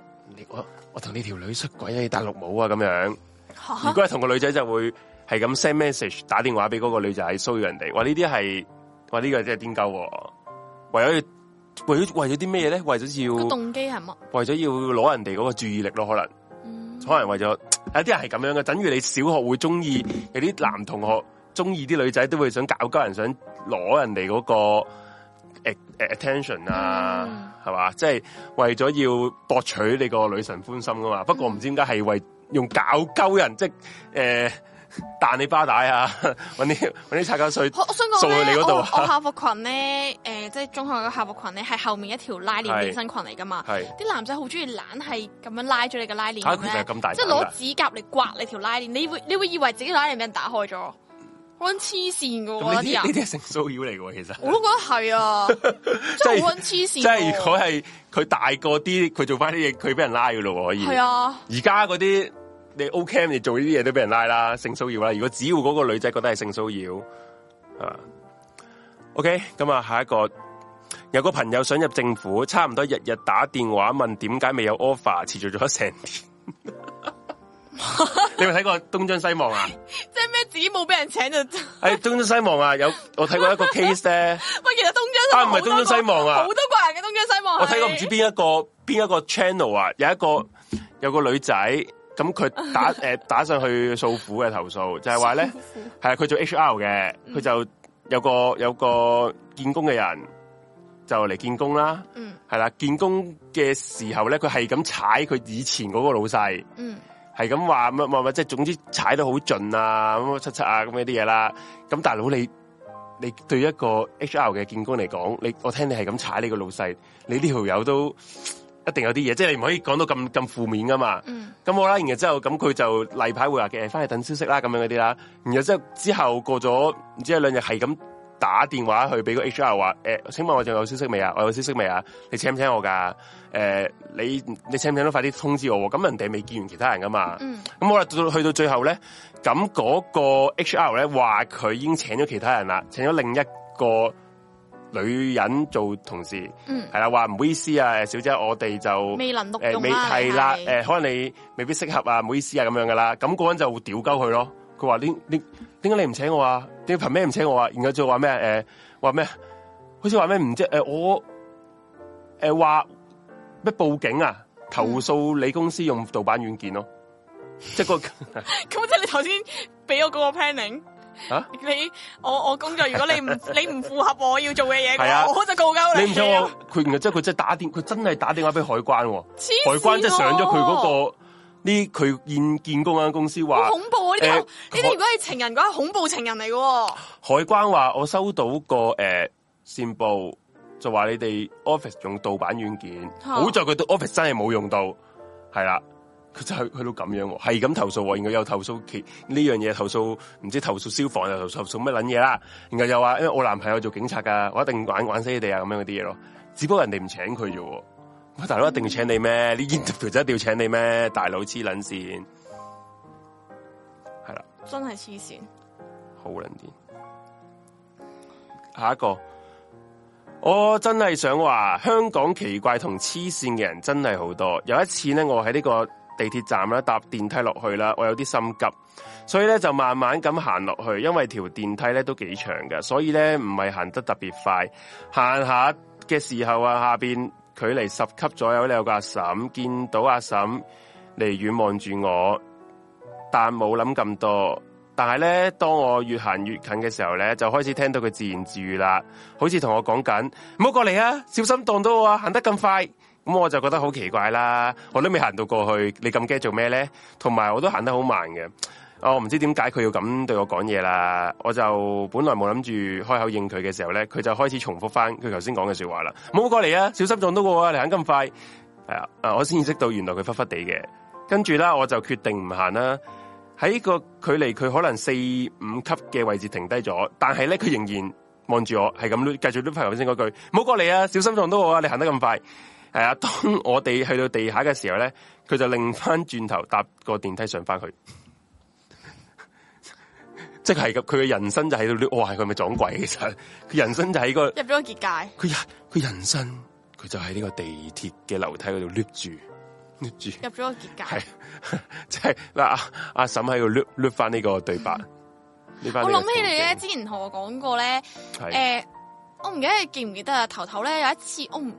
我我同呢條女出軌啊，你戴綠帽啊咁樣哈哈。如果係同個女仔就會係咁 send message 打電話俾嗰個女仔騷擾人哋。哇！呢啲係。話呢、這個真係癲鳩，為咗為咗為咗啲咩咧？為咗要動機係乜？為咗要攞人哋嗰個注意力咯、哦，可能，嗯、可能為咗有啲人係咁樣嘅，等於你小學會中意有啲男同學中意啲女仔，都會想搞鳩人，想攞人哋嗰、那個誒誒 attention 啊，係、嗯、嘛？即係、就是、為咗要博取你個女神歡心噶嘛？不過唔知點解係為，為用搞鳩人即係誒。就是呃彈你巴帶啊！搵啲啲擦膠水送去你度我，我，我校服裙咧，誒、呃，即係中學嘅校服裙咧，係後面一條拉鏈連身裙嚟噶嘛。啲男仔好中意懶係咁樣拉咗你嘅拉鏈咧，即係攞指甲嚟刮你條拉鏈，你會你會以為自己拉鏈俾人打開咗，好黐線噶啲，呢啲係性騷擾嚟噶，其實 我都覺得係啊， 即黐線。即係如果係佢大個啲，佢做翻啲嘢，佢俾人拉噶咯，可以。係啊，而家嗰啲。你 OK，你做呢啲嘢都俾人拉啦，性騷擾啦。如果只要嗰個女仔覺得係性騷擾，啊，OK，咁啊，下一個有個朋友想入政府，差唔多日日打電話問點解未有 offer，持續咗成天。 你有冇睇過東張西望啊？即係咩？自己冇俾人請就？係東張西望啊！有我睇過一個 case 咧、啊。喂， 其實東張啊，唔係東張西望啊，好多個人嘅東張西望。我睇過唔知邊一個邊一個 channel 啊，有一個有個女仔。咁佢打誒 打，打上去訴苦嘅投訴，就係話咧，係 啊，佢做 H R 嘅，佢就有個有個見工嘅人就嚟見工啦，係 啦，見工嘅時候咧，佢係咁踩佢以前嗰個老細，係咁話乜乜即係總之踩得好盡啊，乜七七啊，咁樣啲嘢啦。咁大佬你你對一個 H R 嘅見工嚟講，你我聽你係咁踩你個老細，你呢條友都。一定有啲嘢，即係你唔可以講到咁咁負面噶嘛。咁好啦，然後之後咁佢就例牌會話，誒、哎，翻去等消息啦，咁樣嗰啲啦。然之後之後，之後過咗唔知兩日，係咁打電話去俾個 H R 話，誒、哎，請問我仲有消息未啊？我有消息未啊？你請唔請我噶？誒、呃，你你請唔請都快啲通知我，啊。咁人哋未見完其他人噶嘛。咁，嗯、我啦到去到最後咧，咁嗰個 H R 咧話佢已經請咗其他人啦，請咗另一個。女人做同事，係、嗯、啦，話唔好意思啊，小姐，我哋就未能錄用啊，係、呃、啦，誒、呃，可能你未必適合啊，唔好意思啊，咁樣噶啦，咁、那、嗰個人就屌鳩佢咯，佢話你你點解你唔請我啊？點解憑咩唔請我啊？然後就話咩誒，話、呃、咩，好似話咩唔知誒、呃，我誒話咩報警啊，投訴你公司用盜版軟件咯，嗯、即係、那個，咁即係你頭先俾我嗰個 planning。啊！你我我工作，如果你唔你唔符合我要做嘅嘢、 啊，我就告交你。你唔知我佢，唔 來即係佢係打電，佢真係打電話俾海關，啊、海關即係上咗佢嗰個呢？佢現建公關公司話，好恐怖啊！呢啲呢啲如果係情人嘅話，恐怖情人嚟嘅，啊。海關話我收到個誒、呃、線報，就話你哋 Office 用盜版軟件，啊，好在佢對 Office 真係冇用到，係啦，啊。佢就去去到咁樣，係咁投訴，然後又投訴其呢樣嘢投訴，唔知投訴消防又投訴乜捻嘢啦。然後又話因為我男朋友做警察噶，我一定玩玩死你哋啊咁樣嗰啲嘢咯。只不過人哋唔請佢啫、嗯，大佬一定要請你咩？呢條仔一定要請你咩？大佬黐捻線，係啦，真係黐線，好撚癲。下一個，我真係想話香港奇怪同黐線嘅人真係好多。有一次咧，我喺呢、這個。地鐵站咧，搭電梯落去啦。我有啲心急，所以咧就慢慢咁行落去。因為條電梯咧都幾長嘅，所以咧唔係行得特別快。行下嘅時候啊，下邊距離十級左右你有個阿嬸，見到阿嬸離遠望住我，但冇諗咁多。但係咧，當我越行越近嘅時候咧，就開始聽到佢自言自語啦，好似同我講緊：唔好過嚟啊，小心撞到我啊！行得咁快。咁我就覺得好奇怪啦，我都未行到過去，你咁驚做咩咧？同埋我都行得好慢嘅，我、哦、唔知點解佢要咁對我講嘢啦。我就本來冇諗住開口應佢嘅時候咧，佢就開始重複翻佢頭先講嘅說話啦。唔好過嚟啊，小心撞到我啊！你行咁快，係啊，我先意識到原來佢忽忽地嘅。跟住啦，我就決定唔行啦。喺個距離佢可能四五級嘅位置停低咗，但係咧佢仍然望住我，係咁捋繼續捋頭先嗰句：唔好過嚟啊，小心撞到我啊！你行得咁快。係啊！當我哋去到地下嘅時候咧，佢就擰翻轉頭搭個電梯上翻去，即係佢佢嘅人生就喺度。哇！佢咪撞鬼嘅咋？其實佢人生就喺，這個入咗個結界。佢人佢人生佢就喺呢個地鐵嘅樓梯嗰度匿住匿住。入咗個結界，係即係嗱阿沈嬸喺度匿翻呢個對白。嗯、我諗起你咧，之前同我講過咧，誒、呃，我唔記，記，記得你記唔記得啊？頭頭咧有一次，我唔。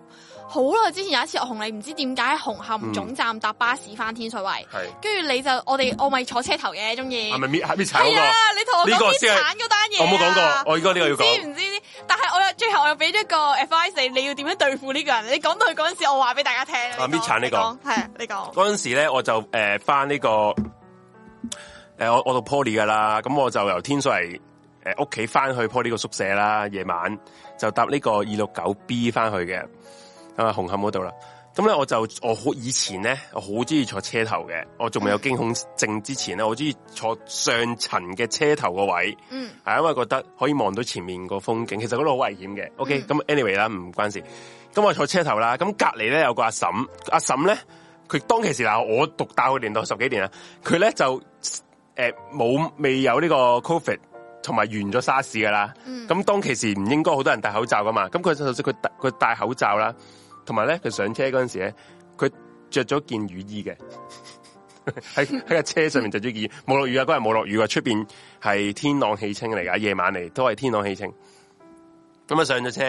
好耐之前有一次我紅、嗯，我同你唔知點解喺紅磡總站搭巴士翻天水圍，跟住你就我哋我咪坐車頭嘅，中意係咪咪？搣鏟？係啊，啊那個、你同我講搣鏟嗰單嘢，我冇講過。我應該呢個要講，知唔知？但係我又最後我又俾咗個 advice 你，你要點樣對付呢個人？你講到佢嗰陣時，我話俾大家聽。搣鏟呢個，係呢個。嗰陣時咧，我就誒翻呢個誒我我讀 poly 噶啦，咁我就由天水圍誒屋企翻去 poly 個宿舍啦。夜晚就搭呢個二六九 B 翻去嘅。啊，紅磡嗰度啦，咁咧我就我好以前咧，我好中意坐車頭嘅，我仲未有驚恐症之前咧、嗯，我中意坐上層嘅車頭個位，嗯，係因為覺得可以望到前面個風景，其實嗰度好危險嘅、嗯。OK，咁 anyway 啦，唔關事。咁我坐車頭啦，咁隔籬咧有個阿嬸，阿嬸咧佢當其時嗱，我讀大學年代十幾年啦、呃、COVID，啦，佢咧就誒冇未有呢個 COVID，同埋完咗沙士㗎噶啦，咁當其時唔應該好多人戴口罩噶嘛，咁佢就先佢戴佢戴口罩啦。同埋咧，佢上車嗰陣時咧，佢着咗件雨衣嘅，喺喺架車上穿 面着咗雨衣。冇落雨啊，嗰日冇落雨啊，出面係天朗氣清嚟噶，夜晚嚟都係天朗氣清。咁啊上咗車，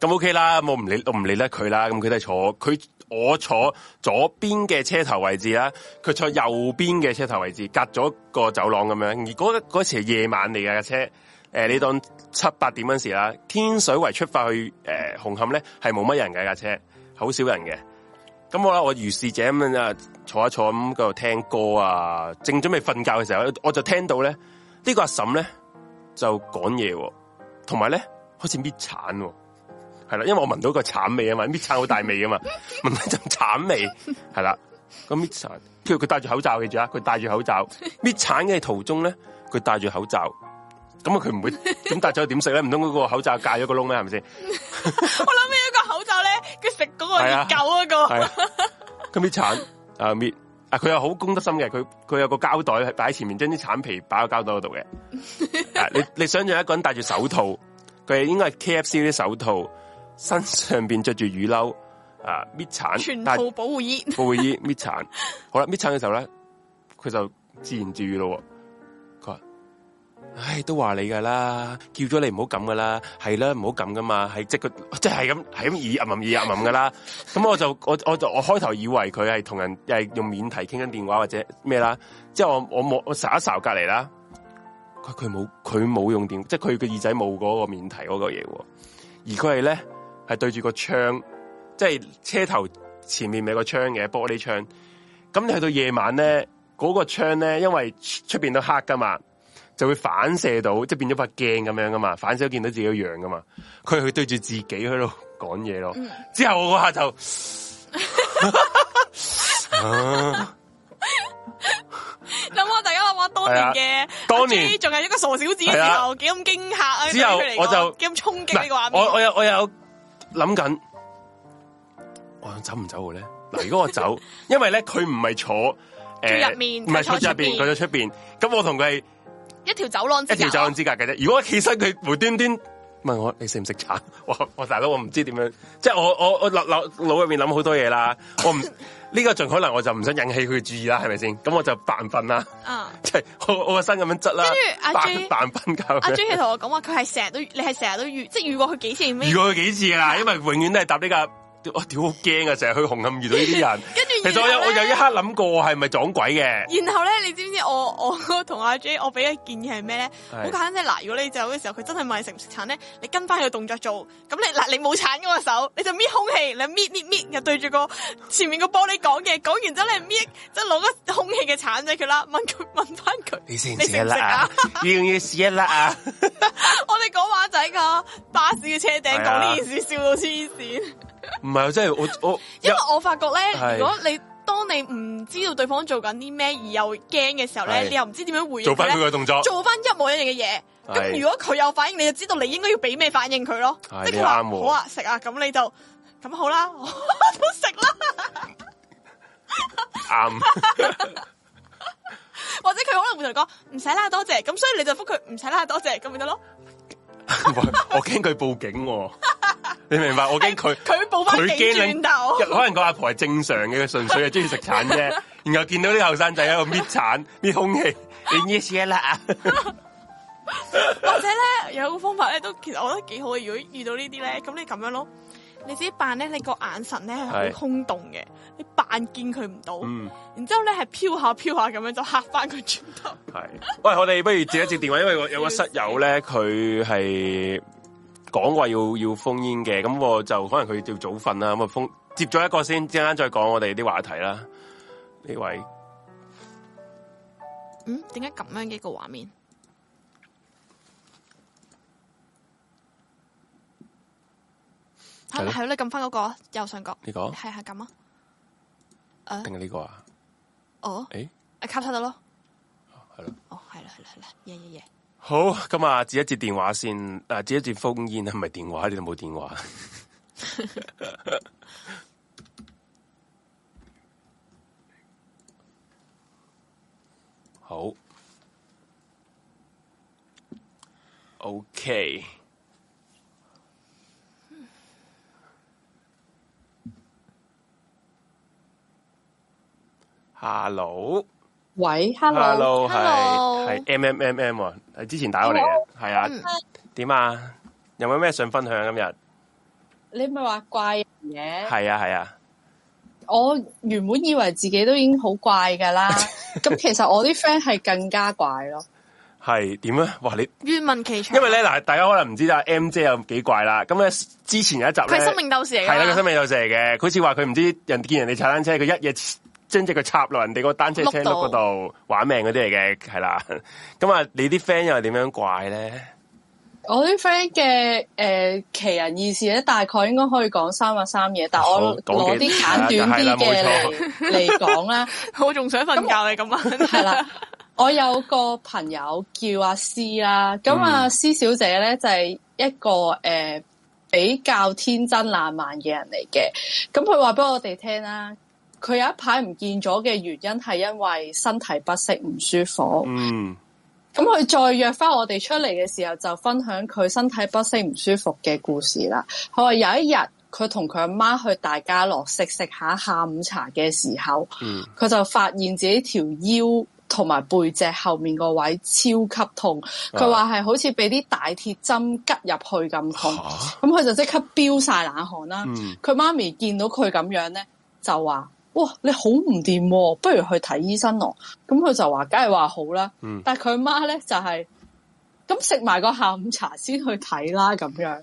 咁 OK 啦，我唔理我唔理得佢啦。咁佢都係坐，佢我坐左邊嘅車頭位置啦，佢坐右邊嘅車頭位置，隔咗個走廊咁樣。而嗰嗰時係夜晚嚟㗎架車。誒、呃，你當七八點嗰時啦，天水圍出發去誒紅磡咧，係冇乜人嘅架車，好少人嘅。咁我啦，我如是者咁樣啊，坐一坐咁嗰度聽歌啊，正準備瞓覺嘅時候，我就聽到咧呢、這個阿嬸咧就講嘢，同埋咧好似搣橙，係啦，因為我聞到個橙味啊嘛，搣橙好大味噶嘛，聞到就橙味係啦，咁搣橙，譬如佢戴住口罩，記住啊，佢戴住口罩搣橙嘅途中咧，佢戴住口罩。咁佢唔會咁戴咗點食咧？唔通嗰個口罩戒咗個窿咩？係咪先？ 我諗起一個口罩咧，佢食嗰個熱狗個啊。嗰個。搣橙啊搣啊！佢又、啊啊、好公德心嘅，佢佢有個膠袋係擺喺前面，將啲橙皮擺喺膠袋嗰度嘅。你你想象一個人戴住手套，佢應該係 K F C 啲手套，身上邊着住雨褸啊！搣橙，全套保護衣， 保護衣搣橙。好啦，搣橙嘅時候咧，佢就自言自語咯。唉，都話你噶啦，叫咗你唔好咁噶啦，係啦，唔好咁噶嘛，係即係即係咁，係咁耳啊冧耳啊冧噶啦。咁 我就我我就我，我開頭以為佢係同人，又係用免提傾緊電話或者咩啦。之後我我冇我睄一睄隔籬啦，佢佢冇佢冇用電話，即係佢個耳仔冇嗰個免提嗰個嘢。而佢係咧係對住個窗，即係車頭前面咪個窗嘅玻璃窗。咁你去到夜晚咧，嗰個窗咧，因為出邊都黑噶嘛。就會反射到，即係變咗塊鏡咁樣噶嘛，反射見到自己個樣噶嘛。佢去對住自己喺度講嘢咯、嗯。之後我嗰下就，咁 啊、我大家話當年嘅，當年仲係、啊、一個傻小子，又幾咁驚嚇。之後我就幾咁衝擊呢個畫面。我我，我有我有諗緊，我想走唔走嘅咧？嗱，如果我走， 因為咧佢唔係坐，誒，入面，唔係坐喺入邊，佢喺出邊。咁我同佢。一條走廊之一條走廊之隔嘅、啊、啫。如果其實佢無端端問我，你食唔食茶？我」我大我大佬我唔知點樣，即係我我我腦腦腦入面諗好多嘢啦。我唔呢 個盡可能我就唔想引起佢注意啦，係咪先？咁我就扮瞓啦，即係我我個身咁樣窒啦，扮扮瞓覺。阿 J 同我講話佢係成日都，你係成日都遇，即係遇過佢幾次？遇過佢幾次啊？因為永遠都係搭呢個。屌，好驚啊！成日去紅磡遇到 跟呢啲人，其實我有我有一刻諗過係咪撞鬼嘅。然後咧，你知唔知我我同阿 J，我俾嘅建議係咩咧？好簡單啫，嗱，如果你走嘅時候佢真係咪食唔食橙咧，你跟翻佢動作做。咁你嗱，你冇橙嗰個手，你就搣空氣，你搣搣搣，又對住個前面個玻璃講嘢。講完之後你搣，即係攞個空氣嘅橙仔佢啦，問佢問翻佢。你食唔食啊？ 要唔要試一粒啊？ 我哋講話仔噶，巴士嘅車頂講呢件事，笑，笑到黐線。唔係啊，即係我我，因為我發覺咧，如果你當你唔知道對方做緊啲咩，而又驚嘅時候咧，你又唔知點樣回應咧，做翻佢嘅動作，做翻一模一樣嘅嘢。咁如果佢有反應，你就知道你應該要俾咩反應佢咯。即係話好啊，食啊，咁你就咁好啦，我 都食吃啦了。啱。 對。 或者佢可能會同你講唔使啦，多謝。咁所以你就復佢唔使啦，多謝咁咪得咯。 喂我驚佢報警喎，你明白？我驚佢，佢報翻幾轉頭。 可能個阿婆係正常嘅，純 粹係中意食橙啫。 然後見到啲後生仔喺度搣橙搣 空氣氣，點意思啦？ 或者咧有個方法咧，都其實我覺得幾好。如果遇到呢啲咧，咁你咁樣咯。你自己扮咧，你個眼神咧係好空洞嘅，你扮見佢唔到，嗯、然之後咧係飄下飄下咁樣就嚇翻佢轉頭。係，喂，我哋不如接一接電話， 因為我有個室友咧，佢係講話要要封煙嘅，咁我就可能佢要早瞓啦，咁啊封接咗一個先，一陣間再講我哋啲話題啦。呢位，嗯，點解咁樣嘅一個畫面？係係咧，撳翻嗰個右上角呢、這個，係係咁啊，定係呢個啊？哦、oh? 欸，誒、oh,，卡錯咗咯，係咯，哦，係啦係啦係啦，耶耶耶！好，咁啊，接一接電話先，誒，接一接烽煙啊，唔係電話，你度冇電話。 好，OK。Hello，喂，Hello，Hello 係 Hello, 係 M M M M，係之前打過嚟嘅。係啊，點啊？有冇咩想分享今日？你咪話怪嘢。係啊係啊，啊我原本以為自己都已經好怪噶啦，咁 其實我啲 friend 係更加怪咯。係點咧？哇，你冤問其長，因為咧嗱，大家可能唔知道 M J 又幾怪啦。咁咧之前有一集係生命鬥士嚟，係啦、啊，生命鬥士嚟嘅，好似話佢唔知人見人哋踩單車，佢一夜。真正佢插落人哋個單車車碌度玩命嗰啲嚟嘅，係啦。咁啊，你啲 friend 又係點樣怪咧？我啲 friend 嘅誒奇人異事咧，大概應該可以講三或三嘢，但係我攞，哦，啲簡短啲嘅嚟嚟講啦。 我仲想瞓覺你咁啊，係啦。 我有個朋友叫阿詩啦，咁啊，詩，嗯，小姐咧就係，是，一個誒，呃，比較天真浪漫嘅人嚟嘅。咁佢話俾我哋聽啦。佢有一排唔見咗嘅原因係因為身體不適唔舒服。嗯，咁佢再約翻我哋出嚟嘅時候就分享佢身體不適唔舒服嘅故事啦。佢話有一日佢同佢阿媽去大家樂食食下下午茶嘅時候，佢、嗯、就發現自己條腰同埋背脊後面個位超級痛。佢話係好似俾啲大鐵針拮入去咁痛。咁、啊、佢就即刻飆晒冷汗啦。佢、嗯、媽咪見到佢咁樣咧，就話。哇，你好唔掂喎，不如去睇醫生咯、啊。咁佢就話，梗係話好啦、嗯。但係佢阿媽咧就係、是，咁食埋個下午茶先去睇啦咁樣。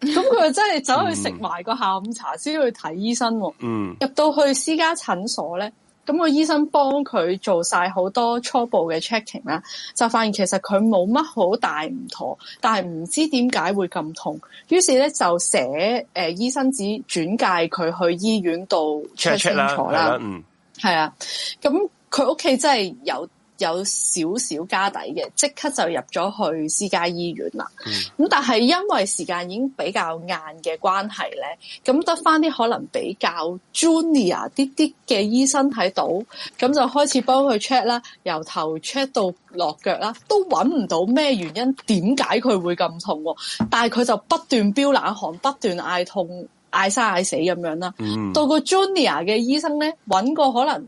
咁佢就真係走去食埋個下午茶先去睇醫生喎。嗯，入到去私家診所咧。咁個醫生幫佢做曬好多初步嘅 checking 啦，就發現其實佢冇乜好大唔妥，但係唔知點解會咁痛，於是咧就寫、呃、醫生紙轉介佢去醫院度 check 清楚啦。嗯，係啊，咁佢屋企真係有。有少少家底嘅，即刻就入咗去私家醫院啦。咁、嗯、但係因為時間已經比較晏嘅關係咧，咁得翻啲可能比較 junior 啲啲嘅醫生睇到，咁、嗯、就開始幫佢 check 啦，由頭 check 到落腳啦，都揾唔到咩原因，點解佢會咁痛，、啊、痛？但係佢就不斷飆冷汗，不斷嗌痛，嗌生嗌死咁樣啦、嗯。到個 junior 嘅醫生咧，揾個可能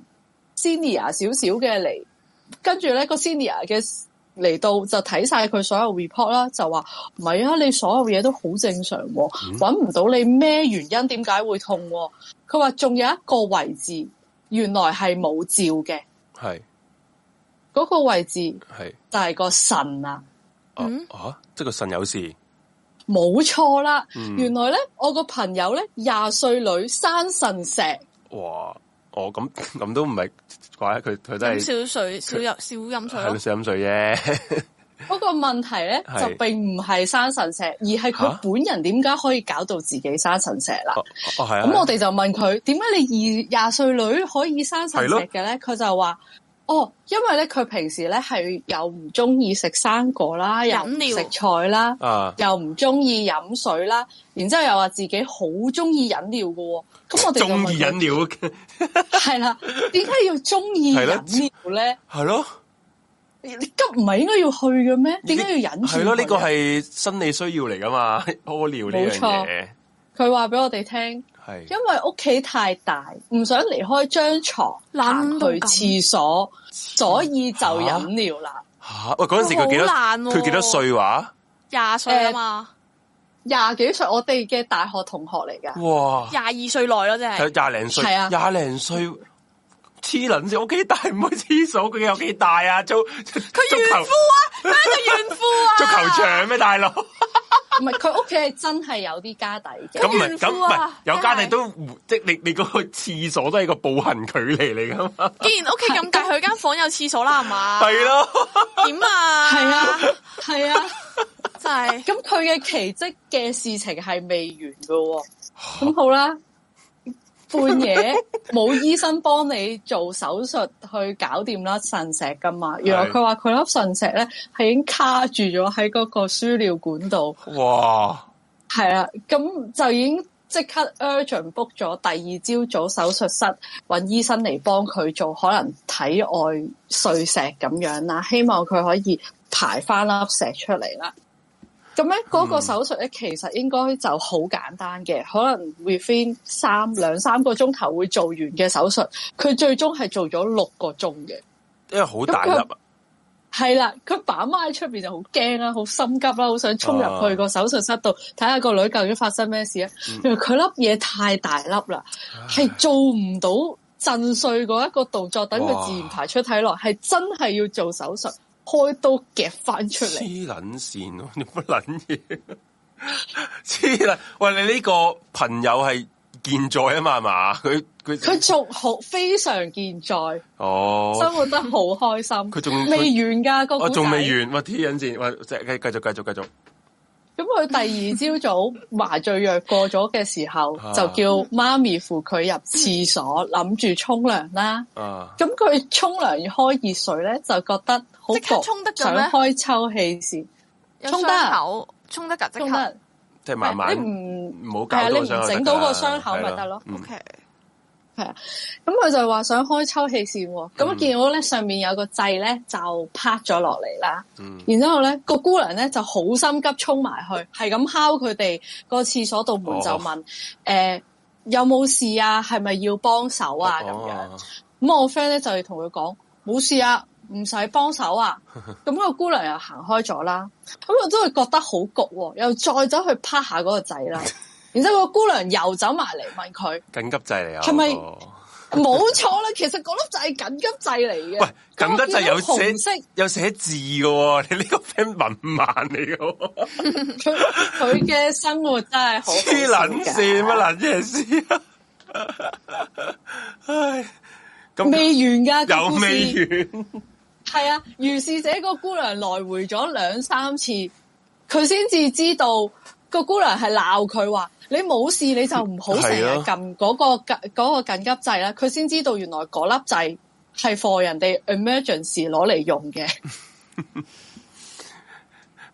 senior 少少嘅嚟。跟住咧個 senior 嘅嚟到就睇晒佢所有 report 啦，就話唔係啊，你所有嘢都好正常、啊，揾、嗯、唔到你咩原因，點解會痛、啊？佢話仲有一個位置，原來係冇照嘅，係嗰、那個位置係但係個腎啊，啊、嗯、啊即係個腎有事，冇錯啦、嗯。原來咧我個朋友咧廿歲女生腎石，哇！我咁咁都唔係。佢，佢都飲少水，少少飲水少、啊、飲水啫。嗰 個問題咧就並唔係生腎石，而係佢本人點解可以搞到自己生腎石啦？咁、啊哦哦、我哋就問佢：點解你二廿歲女可以生腎石嘅咧？佢就話。哦，因為咧佢平時咧係又唔中意食生果啦，飲料、又食菜啦，啊，又唔中意飲水啦，然之後又話自己好中意飲料喎。咁我哋中意飲料係啦。點解要中意飲料咧？係咯， 你急唔係應該要去嘅咩？點解要忍住？係咯，呢、這個係生理需要嚟噶嘛？屙尿呢樣嘢，佢話俾我哋聽。因為屋企太大，唔想離開張床，行去廁所，所以就飲尿啦。吓、啊、喂，嗰陣時佢幾多？佢、啊、幾多歲話？廿歲啊嘛，廿幾歲，我哋嘅大學同學嚟噶。哇，廿二歲耐咯，真係。廿零歲係啊，廿零歲。黐撚線屋企大唔好厠所，佢有幾大啊？ 啊？做佢怨婦啊，咩個怨婦啊！足球場咩大佬？唔係佢屋企係真係有啲家底嘅怨咁啊！有家底都是是即係你你嗰個厠所都係個步行距離嚟噶嘛？既然屋企咁大，佢間房間有厠所啦，係 嘛是吧？係咯？點啊？係啊？係啊？就係、是、咁，佢 嘅奇蹟嘅事情係未完噶，咁 好啦。半夜冇醫生幫你做手術去搞掂粒腎石㗎嘛？原來佢話佢粒腎石咧係已經卡住咗喺嗰個輸尿管度。哇！係啊，咁就已經即刻 urgent book 咗第二朝早手術室搵醫生嚟幫佢做可能體外碎石咁樣啦，希望佢可以排翻粒石出嚟啦。咁咧，嗰個手術咧，其實應該就好簡單嘅、嗯，可能 within 三兩三個鐘頭會做完嘅手術。佢最終係做咗六個鐘嘅，因為好大粒。係啦，佢爸媽喺出面就好驚啦，好心急啦，好想衝入去個手術室度睇下個女究竟發生咩事啊！原來佢粒嘢太大粒啦，係做唔到震碎嗰一個動作，等佢自然排出體落，係真係要做手術。開刀夾翻出嚟，黐捻線咯，你乜捻嘢？黐捻，喂，你呢個朋友係健在啊嘛，係嘛？佢佢佢仲好非常健在哦，生活得好開心，佢仲未完噶個，我仲未完，黐捻線，喂，繼繼續繼續繼續。繼續繼續。咁 佢第二朝早麻醉藥過咗嘅時候， 就叫媽咪扶佢入廁所，諗住沖涼啦。咁佢沖涼要開熱水咧，就覺得即刻沖得咗咧，開抽氣扇，沖得傷口沖得吉吉口，即係慢慢。你唔唔好搞到傷口，你唔整到個傷口咪得咯？OK。係啊，咁、嗯、佢、嗯嗯、就話想開抽氣扇，咁、嗯嗯、見到咧上面有個掣咧就啪咗落嚟啦，嗯，然之後咧個姑娘咧就好心急衝埋去，係咁敲佢哋、個廁所度門就問，誒、哦欸、有冇事啊？係咪要幫手啊？咁、哦、樣，咁、嗯、我 friend 咧就同佢講冇事啊，唔使幫手啊，咁、 嗯個姑娘又行開咗啦，咁佢都會覺得好焗、啊，又再走去啪下嗰個掣啦。 然之後個姑娘又走埋嚟問佢、哦、 緊急掣嚟啊？係咪？冇錯啦，其實嗰粒就係緊急掣嚟嘅。喂，緊急掣有紅色有寫字喎！你呢個 friend 文盲嚟喎！佢佢嘅生活真係好黐捻線乜捻嘢事啊！難事 唉，咁未完噶，有未完？係 啊，如是者個姑娘來回咗兩三次，佢先至知道個姑娘係鬧佢話。你冇事你就唔好成日撳嗰個嗰個緊急掣啦，佢先、啊、知道原來嗰粒掣係貨人哋 emergency 攞嚟用嘅 。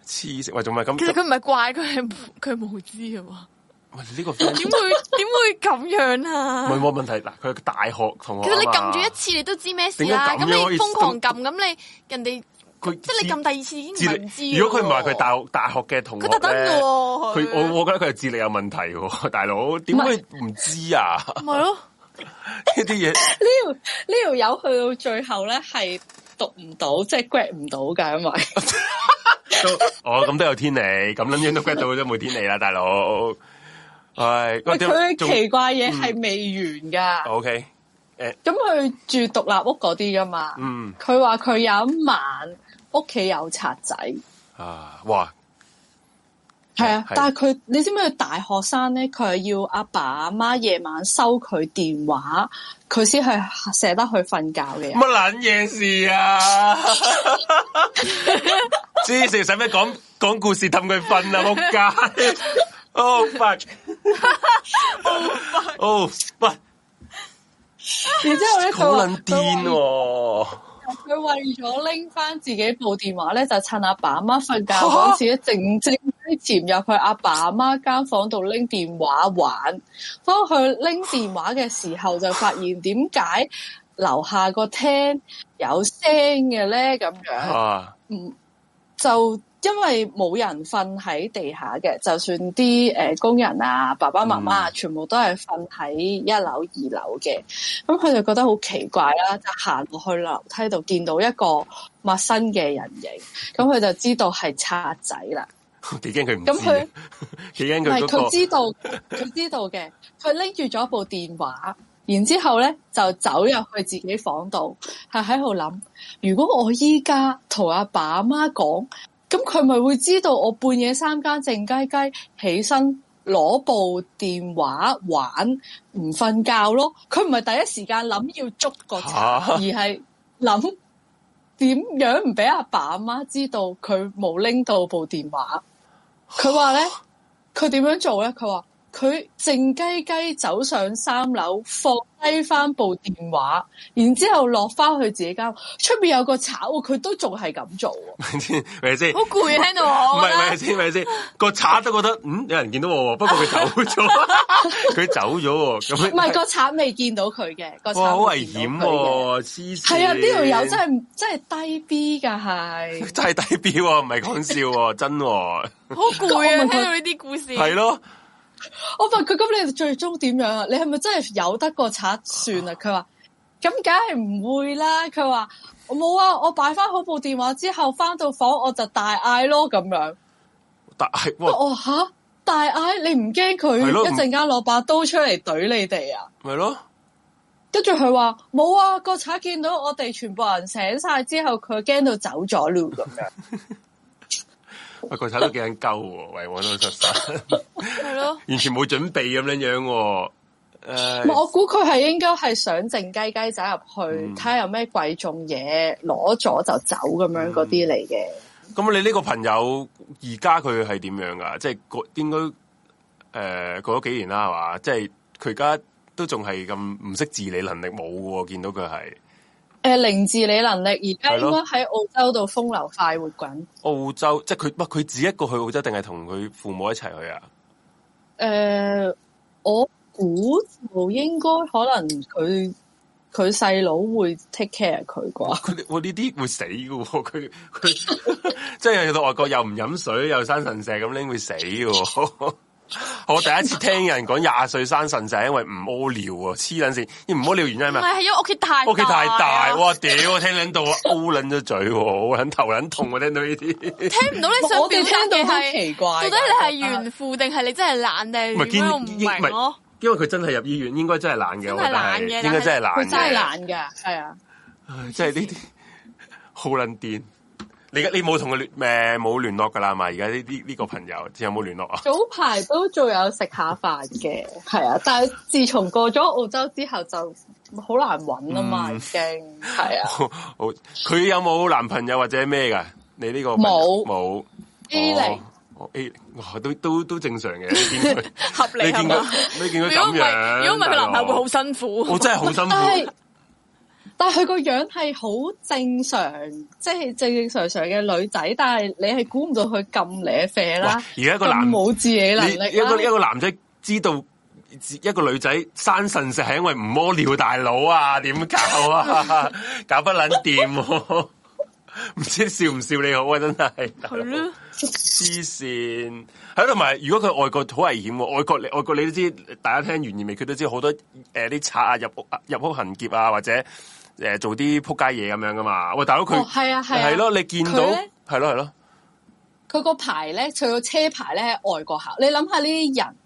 黐線喂，仲咪係咁？其實佢唔係怪佢係佢無知啊嘛。喂，呢、呢個點會點會咁樣啊？唔係 冇問題嗱，佢係大學同學。其實你撳住一次，你都知咩事啦、啊。咁、啊、你瘋狂撳，咁你人哋。佢即係你咁第二次已經唔知、啊。如果佢唔係佢大學大學嘅同學咧，佢特登噶，佢我我覺得佢係智力有問題，大佬點會唔知啊？唔係咯，呢啲嘢呢條呢條友去到最後咧係讀唔到，即係 get 唔到噶，因為哦咁都有天理，咁諗住都 get 到都冇天理啦，大佬係佢奇怪嘢係未完噶、嗯。OK，誒，咁佢住獨立屋嗰啲噶嘛？嗯，佢話佢有一晚。屋企有賊仔啊！哇，係啊！是但係佢，你知唔知佢大學生咧？佢係要阿爸阿媽夜晚收佢電話，佢先係捨得去瞓覺嘅。乜撚嘢事啊！之前使咩講講故事氹佢瞓啊！屋解。Oh my！Oh my！Oh my！然之後咧，好撚癲。佢為咗拎翻自己部電話咧，就趁阿爸阿媽瞓覺，自己正正啲潛入去阿爸阿媽間房度拎電話玩。當佢拎電話嘅時候，啊，就發現點解樓下個廳有聲嘅咧？咁樣，嗯、啊，就。因為冇人瞓喺地下嘅，就算啲誒工人啊、爸爸媽媽啊、嗯，全部都係瞓喺一樓、二樓嘅。咁佢就覺得好奇怪啦、啊，就行落去樓梯度見到一個陌生嘅人形，咁佢就知道係賊仔啦。幾驚佢唔？咁佢幾驚佢？佢知道、啊，佢、 那個、 知道嘅。佢拎住咗部電話，然之後咧就走入去自己房度，係喺度諗：如果我依家同阿爸阿媽講。咁佢咪會知道我半夜三更靜雞雞起身攞部電話玩唔瞓覺咯？佢唔係第一時間諗要捉個賊，啊，而係諗點樣唔俾阿爸阿媽知道佢冇拎到部電話。佢話咧，佢點樣做咧？佢話。佢靜雞雞走上三樓，放低翻部電話，然之後落翻去自己間屋。出面有個賊，佢都仲係咁做。咪先咪先，好攰啊聽到我。唔係咪先咪先，個賊都覺得嗯，有人見到我，不過佢走咗，佢 走咗。咁咪個賊未見到佢嘅，個賊好危險。黐線，係啊，呢條友真係真係低 B 噶係， 真係低 B 唔係講笑真。好攰啊，聽到呢啲故事係咯。 我問佢咁，你最終點樣是不是啊？你係咪真係有得個賊算啊？佢話咁，梗係唔會啦。佢話冇啊！我擺翻好部電話之後，翻到房我就大嗌咯，咁樣大嗌。哦，我話吓大嗌，你唔驚佢一陣間攞把刀出嚟懟你哋啊？咪咯。跟住佢話冇啊，個賊見到我哋全部人醒晒之後，佢驚到走咗咯咁樣。 佢睇到幾人鳩喎，為我都出散，係咯，完全冇準備咁樣樣。誒、哎，我估佢係應該係想靜雞雞走入去，睇、嗯、下有咩貴重嘢，攞咗就走咁樣嗰啲嚟嘅。咁、嗯嗯、你呢個朋友而家佢係點樣噶？即、就、係、是呃、過應該誒過咗幾年啦，係、就、嘛、是？即係佢而家都仲係咁唔識自理能力冇嘅，見到佢係。誒、呃，零自理能力而家應該喺澳洲度風流快活滾。澳洲即係佢，乜佢自己一個去澳洲，定係同佢父母一齊去啊？誒、呃，我估唔應該，可能佢佢細佬會 take care 佢啩？我呢啲會死噶，佢佢即係去到外國又唔飲水又生腎石咁，拎會死噶。 我第一次聽人講廿歲生腎病，因為唔屙尿啊！黐捻線，唔屙尿原因係咩？係因為屋企太屋企太大哇！屌，聽捻到啊，嘔捻咗嘴，我捻頭捻痛，我聽到呢啲。聽唔到你上邊聽到係奇怪，到底你係炫富定係你真係懶定？唔係，我唔明。因為佢真係入醫院，應該真係懶嘅。真係懶嘅，應該真係懶真係懶嘅，係啊。唉，即係呢啲好捻癲。你你冇同佢聯誒冇、呃、聯絡㗎啦，係咪？而家呢呢呢個朋友有冇聯絡啊？早排都仲有食下飯嘅，係 啊！但係自從過咗澳洲之後就很難找，就好難揾啊嘛已經係啊！佢 有冇男朋友或者咩㗎？你呢個冇冇、哦哦、A 零？A 零哇，都都都正常嘅，你 合理係到？你見到咁樣，如果唔係佢男朋友會好辛苦，我。我真係好辛苦。 但係佢個樣係好正常，即係正正常常嘅女仔。但係你係估唔到佢咁咧啡啦，而冇自理能力，一個一個男仔知道一個女仔生腎石係因為唔屙尿 大佬啊？點搞啊？ 搞不撚掂、啊，唔 知笑唔笑你好啊？真係黐線，喺同埋如果佢外國好危險喎、啊，外國你外國你都知，大家聽完，疑未佢都知好多誒啲賊啊入屋入屋行劫啊或者。誒，做啲扑街嘢咁樣噶嘛？喂，大佬佢係啊係啊，係咯、啊，你見到係咯係咯，佢個牌咧，除咗車牌咧，係外國考。你諗下呢啲人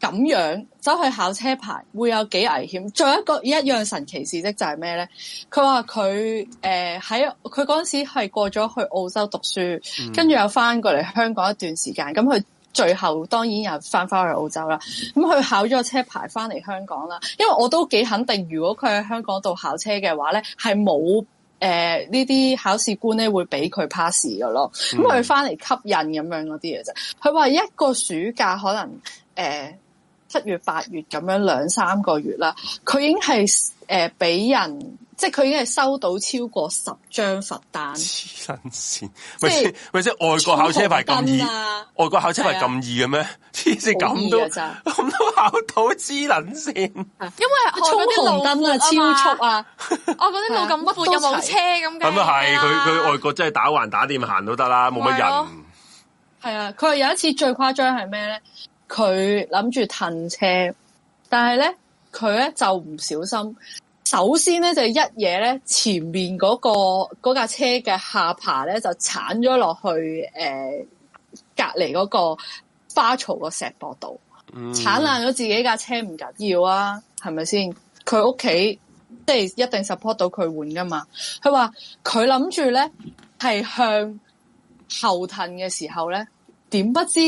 咁樣走去考車牌，會有幾危險？仲有一個一樣神奇事跡就係咩咧？佢話佢誒喺佢嗰陣時係過咗去澳洲讀書，跟、嗯、住又翻過嚟香港一段時間。咁佢。最後當然又翻翻去澳洲啦，咁佢考咗個車牌翻嚟香港啦，因為我都幾肯定，如果佢喺香港度考車嘅話咧，係冇誒呢啲考試官咧會俾佢 pass 嘅咯，咁佢翻嚟吸引咁樣嗰啲嘢，啫。佢話一個暑假可能誒七月、呃、八月咁樣兩三個月啦，佢已經係誒俾人。即係佢已經係收到超過十張罰單。黐捻線，喂，即係外國考車牌咁易，啊，外國考車牌咁易嘅咩？黐線，咁都咁都考到黐撚線，因為衝紅燈啊，超速啊，速啊 我覺得佢咁乜有冇車咁，咁都係佢佢外國真係打橫打掂行都得啦，冇、啊、乜人。係啊，佢係、啊、有一次最誇張係咩咧？佢諗住褪車，但係咧佢咧就唔小心。首先咧就係一嘢咧，前面嗰、嗰個嗰架、嗰個、車嘅下巴咧就鏟咗落去誒隔籬嗰個花槽個石壆度，鏟爛咗自己架車唔緊要啊，係咪先？佢屋企即係一定 support 到佢換噶嘛？佢話佢諗住咧係向後褪嘅時候咧，點不知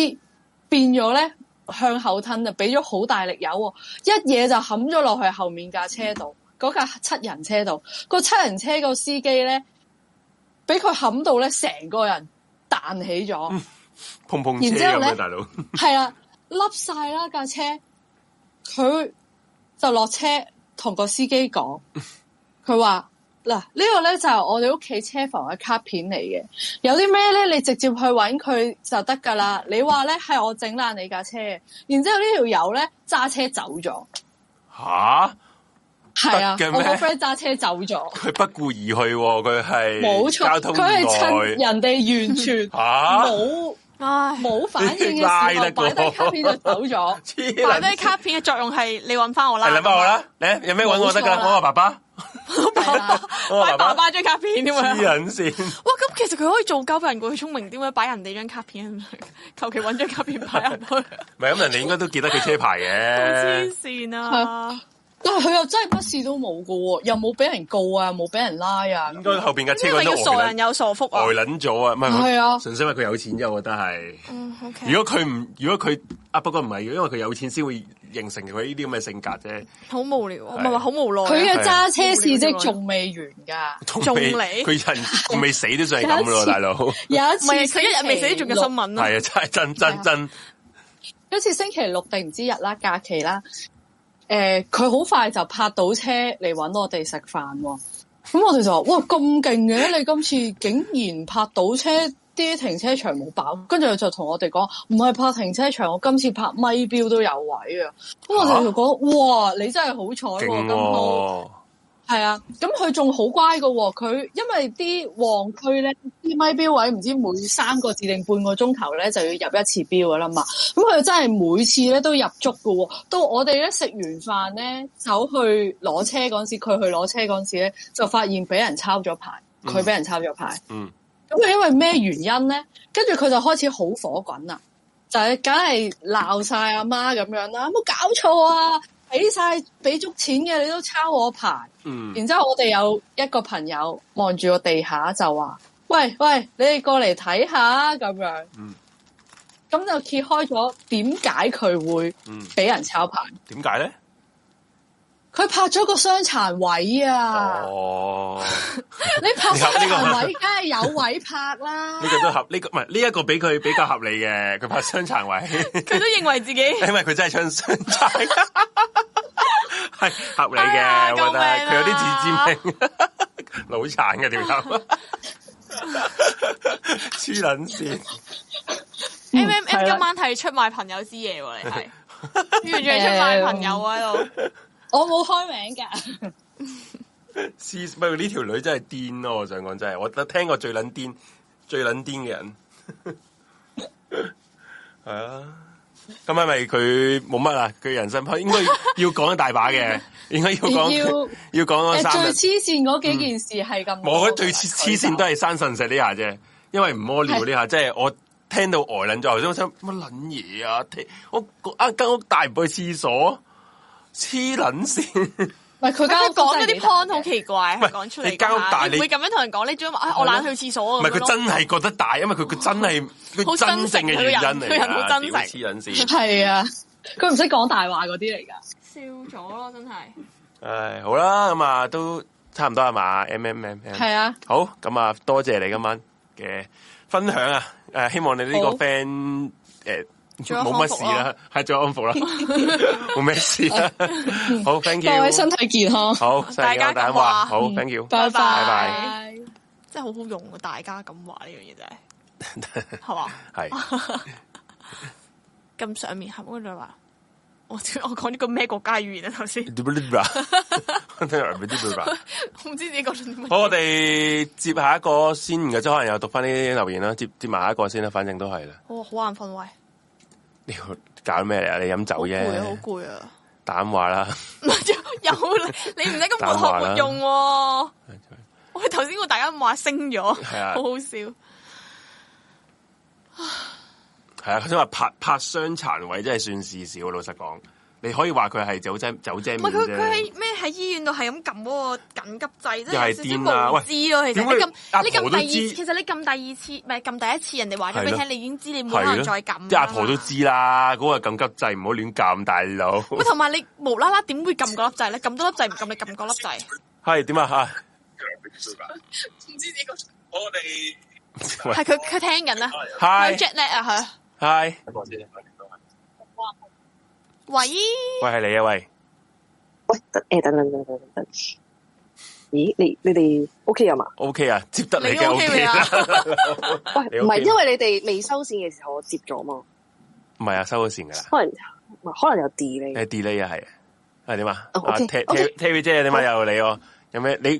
變咗咧向後褪就俾咗好大力油，啊，一嘢就冚咗落去後面架車度。嗯嗰架七人車度，個七人車個司機咧，俾佢冚到咧，成個人彈起咗，嘭、嗯、嘭，然之後咧，大佬係啦，笠晒啦架車，佢就落車同、 個司機講，佢話嗱呢個咧就係我哋屋企車房嘅卡片嚟嘅，有啲咩咧你直接去搵佢就得噶啦，你話咧係我整爛你架車，然之後這呢條友咧揸車走咗，吓。係啊！我個 friend 揸車走咗，佢不顧而去，佢係冇錯，佢係趁人哋完全冇 啊冇反應嘅時候擺低卡片就走咗。擺低卡片嘅作用係你揾翻我啦，係揾翻我啦，你有咩揾我得噶？我話爸爸，我爸爸擺 爸爸張卡片點啊？黐線先！ 我爸爸 哇，咁其實佢可以做交鳩人嘅，佢聰明，點解擺人哋張卡片？求其揾張卡片擺入去。唔係咁，人哋 應該都記得佢車牌嘅。黐線啊！ 但係佢又真係乜事都冇個喎，又冇俾人告啊，冇俾人拉啊。應該後邊架車咁都傻人有傻福啊！呆捻咗啊，唔係啊，純粹因為佢有錢啫，我覺得係、嗯 okay。如果佢唔，如果佢啊，不過唔係，因為佢有錢先會形成佢呢啲咁嘅性格啫、嗯。好無聊、啊，唔係話好無奈、啊。佢嘅揸車事蹟仲未完噶，仲未佢人仲未 死都仲係咁噶咯，大佬。有一次佢一日未死仲有新聞。係啊，真真真。好似 星期六定唔知日啦，假期啦。 誒、呃，佢好快就拍到車嚟揾我哋食飯，咁我哋就話：哇，咁勁嘅！你今次竟然拍到車，啲停車場冇爆。就跟住就同我哋講：唔係拍停車場，我今次拍咪標都有位啊！咁我哋就講：哇，你真係好彩喎，今趟。係啊，咁佢仲好乖噶、哦，佢因為啲旺區咧，啲咪錶位唔知每三個字定半個鐘頭咧就要入一次錶噶啦嘛，咁佢真係每次咧都入足噶、哦，到我哋咧食完飯咧走去攞車嗰時，佢去攞車嗰時咧就發現俾人抄咗牌，佢俾人抄咗牌，咁、嗯、佢、嗯、因為咩原因咧？跟住佢就開始好火滾啦，就係梗係鬧晒阿媽咁樣啦，有冇搞錯啊？俾晒俾足錢嘅你都抄我牌，嗯、然之後我哋有一個朋友望住個地下就話：，喂喂，你哋過嚟睇下咁樣。咁、嗯、就揭開咗點解佢會俾人抄牌？點解咧？佢拍咗個傷殘位啊！哦、 你拍傷殘、這個、位，梗係有位拍啦。呢、這個都合呢、這個唔係呢一個俾佢比較合理嘅，佢 拍傷殘位，佢都認為自己，因為佢真係傷殘。 係合理嘅，但係佢有啲自知明，腦殘嘅條友，黐捻線。M M m 今晚係出賣朋友之夜嚟，係、嗯、完全係出賣朋友喺度。我冇開名嘅。是不過呢條女真係癲咯，我想講真係，我聽過最捻癲、最捻癲嘅人係啊。 咁係咪佢冇乜啊？佢人生 應該要講一大把嘅， 應該要講要講三最黐線嗰幾件事係咁、嗯。我覺得最黐線線都係生腎石呢下啫，因為唔屙尿呢下，即係、就是、我聽到呆捻咗，頭先我想想乜捻嘢啊？我一間屋大唔去廁所，黐捻線。 唔，佢家講嗰啲 point 好奇怪，講出嚟，你會咁樣同人講，你仲要話我懶去廁所？唔係佢真係覺得大，因為佢佢真係佢、哦、真誠嘅原因嚟真黐隱線。係啊，佢唔識講大話嗰啲嚟噶，笑咗咯，真係。唉，好啦，咁啊都差唔多係嘛，MMM。係啊，好咁啊，多謝你今晚嘅分享啊！希望你呢個 friend 冇乜、啊、事啦，係再安撫啦，冇 咩事啦。好 ，thank you，各位身體健康。好，大家話好，thank you，拜拜，拜拜。真係好好用啊！大家咁話呢樣嘢真係，係嘛？係咁 是吧 上面係乜話？我我講呢個咩國家語言？頭先。二 分 鐘吧，二分鐘吧。我哋接下一個先，嘅可能又讀翻啲留言啦，接接埋下一個先啦，反正都係啦。好眼瞓喎。搞你搞咩嚟啊？啊 你飲酒啫，好攰啊， 啊！膽話啦，有你唔使咁活學活用。我頭先個大家話升咗，係啊，好好笑。係啊，佢想話拍拍傷殘位真係算事少。老實講。你可以話佢係酒精，酒精唔係佢，佢喺咩，喺醫院度係咁撳嗰個緊急掣，即係少少無知咯。其實你咁你咁大意，其實你撳第二次唔係撳第一次，人哋話咗俾你聽，你已經知你冇可能再撳啦。啲阿婆都知啦，嗰個緊急掣唔好亂撳，大佬。喂，同埋你無啦啦點會撳嗰粒掣咧？撳多粒掣唔撳？你撳嗰粒掣係點啊？吓，唔知呢個？我哋係佢，佢聽緊啦。Hi Jet Lag 啊，佢。係。喂，喂係你啊，喂，喂，誒、欸，等等等等，等等等等，咦，你你哋 OK 啊嘛？OK 啊，接得的你嘅 k 企， 喂，唔係、OK，因為你哋未收線嘅時候，我接咗嘛，唔係啊，收咗線噶，可能，可能有、欸、delay，delay 啊，係、啊，係點啊，啊、OK，啊 OK？Terry，Terry 姐，點、OK、啊？又你、啊、你，有咩、啊？你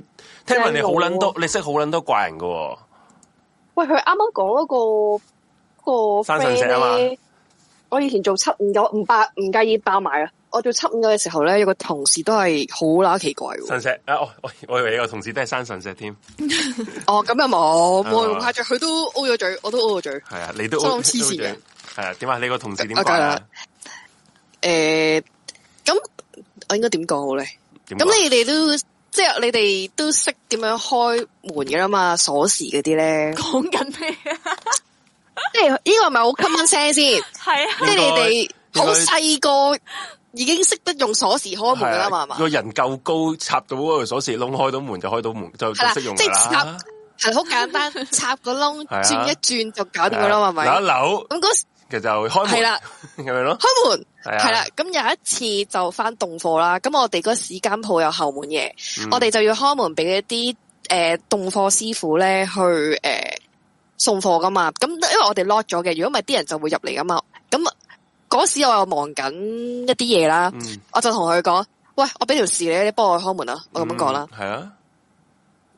聽聞你好捻多，你識好捻多怪人噶、啊？喂，佢啱啱講嗰個、那個山神社啊嘛。我以前做七五九唔爆唔介意爆埋啊！我做七五九嘅時候咧，有個同事都係好乸奇怪的。神石啊！我以為你個同事都係生神石添。 哦，咁又冇，冇用拍著佢都 O 咗嘴，我都 O 咗嘴。係啊，啊，你，啊啊啊啊啊啊我你都。都諗黐線嘅。係啊？點啊？你個同事點解啊？誒，咁我應該點講好咧？咁你哋都即係你哋都識點樣開門嘅啦嘛？鎖匙嗰啲咧？講緊咩啊？ 是是 即係呢個係咪好 common 聲先，即係你哋好細個已經識得用鎖匙開門噶啦嘛，個人夠高插到嗰個鎖匙窿開到門就開到門就係用即，啊，就是，插係好 簡單，插個窿轉一轉就搞掂噶啦嘛，咪，啊啊啊、一扭咁時其實就開門係啦，係咪咯？開門係啦，咁、啊啊啊、有一次就返凍貨啦，咁我哋嗰時間鋪有後門嘅，嗯，我哋就要開門俾一啲誒凍貨師傅咧去誒。呃送貨噶嘛？咁因為我哋 lock 咗嘅，如果唔係啲人就會入嚟噶嘛。咁嗰時我又忙緊一啲嘢啦、嗯，我就同佢講：，喂，我俾條匙你，你幫我開門啊。我咁樣講啦。係、嗯、啊。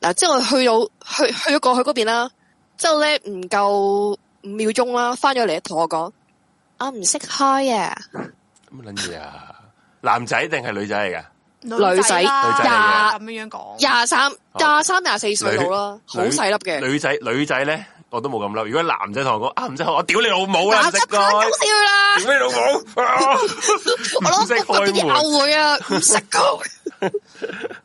嗱，之後去到去去咗過去嗰邊啦，之後咧唔夠五秒鐘啦，翻咗嚟同我講：，啊，唔識開啊。咁捻嘢啊？男仔定係女仔嚟噶？女仔。廿咁樣樣講，廿三廿三廿四歲到啦好細粒嘅女仔。女仔咧。20, 23, 23, 我都冇咁嬲，如果男仔同我講啊，唔使，我屌你老母啦，唔識開玩笑啦，屌你老母我我諗我點啲後悔啊，唔、啊、識 開我。 我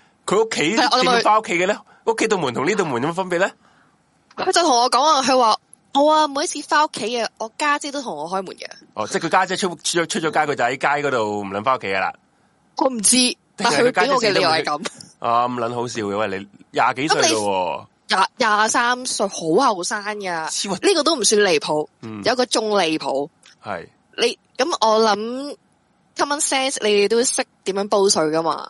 佢屋企點解翻屋企嘅咧？屋企道門同呢道門有乜分別咧？佢就同我講啊，佢話我啊，每一次翻屋企嘅，我家姐，姐都同我開門嘅。哦，即係佢家姐出出出咗街，佢就喺街嗰度唔諗翻屋企噶啦。我唔知姐姐姐，但係佢畀我嘅理由係咁。啊，唔諗好笑嘅喂，你廿幾歲啦，廿廿三歲好後生噶，呢、啊這個都唔算離譜，嗯。有一個仲離譜，係你咁我諗 common sense，你哋都識點樣煲水噶嘛？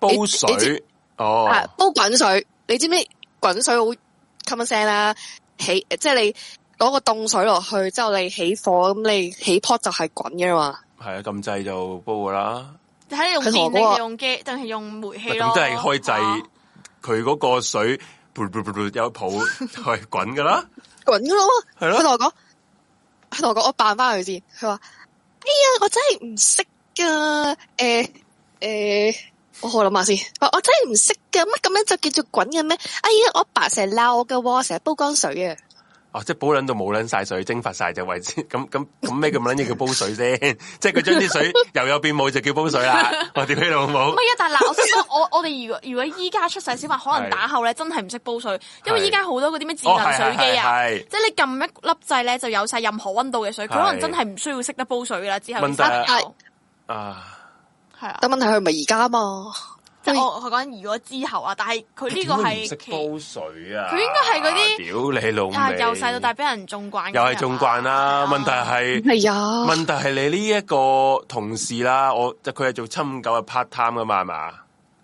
煲水哦，煲滾水，你知唔知滾水好 common sense 啦？起即係你攞個凍水落去之後你，你起火，咁你起泡就係滾嘅啦。係啊，咁制就煲噶啦。你用電你用機，定係用煤氣咯？咁都係開制佢嗰個水，噗噗噗，噗，噗，噗有泡係、就係、滾噶啦， 滾㗎咯，係咯。佢同我講，佢同我講，我扮翻佢先。佢話：哎呀，我真係唔識噶，誒誒。誒哦、我諗下先，我真係唔識噶，乜咁樣就叫做滾嘅咩？哎呀，我爸成日鬧我噶，成日煲乾水啊！哦，即係煲撚到冇撚晒水，蒸發晒就位置。咁咁咁咩叫冇撚嘢叫煲水先？ 即係佢將啲水由有變冇就叫煲水啦！我屌你老母！唔係啊，但嗱，我想我我哋如果如果依家出世小話 可能打後咧真係唔識煲水，因為依家好多嗰啲咩智能水機啊、哦，即係你撳一粒掣咧，就有晒任何溫度嘅水，佢可能真係唔需要識得煲水啦。之後問啊。啊啊係啊，但問題佢唔係而家嘛，即係我佢講如果之後啊，但係佢呢個係煲水啊，佢應該係嗰啲屌你老母，由細到大俾人縱慣，又係縱慣啦。問題係係啊，問題係、啊、你呢一個同事啦，我就佢係做759嘅 part time 噶嘛，係嘛、啊？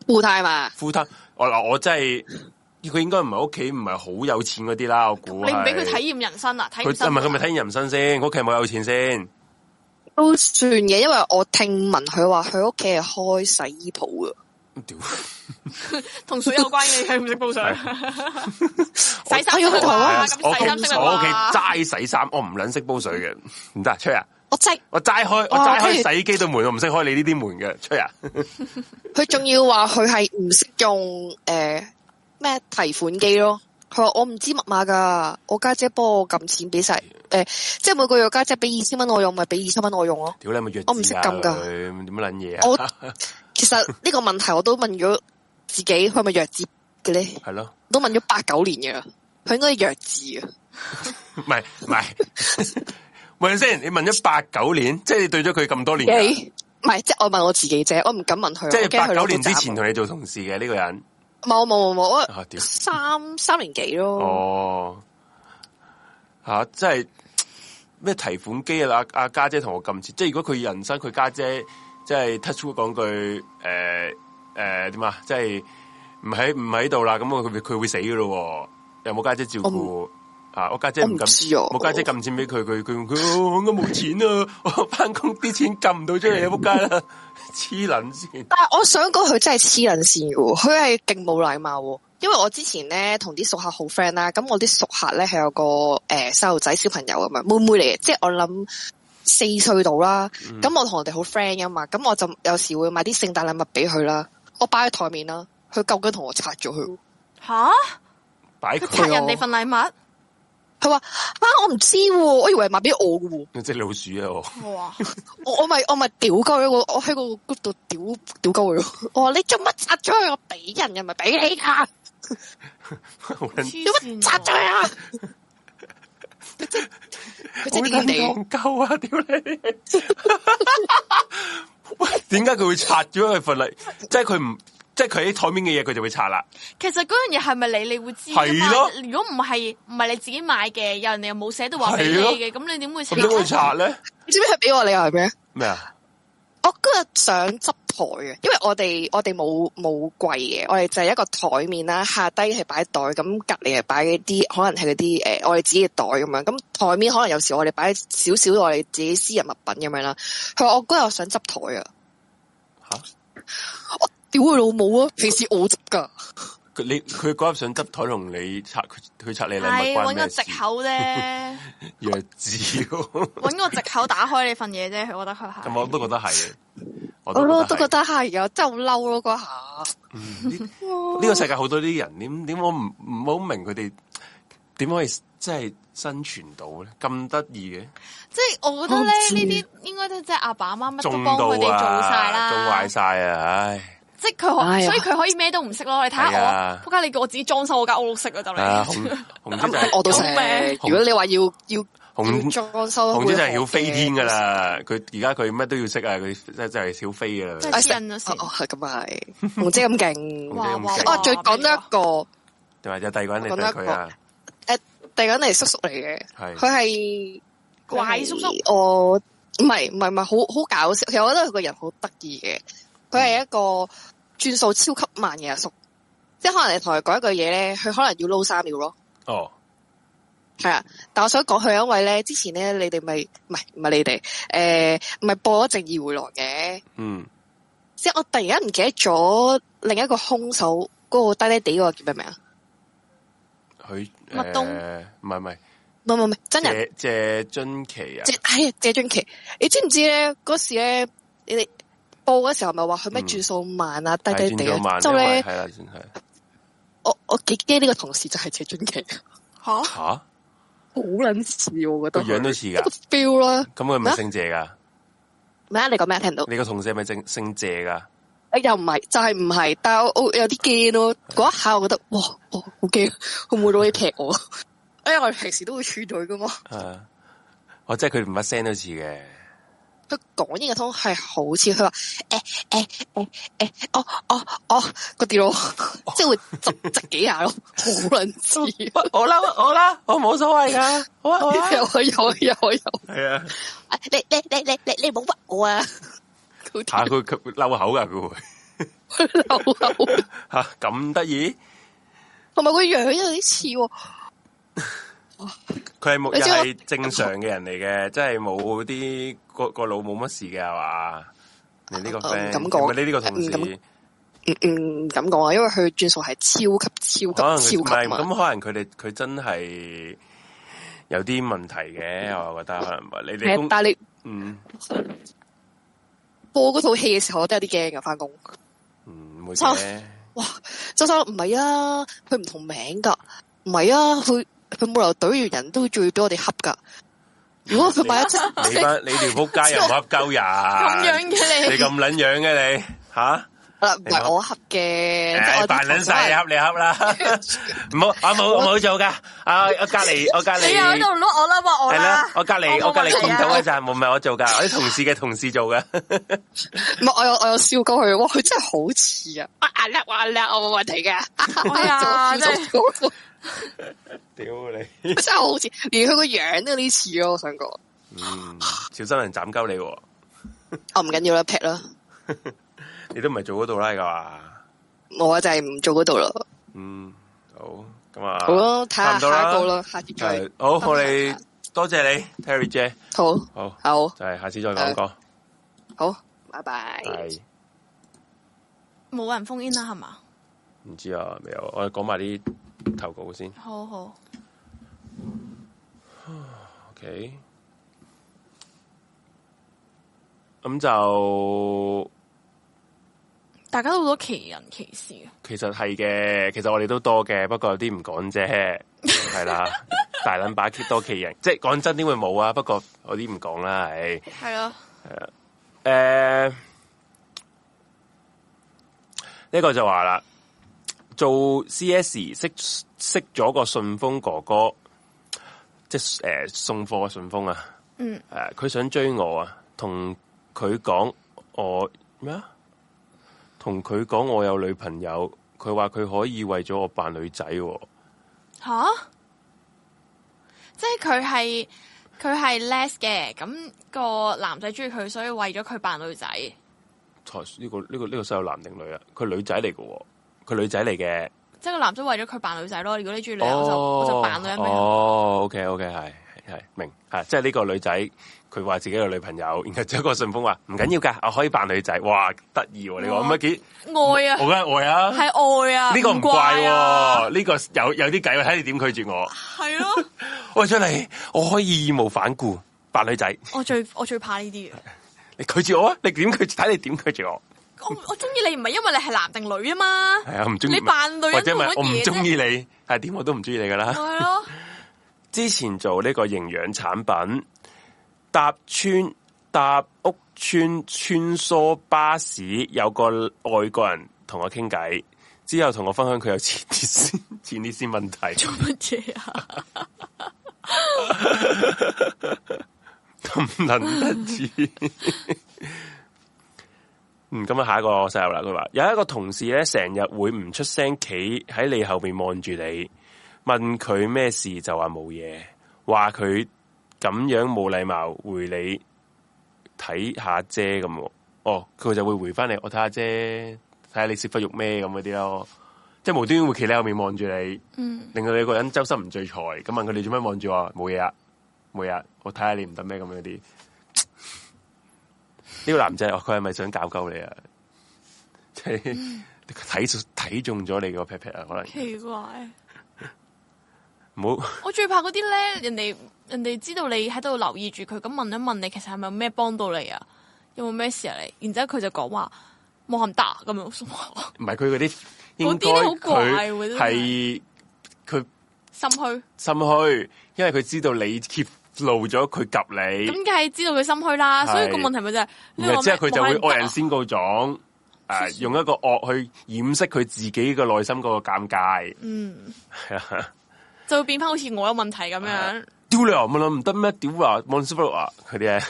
富太嘛？富太，我嗱我真係佢應該唔係屋企唔係好有錢嗰啲啦，我估。你唔俾佢體驗人生啊？體驗唔係佢咪體驗人生先？屋企冇有錢先？都算嘅，因為我聽聞佢話佢屋企係開洗衣鋪噶。屌，同水有關嘅，佢唔識煲水。 洗衫要佢做啊！我屋企齋洗衫，我唔撚識煲水嘅，唔得啊！吹啊！我識、就是，我齋開，我齋開洗衣機對門，門， 我唔識開你呢啲門嘅，吹啊！佢仲要話佢係唔識用誒咩、呃、提款機咯。佢話我唔知密碼噶，我家姐幫我撳錢俾晒。誒，即係每個月家姐俾二千蚊我用，咪俾二千蚊我用咯。屌你咪我唔識撳噶，點乜捻嘢啊？其實呢個問題我都問咗自己，佢咪弱智嘅咧？係咯，都問咗八九年嘅啦，佢應該弱智啊？唔係唔係，喂先， 你問咗八九年，即 係、就是、你對咗佢咁多年。唔、yeah. 係，即、就、係、是、我問我自己啫，我唔敢問佢，我驚佢。即係八九年之前同你做同事嘅呢、這個人，冇冇冇冇，三 三年幾咯。Oh. 吓、啊，即係咩提款機啊？阿阿家姐同我撳錢，即係如果佢人生佢家姐，姐，即係 touch 講句誒誒點啊？即係唔喺唔喺度啦，咁佢會死會死噶咯？又冇家姐照顧吓，我家、啊、姐唔撳，冇家、啊、姐撳錢俾佢，佢佢佢我冇錢啊。 我翻工啲錢撳唔到出嚟，仆街啦，黐捻線！但係我想講佢真係黐捻線喎，佢係勁冇禮貌、啊。因為我之前咧同啲熟客好 friend 啦，啊，咁我啲熟客咧係有個誒細路仔小朋友咁樣，妹妹嚟嘅，即係我諗四歲到啦。咁，嗯，我同我哋好 friend 噶，啊,嘛，咁我就有時會買啲聖誕禮物俾佢啦。我擺喺台面啦，佢究竟同我拆咗佢？吓，啊，拆人哋份禮物？佢話啊，我唔知喎，啊，我以為買俾我噶喎，啊。隻老鼠啊！我 我咪我咪屌鳩個我喺個度屌屌鳩佢。我話你做乜拆咗佢？我俾人，又咪俾你。點 乜、啊、拆咗啊？佢 真係點嚟？唔夠啊！屌你！喂！點解佢會拆咗佢份嚟？即係佢唔，即係佢喺台面嘅嘢，佢就會拆啦。其實嗰樣嘢係咪你？你會知？係咯。如果唔係，唔係你自己買嘅，有人哋又冇寫到話俾你嘅，咁你點會拆？點會拆咧？你知唔知係俾我理由？你又係咩？咩啊？我嗰日想執台啊，因為我哋我哋冇冇櫃嘅，我哋就係一個台面啦，下低係擺袋，咁隔籬係擺一啲可能係嗰啲誒我哋自己嘅袋咁樣，咁台面可能有時我哋擺少少我哋自己私人物品咁樣啦。佢話我嗰日想執台、huh? 啊，吓，我屌佢老母啊，平時我執㗎。 佢你佢嗰下想執枱同你拆，佢拆你禮物關咩事？係揾個借口啫， 弱智了。揾 個借口打開你份嘢啫，我覺得佢係。咁我都覺得係，我都都覺得係啊！我我我真係好嬲咯嗰下。呢、 嗯這個世界好多啲人，點點我唔唔好明佢哋點可以真係生存到咧？咁得意嘅，即係我覺得咧，呢啲應該都即係阿爸阿媽乜都幫佢哋做晒啦，啊，做壞晒啊！唉。即係佢、哎，所以佢可以咩都唔識咯。你睇下我，我、仆街你叫我自己裝修我間屋都識啊，就嚟、是。咁 我都識。如果你話要要紅裝修，紅姐就係曉飛天噶啦。佢而家佢乜都要識啊，佢真真係曉飛噶啦。阿神哦，係咁啊係，紅姐咁勁，紅姐咁勁。哦，再講得一個，同埋就第二個人嚟到佢誒，第二個人係叔叔嚟嘅，佢係怪叔叔。哦，唔係唔係唔係，好好搞笑。其實我覺得佢個人好得意嘅。佢係一個轉數超級慢嘅阿叔，即係可能你同佢講一句嘢咧，佢可能要撈三秒咯。哦，係啊，但我想講佢係一位咧，之前咧你哋咪唔係唔係你哋誒，唔、呃、係播咗直二回來嘅。嗯，即係我突然間唔記得咗另一個凶手嗰、嗰個低低哋嗰個叫咩名啊？佢麥冬唔係唔係唔唔唔真的人。謝俊琪啊！謝哎呀，謝俊琪，你知唔知咧？嗰時咧，你哋。報嗰時候咪話佢咩轉數慢啊，嗯、低低地、啊，之後咧，我我幾驚呢個同事就係謝俊奇，吓吓，好撚笑，我覺得，樣樣都似噶，feel 啦。咁佢唔姓謝噶？咩？你講咩？聽到？你個同事係咪姓姓謝噶，哎？又唔係，就係唔係？但我有啲驚咯，嗰一下我覺得，哇，哦，好驚，會唔會攞嘢劈我？因 呀、哎，我平時都會 treat 佢噶嘛。我、啊哦、即係佢唔乜聲都似嘅。佢講嘢嘅通係好似佢話誒誒誒誒，哦哦哦個調即係會窒窒幾下咯，好卵似我嬲我嬲我冇所謂噶，好啊，又係又係又係又係係啊！你你你你你你唔好屈我啊！吓佢佢嬲口噶佢會，佢嬲口吓，咁得意，同埋個樣有啲似。佢係目又係正常嘅人嚟嘅，即係冇啲個個腦冇乜事嘅係嘛？你呢個 friend 你呢個同事，嗯咁講，嗯、啊，因為佢轉數係超級超級超級，咁，啊，可能佢哋佢真係有啲問題嘅，嗯，我覺得可能你你，你但係你嗯播嗰套戲嘅時候，我都有啲驚㗎。翻工，嗯，會嘅。哇，周生唔係啊，佢唔同名噶，唔係啊，佢。佢冇理由完人都會最俾我哋恰噶，如果佢買一七，你你條扑街又恰鳩人，咁樣嘅你，你咁撚樣嘅你，吓？嗱 啊，唔 係 我恰嘅，扮撚晒， 你恰你恰啦，唔 好， 我冇冇 做噶，啊， 我隔籬 我隔籬，你又攞我啦，我啦，我隔籬我隔籬見到嘅就係冇唔係我做噶，我啲同事嘅同事做噶，唔係我有我有笑過佢，哇，佢真係好似啊，阿叻話叻，我冇問題嘅，哎呀， 屌 你真！真係好似，連佢個樣都有啲似咯，我想講，嗯。小心人斬鳩你喎！我唔緊要啦，劈啦。 你都唔係做嗰度啦，係嘛？我就係唔做嗰度咯。嗯，好。咁啊，好咯，睇下下一個咯，下次再。好，我哋多謝你，Terry 姐。好，好，好，就係、是、下次再講一個，哎。好，拜拜。冇人封煙啦，係嘛？唔知啊，未有。我哋講埋啲。投稿先，好好。OK，咁就大家都好多奇人奇事，其實係嘅，其實我哋都多嘅，不過有啲唔講啫。係 啦，大捻把 keep 多奇人， 即係講真，點會冇啊？不過有啲唔講啦，係。係咯。誒，呢、呃這個就話啦。做 C.S. 識識咗個順豐哥哥，即係誒、呃、送貨嘅順豐啊。嗯，誒、啊、佢想追我啊，同佢講我咩啊？同佢講我有女朋友，佢話佢可以為咗我扮女仔、啊。吓、啊，即係佢係佢係 less 嘅，咁、個男仔中意佢，所以為咗佢扮女仔。台呢個呢個呢個細路男定女啊？佢、這個這個這個、女仔嚟嘅。佢女仔嚟嘅，即係個男仔為咗佢扮女仔咯。如果你中意女我，哦，我就扮就扮女嘅。哦，OK，OK，okay, okay, 係係明吓，即係呢個女仔，佢話自己個女朋友，然後就一個信封話唔緊要噶，我可以扮女仔，哇，得意。你話乜嘢？愛啊，好梗係愛啊，係愛啊，呢、這個唔怪，啊，呢、啊，這個有有啲計喎，睇你點拒絕我。係咯，啊，喂， 出嚟，我可以義無反顧扮女仔。我最我最怕呢啲 你拒絕我啊？你點拒絕？睇你點拒絕我？我我中意你唔係因為你係男定女啊嘛，係啊，唔中意你扮女人都或者我唔中意你，係點我都唔中意你噶啦。係咯，之前做呢個營養產品，搭村搭屋村穿穿梭巴士，有個外國人同我傾偈，之後同我分享佢有錢啲先錢啲先問題，做乜嘢啊？咁 諗得滯。嗯，咁啊，下一個細路啦，佢話有一個同事咧，成日會唔出聲，企喺你後邊望住你，問佢咩事就話冇嘢，話佢咁樣冇禮貌回你，睇下啫咁。哦，佢就會回翻你，你，我睇下啫，睇下你蝕忽肉咩咁嗰啲咯，即係無端端會企喺後面望住你，令到你個人周身唔聚財。咁問佢哋做咩望住我，冇嘢啊，冇嘢啊，我睇下你唔得咩咁嗰啲。呢、這個男仔，佢係咪想搞鳩你啊？即係睇中睇中咗你個 pet pet 啊，可能奇怪，唔好。我最怕嗰啲咧，人哋人哋知道你喺度留意住佢，咁問一問你，其實係咪有咩幫到你啊？有冇咩事啊？你，然之後佢就講話冇咁得咁樣。唔係佢嗰啲，嗰啲好怪，佢係佢心虛，心虛，因為佢知道你 keep。露咗佢及你，咁梗係知道佢心虛啦。所以個問題咪就係、是，唔即係佢就會惡人先告狀，誒、啊，呃、 用一個惡去掩飾佢自己嘅內心嗰個尷尬。嗯， 就會變翻好似我有問題咁樣。屌、呃、你啊，咪咯，唔得咩？屌啊，冇心服啊，佢哋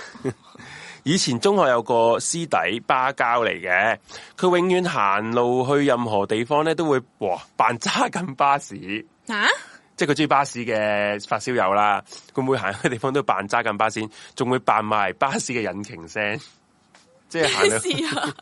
以前中學有個師弟，巴膠嚟嘅，佢永遠行路去任何地方咧，都會哇扮揸緊巴士，啊即係佢中意巴士嘅發燒友啦，佢每行一個地方都扮揸緊巴士，仲會扮埋巴士嘅引擎聲，即係行去。事啊、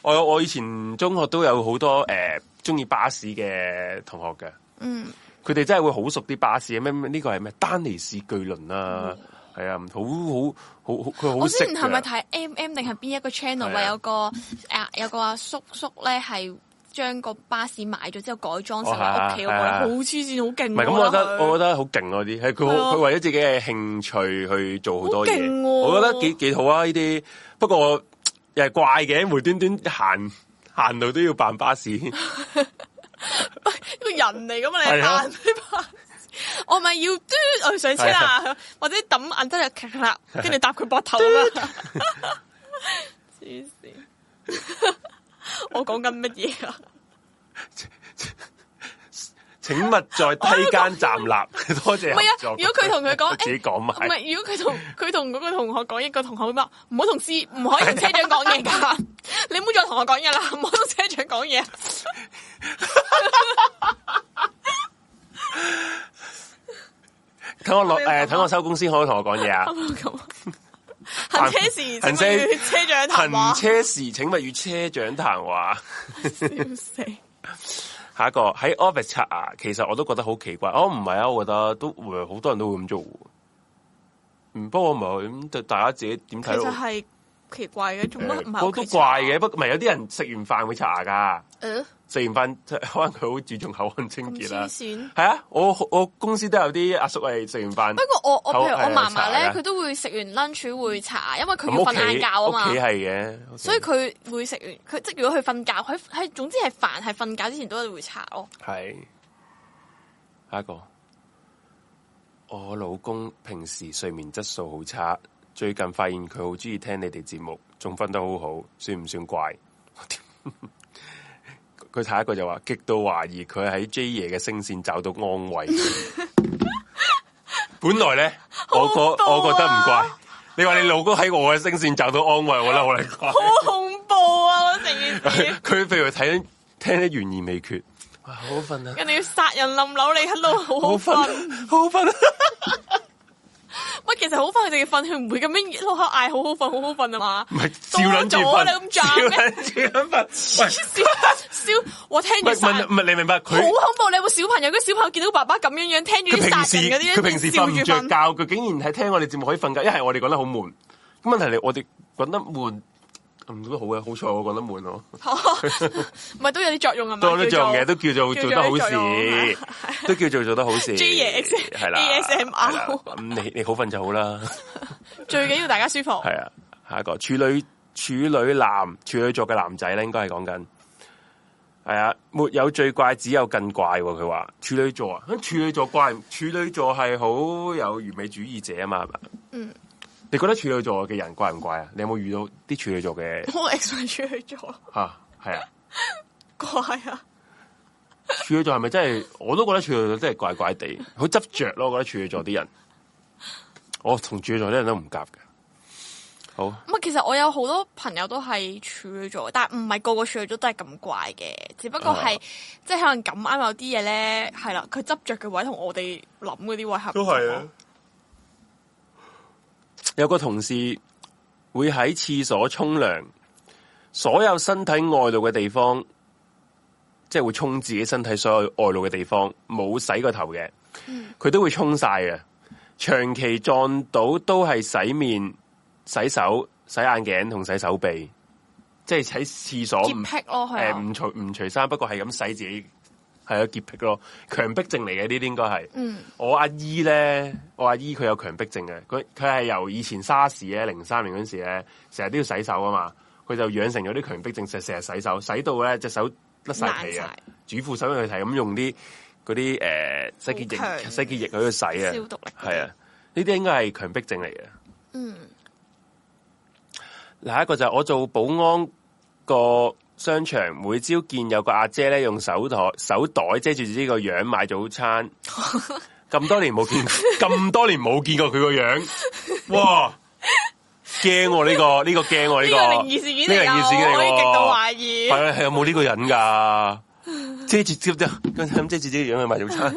我我以前中學都有好多誒中意巴士嘅同學嘅，嗯，佢哋真係會好熟啲巴士啊！咩呢、這個係咩？丹尼士巨輪啊，係、嗯、啊，好好好好，佢好。我之前係咪睇 M M 定係邊一個 channel？咪、啊、有個誒、啊，有個阿叔叔咧係。將個巴士買咗之後改裝成屋企，我覺得好黐線，好勁。唔係咁，我覺得我覺得好勁嗰啲，係佢佢為咗自己嘅興趣去做好多嘢，啊。我覺得幾幾好啊呢啲。不過又係怪嘅，無端端行行路都要扮巴士。呢 個人嚟噶嘛？你行巴士？啊、 我咪要嘟我去上車啦，或者抌銀真入夾啦，跟住搭佢膊頭啦。黐 線！ 神經病笑我講緊乜嘢啊？ 請勿在梯間站立， 啊、多謝。唔係啊，如果佢同佢講， 自己講嘛。唔、哎、係，如果佢同佢同嗰個同學講一個同學話，唔好同司，唔可以同車長講嘢噶。 你唔好再同我講嘢啦，唔好同車長講嘢。等 我落誒，等、呃、我收工先可以同我講嘢啊。 行車時，請勿與車長談話。行車時，請勿與車長談話。 下一個喺 office 刷牙，其實我都覺得好奇怪。哦，唔係啊，我覺得都好多人都會咁做。嗯，不過唔係咁，就大家自己點睇？其實係奇怪嘅，做乜唔係？欸、都怪嘅，不過唔係有啲人食完飯會刷牙噶。嗯食完飯，可能佢好注重口腔清潔啦。係啊，我我公司都有啲阿叔係食完飯。不過我我譬如我嫲嫲咧，佢、嗯、都會食完 lunch 會茶，因為佢要瞓晏覺啊嘛。屋企係嘅。所以佢會食完，佢即如果佢瞓覺，佢係總之係凡係瞓覺之前都會茶咯。係。下一個，我老公平時睡眠質素好差，最近發現佢好中意聽你哋節目，仲瞓得好好，算唔算怪？ 佢睇一個就話，極度懷疑佢喺 J 爺嘅聲線找到安慰。本來咧，我覺、啊、我覺得唔怪。你話你老公喺我嘅聲線找到安慰，我覺得我嚟怪。好恐怖啊！我成件事。佢譬如睇聽得懸而未決，哇，好好瞓啊！人哋要殺人冧樓，你喺度好好瞓，好好瞓、啊。好好 喂，其實好快，佢就要瞓，佢唔會咁樣喺度口嗌好好瞓，好好瞓啊嘛！唔係笑捻住瞓，你咁賺咩？笑捻住瞓。喂，笑，我聽住。唔係唔係，你明白？好恐怖！你有冇小朋友？嗰小朋友見到爸爸咁樣樣，聽住啲殺人嗰啲，佢平時瞓唔着覺，佢竟然係聽我哋節目可以瞓覺。一係我哋講得好悶，咁問題嚟，我哋講得悶。唔都好嘅，好彩我覺得悶咯。唔係都有啲作用啊嘛，多啲作用嘅都叫做做得好事，哦、呵呵都叫做做得好事。G E X 係啦，G S M R 咁你你好瞓就好啦。最緊要大家舒服。係啊，下一個處女處女男處女座嘅男仔咧，應該係講緊係啊，沒有最怪，只有更怪。佢話處女座啊，處女座怪，處女座係好有完美主義者啊嘛，係嘛？嗯。你覺得處女座嘅人怪唔怪啊？你有冇遇到啲處女座嘅？我係處女座。吓，係啊，怪啊！ 處女座係咪真係？我都覺得處女座真係怪怪地，好執着咯。我覺得處女座啲人，我、oh, 同處女座啲人都唔夾嘅。好。咁啊，其實我有好多朋友都係處女座，但唔係個個處女座都係咁怪嘅，只不過係、uh. 即係可能咁啱有啲嘢咧，係啦，佢執着嘅位同我哋諗嗰啲位合。都係啊。有個同事會喺廁所沖涼，所有身體外露嘅地方，即係會沖自己身體所有外露嘅地方，冇洗過頭嘅，佢都會沖晒。嘅長期撞到都係洗面、洗手、洗眼鏡同洗手臂，即係喺廁所唔除唔除衫，不過係咁洗自己。係啊，潔癖咯，強迫症嚟嘅呢啲應該係。嗯，我阿姨咧，我阿姨佢有強迫症嘅，佢佢係由以前沙士嘅咧，零三年嗰時咧，成日都要洗手啊嘛，佢就養成咗啲強迫症，成成日洗手，洗到咧隻手甩晒皮啊。主婦手去用睇咁用啲嗰啲誒洗潔液，洗潔液去洗啊，消毒係啊，呢啲應該係強迫症嚟嘅。嗯，下一個就係我做保安個。商場每朝見有個阿姐咧，用手袋手袋遮住自己個樣買早餐，咁 多年冇見，咁多年冇見過佢個樣，哇！驚呢、啊這個呢、這個驚呢、啊這個靈異事件，呢、這個事件嚟噶，這個、我可以極度懷疑係係有冇呢個人噶？遮住遮得咁遮住自己個樣去買早餐，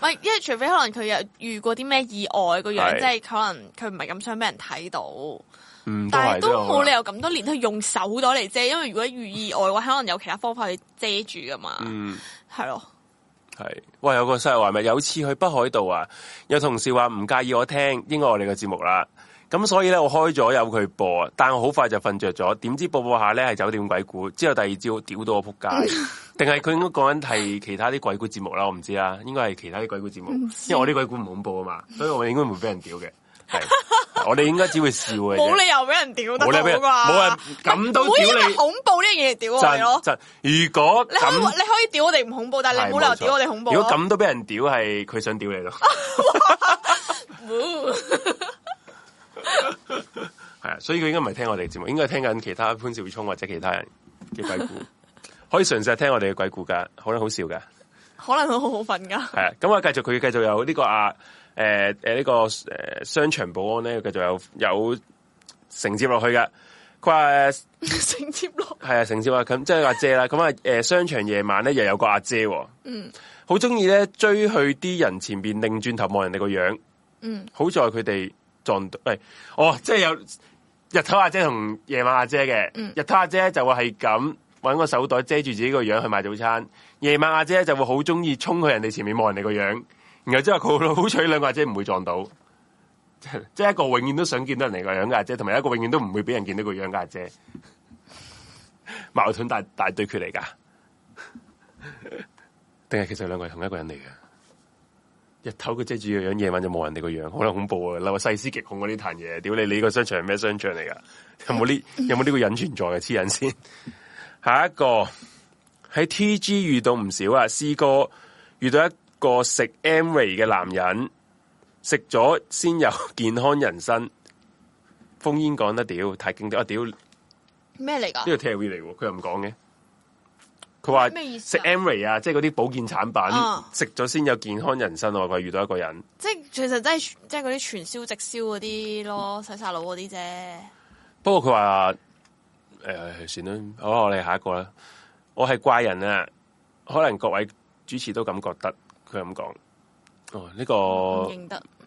係 因為除非可能佢有遇過啲咩意外個樣子，即係、就是、可能佢唔係咁想俾人睇到。嗯、但係都冇理由咁多年都用手袋嚟遮、嗯，因為如果遇意外嘅話，可能有其他方法去遮住噶嘛。嗯，係咯，係。喂，有個細路話咩？有次去北海道啊，有同事話唔介意我聽，應該我哋嘅節目啦。咁所以咧，我開咗有佢播，但我好快就瞓著咗。點知播播下咧係酒店鬼故，之後第二朝屌到我仆街，定係佢應該講緊係其他啲鬼故節目啦？我唔知啦，應該係其他啲鬼故節目，因為我啲鬼故唔恐怖啊嘛，所以我應該唔會俾人屌嘅。 我哋應該只會笑嘅，冇理由俾人屌，冇理由俾人，冇人咁都屌恐怖呢樣嘢屌我咯。如果你可以屌我哋唔恐怖，但係你冇理由屌我哋恐怖。如果咁都俾人屌，係佢想屌你咯。係 啊， 所以佢應該唔係聽我哋節目，應該係聽緊其他潘紹聰或者其他人嘅鬼故。可以嘗試聽我哋嘅鬼故噶，可能好笑嘅， 可能我好好瞓噶。係咁我繼續，佢繼續有呢個啊。誒、呃、誒，呢、呃這個誒、呃、商場保安咧，繼續有有承接落去噶。佢話承接落係啊，承接啊咁，即係阿姐啦。咁啊，誒、呃、商場夜晚咧，又有個阿姐、哦嗯轉轉，嗯，好中意咧追去啲人前邊，擰轉頭望人哋個樣，嗯，好在佢哋撞到，誒、哎，哦，即係有日頭阿姐同夜晚阿姐嘅，日頭阿姐，姐、嗯、姐就會係咁，揾個手袋遮住自己個樣去買早餐，夜晚阿姐就會好中意衝去人哋前面望人哋個樣。然後之後佢好彩，兩個阿姐唔會撞到，即係一個永遠都想見到人哋個樣嘅阿姐，同埋一個永遠都唔會俾人見到個樣嘅阿姐， 矛盾大大對決嚟噶。定 係其實兩個係同一個人嚟噶？日頭佢遮住個樣，夜晚就冇人哋個樣，好啦，恐怖啊！嗱， 細思極恐啊！呢壇嘢，屌你，你個商場係咩商場嚟噶？有冇呢？ 有冇呢個隱存在啊？黐人先。下一個喺 T G 遇到唔少啊，師哥遇到一。個食 Amway 嘅男人食咗先有健康人生，烽煙講得屌太勁啲啊！屌咩嚟噶？呢個 Terry 嚟，佢又唔講嘅。佢話咩意思食 Amway 啊，即係嗰啲保健產品食咗先有健康人生。我話遇到一個人，即係其實真、就、係、是就是、即係嗰啲傳銷直銷嗰啲咯，洗晒腦嗰啲啫。不過佢話誒，算啦，好啦，我哋下一個啦。我係怪人啊，可能各位主持都咁覺得。佢咁講，哦呢、這個誒、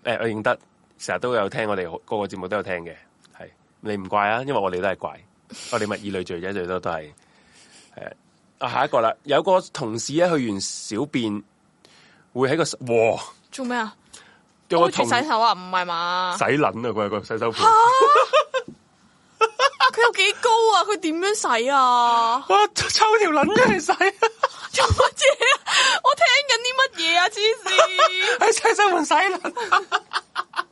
欸，我認得，成日都有聽我哋個個節目都有聽嘅，係你唔怪啊，因為我哋都係怪，我哋咪物以類聚啫， 最多都係係啊，下一個啦，有一個同事咧去完小便會喺個哇做咩啊？用個桶洗手啊？唔係嘛？洗撚啊！佢個洗手盆、啊，佢、 啊、有幾高啊？佢點樣洗啊？我抽條撚嘅嚟洗、啊。做乜嘢啊？我聽緊啲乜嘢啊？黐線，喺洗手盆洗啦，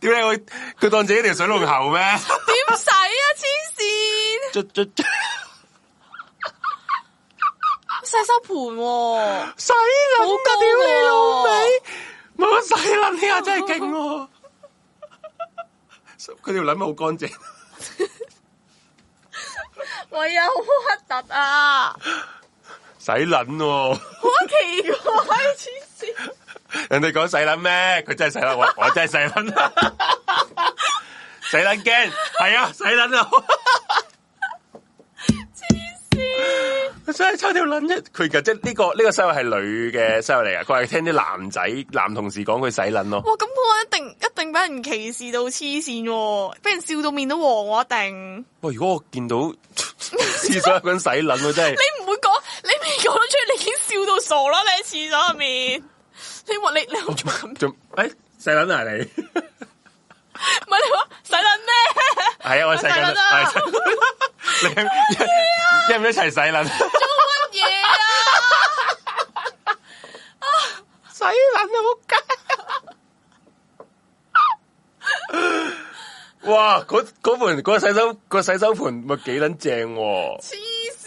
點解佢佢當自己條水龍頭咩？點洗啊？黐線，捽捽捽，洗手盆，洗卵咁屌你老味，我洗卵，你下真係勁、啊，佢條卵咪好乾淨，我呀，好核突啊！洗撚喎，好奇怪，黐線！人哋講洗撚咩？佢真係洗撚，我我真係洗撚， 洗撚驚，係啊，洗撚啊，黐 線！真係抽條撚啫！佢嘅即係、這、呢個呢、這個細路係女嘅細路嚟㗎，佢係聽啲男仔男同事講佢洗撚咯、啊。哇！咁我一定一定俾人歧視到黐線、啊，俾人笑到面都黃啊！一定。喂，如果我見到廁所入邊洗撚、啊，我真係 你唔會講，你未講到出嚟，你已經笑到傻啦！你喺廁所入面，你話你你做乜做？誒、哦欸，洗撚啊你！ 唔係你話洗卵咩？係啊，我洗撚，你一唔一齊洗卵？做乜嘢啊？啊，洗卵有冇計！哇，嗰嗰盆嗰個洗手嗰個洗手盆咪幾卵正？黐線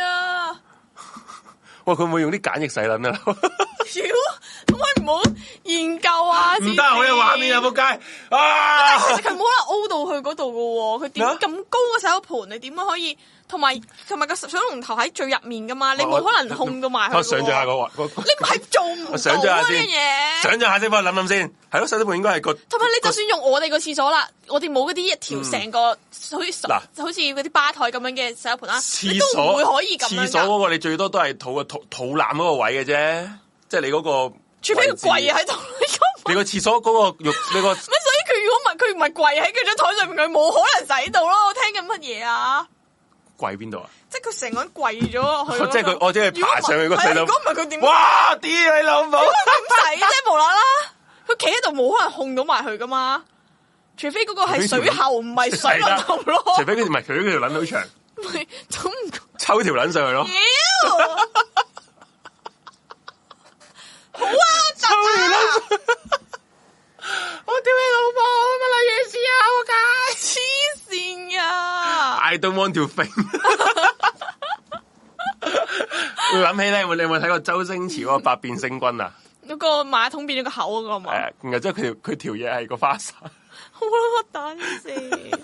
啊！喂，佢會唔會用啲簡易洗卵啊？唔好研究啊！唔得，我有畫面有仆街啊！其實佢冇可能凹到去嗰度噶喎，佢點咁高嘅洗手盆？你點樣可以？同埋同埋個水龍頭喺最入面噶嘛？啊、你冇可能控到埋佢。我想象下個、那個，我我你唔係做唔到呢樣嘢。想象下先，我諗諗先，係咯洗手盆應該係個。同埋你就算用我哋個廁所啦，我哋冇嗰啲一條成個，嗯嗯、所以就好似嗰啲吧台咁樣嘅洗手盆啦，廁所會可以咁廁所我你最多都係肚腩嗰個位嘅啫，即、就、係、是、你嗰、那個。除非佢跪喺度、 那個，你個廁所嗰個浴，你個所以佢如果唔佢唔係跪喺佢張台上面，佢冇可能使喺度咯。我聽緊乜嘢啊？跪邊度啊？即係佢成個人跪咗落去，即係佢，我即係爬上去嗰細佬。唔係佢點？哇啲你老母點洗？ 即係無啦啦，佢企喺度冇可能控到埋佢噶嘛？除非嗰個係水喉，唔係水龍頭咯。除非佢唔係，除非佢條捻好長，唔 通抽條捻上去咯 。 好啊，我突然啦、啊心！ 我屌你老母，乜爛嘢事啊！我咁黐線啊！I don't want to think 會諗起咧，你有冇睇過周星馳嗰個《百變星君》啊？嗰個馬桶變咗個口嗰，啊嗰個嘛？誒、 嗯，然後即係佢條佢條嘢係個花灑。我等住。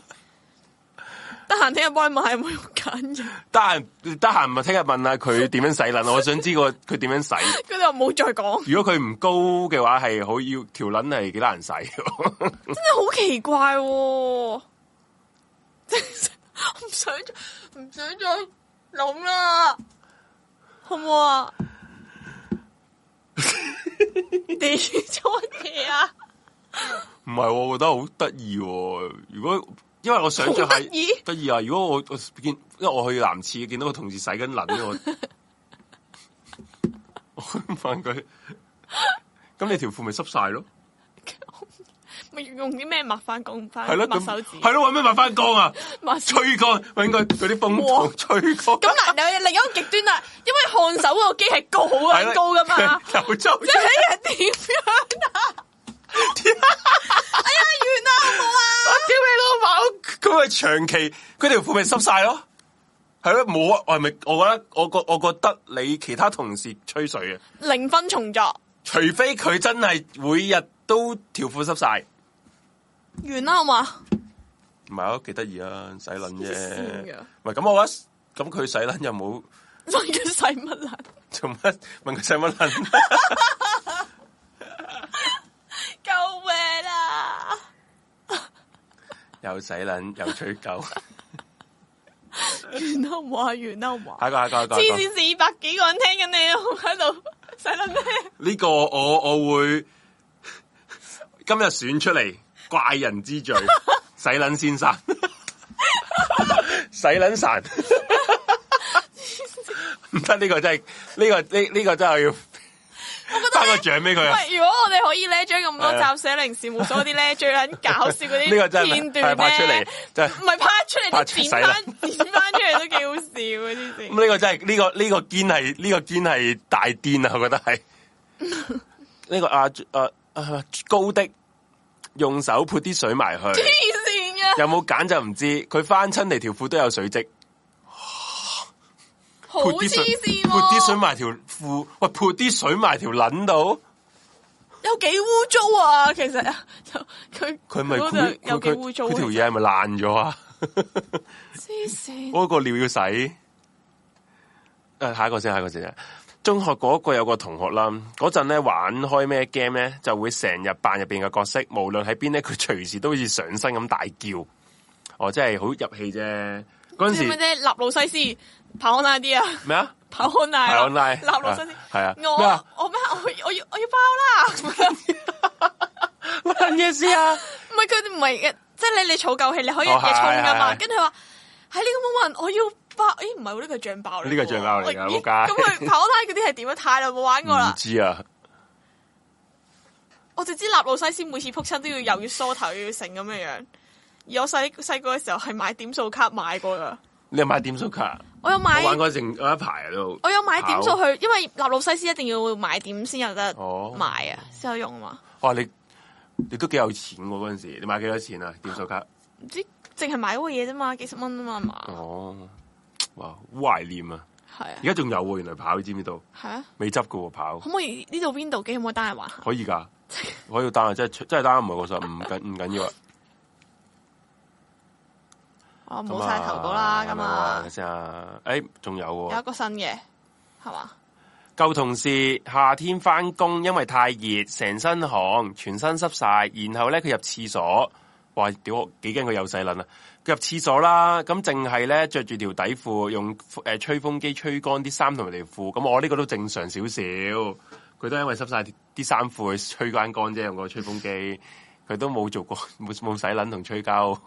得閒聽日幫你買，唔會咁緊嘅。得閒，得閒咪聽日問下佢點樣洗捻咯，我想知道佢點樣洗。佢又唔好再講。如果佢唔高嘅話，係好要條捻係幾難洗。真係好奇怪，唔想再唔想再諗啦，好唔好啊？地主做乜嘢啊？唔係，我覺得好得意。如果。因為我想象係得意啊！如果我，我見，因為我去男廁見到個同事洗緊捻，我 我問佢，咁你條褲咪濕晒咯？咪 用啲咩抹翻乾？係咯，抹手指，係咯，搵咩抹翻乾啊？抹吹乾， 我應該嗰啲風筒吹乾。咁嗱 另一個極端啦、啊，因為看手個機係高好高噶嘛。有周，你係點樣啊？ 哎呀，完啦好冇啊？我屌你老母，咁咪長期佢條褲咪濕晒咯？係咯，冇啊，我係咪？我覺得我覺得，我覺得你其他同事吹水啊，零分重作，除非佢真係每日都條褲濕晒。完啦，好嘛？唔係啊，幾得意啊， 洗撚啫。唔係咁，我話咁佢洗撚又冇問佢洗乜撚？做乜問佢洗乜撚？ 又洗撚又吹狗 原，完啦話完啦話，下一個下一個，黐線四百幾個人聽緊你喺度洗撚呢？呢、這個我我會今日選出嚟怪人之最，洗撚先生， 洗撚神先，唔得呢個真係呢、這個呢呢、這個真係要。拍個獎俾佢啊！咪如果我哋可以咧，將咁多集四一零事務所嗰啲咧， 最撚搞笑嗰啲片段咧，唔係拍出嚟， 剪仔剪翻出嚟都幾好笑啊！呢段咁呢個真係呢、呢個呢、呢個堅係呢、呢個堅係大癲啊！我覺得係呢 個阿、啊啊啊、高的用手潑啲水埋去，黐線啊有冇揀就唔知！有冇揀就唔知，佢翻親嚟條褲都有水迹。好黐線，潑啲水，潑啲、啊、水埋條褲，喂潑啲水埋條捻到，有幾污糟啊！其實佢佢咪嗰度又會做條嘢係咪爛咗啊！黐線，嗰、啊啊 嗰個尿要洗。誒、呃，下一個先，下一個先啊！中學嗰個有個同學啦，嗰陣咧玩開咩 game 咧，就會成日扮入面嘅角色，無論喺邊咧，佢隨時都好似上身咁大叫，哦，即係好入戲啫。知唔知，納路西斯跑 online 啲啊？咩啊？跑 online，跑 online，納路西斯係啊！我我咩？我我，我要我要包啦！乜 嘢事啊？唔係佢唔係即係你你儲夠氣，你可以一嘢衝噶嘛？跟住佢話喺呢個 moment，我要包。咦？唔係，呢個係醬爆呢個醬爆嚟噶，冇計咁佢跑 online 嗰啲係點啊？欸、解樣太耐冇玩過啦。唔知啊，我就知納路西斯每次撲親都要又要梳頭要成咁樣樣。而我細細個嘅時候係買點數卡買過噶，你有買點數卡？我有買，我玩過成一排都、啊。我有買點數去，因為立路西斯一定要買點先有得買啊，先、哦、有用嘛。哇、哦！你你都幾有錢噶嗰陣時，你買幾多錢啊？點數卡唔知，淨、啊、係買嗰個嘢啫嘛，幾十蚊啊嘛。哦，哇，懷念啊！係啊，而家仲有喎、啊，原來跑，知唔知道？係啊，未執噶跑。可唔可以呢度 Window 機可唔可以單人玩？可以噶，可以單， 即係真係單唔係個實，唔緊唔緊要啊。 我冇晒頭到啦，咁啊，啊！先、欸、啊，誒，仲有喎，有一個新嘅，係嘛？舊同事夏天翻工，因為太熱，成身汗，全身濕晒，然後咧佢入廁所，嘩，屌我幾驚佢有洗撚啊！佢入廁所啦，咁淨係咧着住條底褲，用誒、呃、吹風機吹乾啲衫同埋條褲。咁我呢個都正常少少，佢都因為濕晒啲衫褲去吹翻乾啫，用個吹風機，佢都冇做過，冇冇洗撚同吹膠。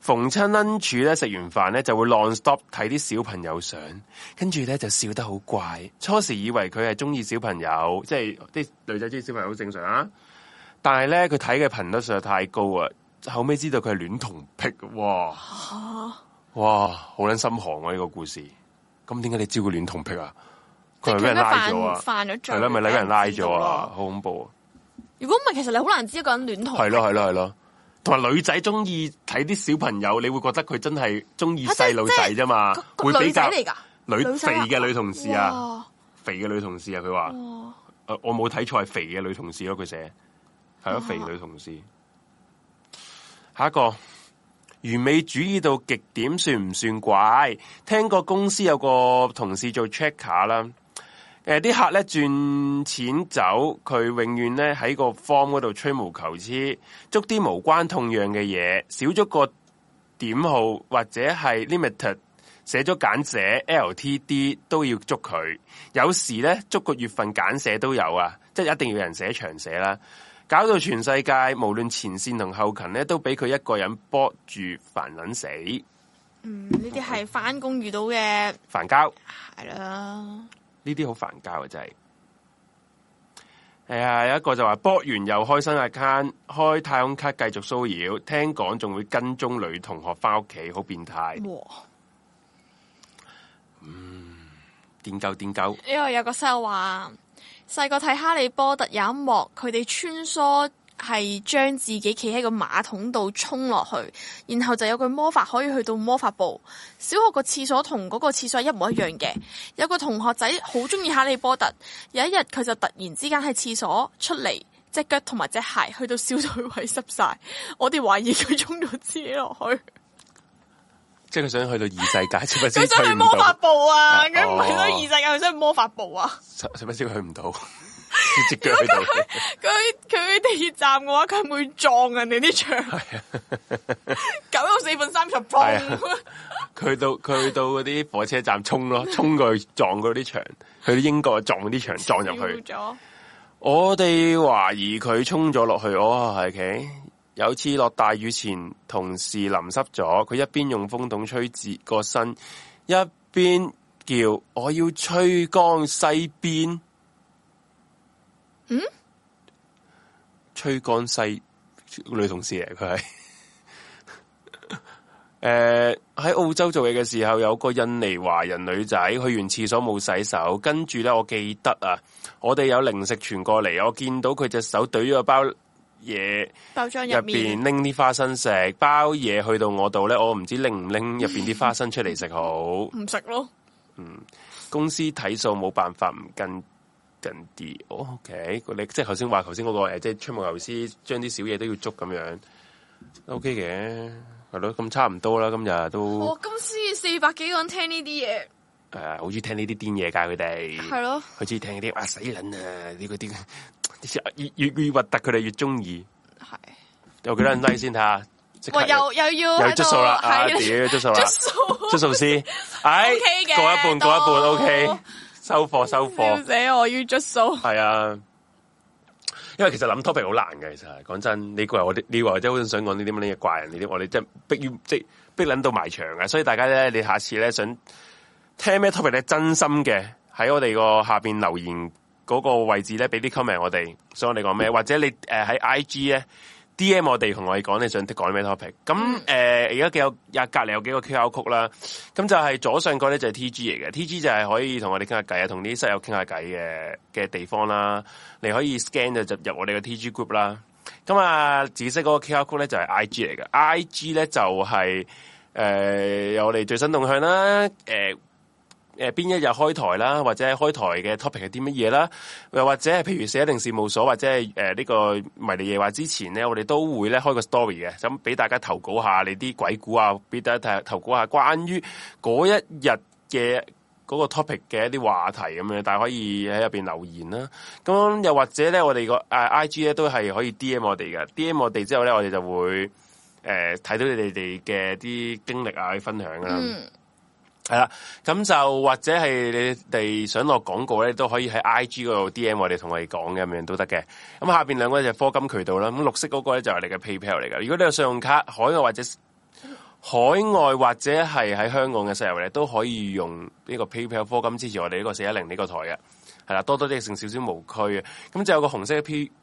逢親 lunch 咧食完飯咧就會 long stop 睇啲小朋友相，跟住咧就笑得好怪。初時以為佢係中意小朋友，即係啲女仔中意小朋友好正常啊。但係咧佢睇嘅頻率實在太高啊。後尾知道佢係戀童癖嘅，哇！啊、哇！好撚心寒啊呢、這個故事。咁點解你知佢戀童癖啊？佢係俾人拉咗啊？犯咗罪？係咯，咪俾人拉咗啊！好恐怖啊！如果唔係，其實你好難知一個人戀童癖。係咯，係咯，係咯。同埋女仔中意睇啲小朋友，你會覺得佢真係中意細路仔啫嘛？會比較女，女、啊、肥嘅女同事啊，肥嘅女同事啊，佢話、啊，我冇睇錯係肥嘅女同事咯、啊，佢寫係咯肥女同事。下一個完美主義到極點算唔算怪？聽過公司有個同事做 check 卡啦。誒、呃、啲客咧轉錢走，佢永遠咧喺個 form 嗰度吹毛求疵，捉啲無關痛癢嘅嘢，少咗個點號或者係 limit，寫咗簡寫 LTD 都要捉佢。有時咧捉個月份簡寫都有啊，即係一定要人寫長寫啦，搞到全世界無論前線同後勤咧都俾佢一個人波住煩撚死。嗯，呢啲係翻工遇到嘅煩交，係啦。呢啲好煩交嘅真係，係、哎、啊有一個就話博完又開新 account，開太空卡繼續騷擾，聽講仲會跟蹤女同學翻屋企，好變態。嗯，點夠點夠。因為有個細路話，細個睇《哈利波特》有一幕，佢哋穿梭。係將自己企喺個馬桶度沖落去，然後就有個魔法可以去到魔法部。小學個廁所同嗰個廁所一模一樣嘅，有個同學仔好中意哈利波特。有一日佢就突然之間喺廁所出嚟，隻腳同埋隻鞋去到小水位濕晒，我哋懷疑佢沖咗車落去。即係佢想去到異世界，佢 想去魔法部啊！佢唔係去異世界，佢想去魔法部啊！使使乜佢去唔到？隻腳佢，佢佢地鐵站嘅話，佢會撞人牆啊！人哋啲牆，九四分三十，嘭！佢到佢到嗰啲火車站衝咯，衝過去撞嗰啲牆，去到英國撞嗰啲牆，撞入去。 我哋懷疑佢衝咗落去哦。係嘅有次落大雨前，同事淋濕咗，佢一邊用風筒吹自個身，一邊叫我要吹乾西邊。嗯，吹乾西女同事嚟，佢係誒喺澳洲做嘢嘅時候，有個印尼華人女仔去完廁所冇洗手，跟住咧我記得啊，我哋有零食傳過嚟，我見到佢隻手懟咗個包嘢，包裝入邊拎啲花生食，包嘢去到我度咧，我唔知拎唔拎入邊啲花生出嚟食好，唔 食咯，嗯，公司睇數冇辦法唔跟。近啲、哦，OK，你即係頭先話頭先嗰個誒、呃，即係吹毛求疵，將啲小嘢都要捉咁樣，OK 嘅，係咯，咁差唔多啦，今日都。我今次四百幾個人聽呢啲嘢，誒、呃，好中意聽呢啲癲嘢噶佢哋，係咯，好中意聽嗰啲、啊 like，啊，死撚啊，呢啲癲，越越越核突，佢哋越中意。係，又幾多人 like 先睇下，哇又又要，有質素啦，啊屌，質素啦，質素，質素先，OK 嘅，過一半過一半 OK。收貨收貨，死我，我要出數。係啊，因為其實諗 topic 好難嘅，其實講真，你話我你話或者好想想講呢啲乜嘢怪人呢啲，我哋真逼要即係逼捻到埋牆嘅，所以大家咧，你下次咧想聽咩 topic 咧，真心嘅喺我哋個下邊留言嗰個位置咧，俾啲 comment 我哋，想我哋講咩，或者你誒喺、呃、IG 咧。D.M 我哋同我哋講你想講咩 topic，咁誒而家幾有隔籬有幾個 QR Code 啦，咁就係左上角咧就係 T.G 嚟嘅，T.G 就係可以同我哋傾下偈啊，同啲室友傾下偈嘅嘅地方啦，你可以 scan 就入入我哋嘅 T.G group 啦，咁啊紫色嗰個 QR Code 咧就係 I.G 嚟嘅，I.G 咧就係、是、誒、呃、有我哋最新動向啦，誒、呃。誒邊一日開台啦，或者開台嘅 topic 係啲乜嘢啦？又或者係譬如寫定事務所，或者係誒呢個迷你夜話之前咧，我哋都會咧開個 story 嘅，咁俾大家投稿下你啲鬼故啊，俾大家投稿下關於嗰一日嘅嗰個 topic 嘅一啲話題咁樣，大家可以喺入面留言啦。咁又或者咧，我哋個誒 IG 咧都係可以 DM 我哋嘅，DM 我哋之後咧，我哋就會誒睇到你哋哋嘅啲經歷啊去分享啦。係啦，咁就或者係你哋想落廣告咧，都可以喺 I G 嗰度 D M 我哋，同我哋講嘅咁樣都得嘅。咁下面兩個就課金渠道啦。咁綠色嗰個咧就係你嘅 PayPal 嚟嘅。如果你有信用卡海外或者海外或者係喺香港嘅收入咧，都可以用呢個 PayPal 課金支持我哋呢個四一零呢個台嘅。係啦，多多益善，少少無拘嘅。咁就有個紅色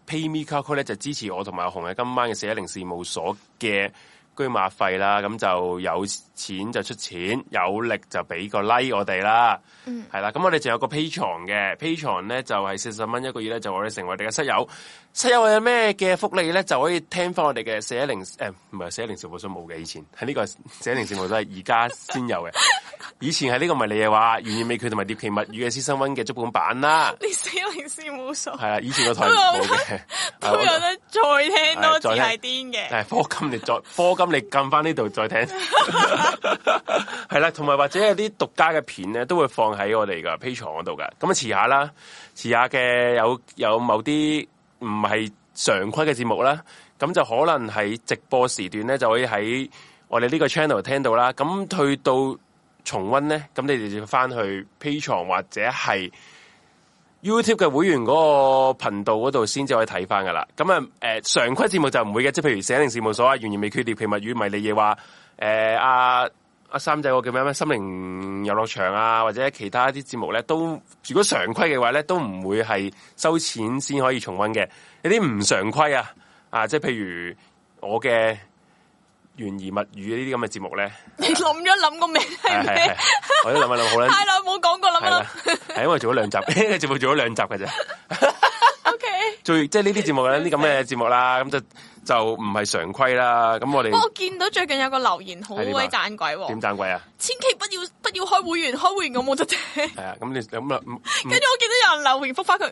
PayMe 卡號咧，就支持我同埋紅喺今晚嘅四一零事務所嘅。居馬費啦，咁就有錢就出錢，有力就俾個 like 我哋啦，係、嗯、啦，咁我哋仲有個 Patreon 嘅 Patreon 咧就係四十蚊一個月咧就可以成為我哋嘅室友，室友有咩嘅福利咧就可以聽翻我哋嘅四一零誒，唔係四一零事務所冇嘅，以前喺呢個四一零事務所係而家先有嘅，以前係呢個唔係你嘅話，願意俾佢同埋疊奇物語嘅師生溫嘅足本版啦，你四一零事務所係啊，以前個台都嘅，都有得再聽多次係癲嘅，係科金嚟再科咁你撳翻呢度再聽， 係啦，同埋或者有啲獨家嘅片咧，都會放喺我哋嘅 Patreon 嗰度嘅。咁啊，遲下啦，遲下嘅有有某啲唔係常規嘅節目啦，咁就可能喺直播時段咧，就可以喺我哋呢個 channel 聽到啦。咁去到重温咧，咁你哋就要翻去 Patreon 或者係。YouTube 嘅會員嗰個頻道嗰度先至可以睇返㗎喇，咁啊誒常規節目就唔會嘅，即係譬如寫靈事務所啊、完言未決裂、皮密語、迷離夜話、誒阿阿三仔個叫咩咩心靈遊樂場啊，或者其他啲節目咧，都如果常規嘅話咧，都唔會係收錢先可以重溫嘅。有啲唔常規啊，啊即係譬如我嘅。懸疑密語節目呢啲咁嘅節目咧，你諗咗諗個名係咪？我都諗下諗好咧，太 啦，冇講過諗諗。係因為做咗兩集，節、 就是、目做咗兩集嘅啫。O K，最即係呢啲節目呢啲咁嘅節目啦，咁就就唔係常規啦。咁我哋，我見到最近有個留言好鬼讚、哦、鬼，點讚鬼啊？千祈不要不要開會員，開會員我冇得聽。係啊，咁你咁啊，跟 住、嗯、我見到有人留言覆翻佢。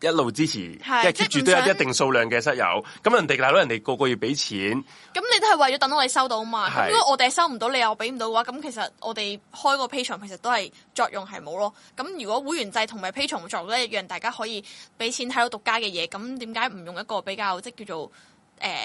一路支持，即係 keep 住都有一定數量嘅室友。咁、就是、人哋嗱，咗人哋個個要俾錢，咁你都係為咗等我哋收到嘛？如果我哋收唔到你，你又俾唔到嘅話，咁其實我哋開個 P 場，其實都係作用係冇咯。咁如果會員制同埋 P 場作用讓大家可以俾錢睇到獨家嘅嘢，咁點解唔用一個比較即係叫做誒？唔、呃、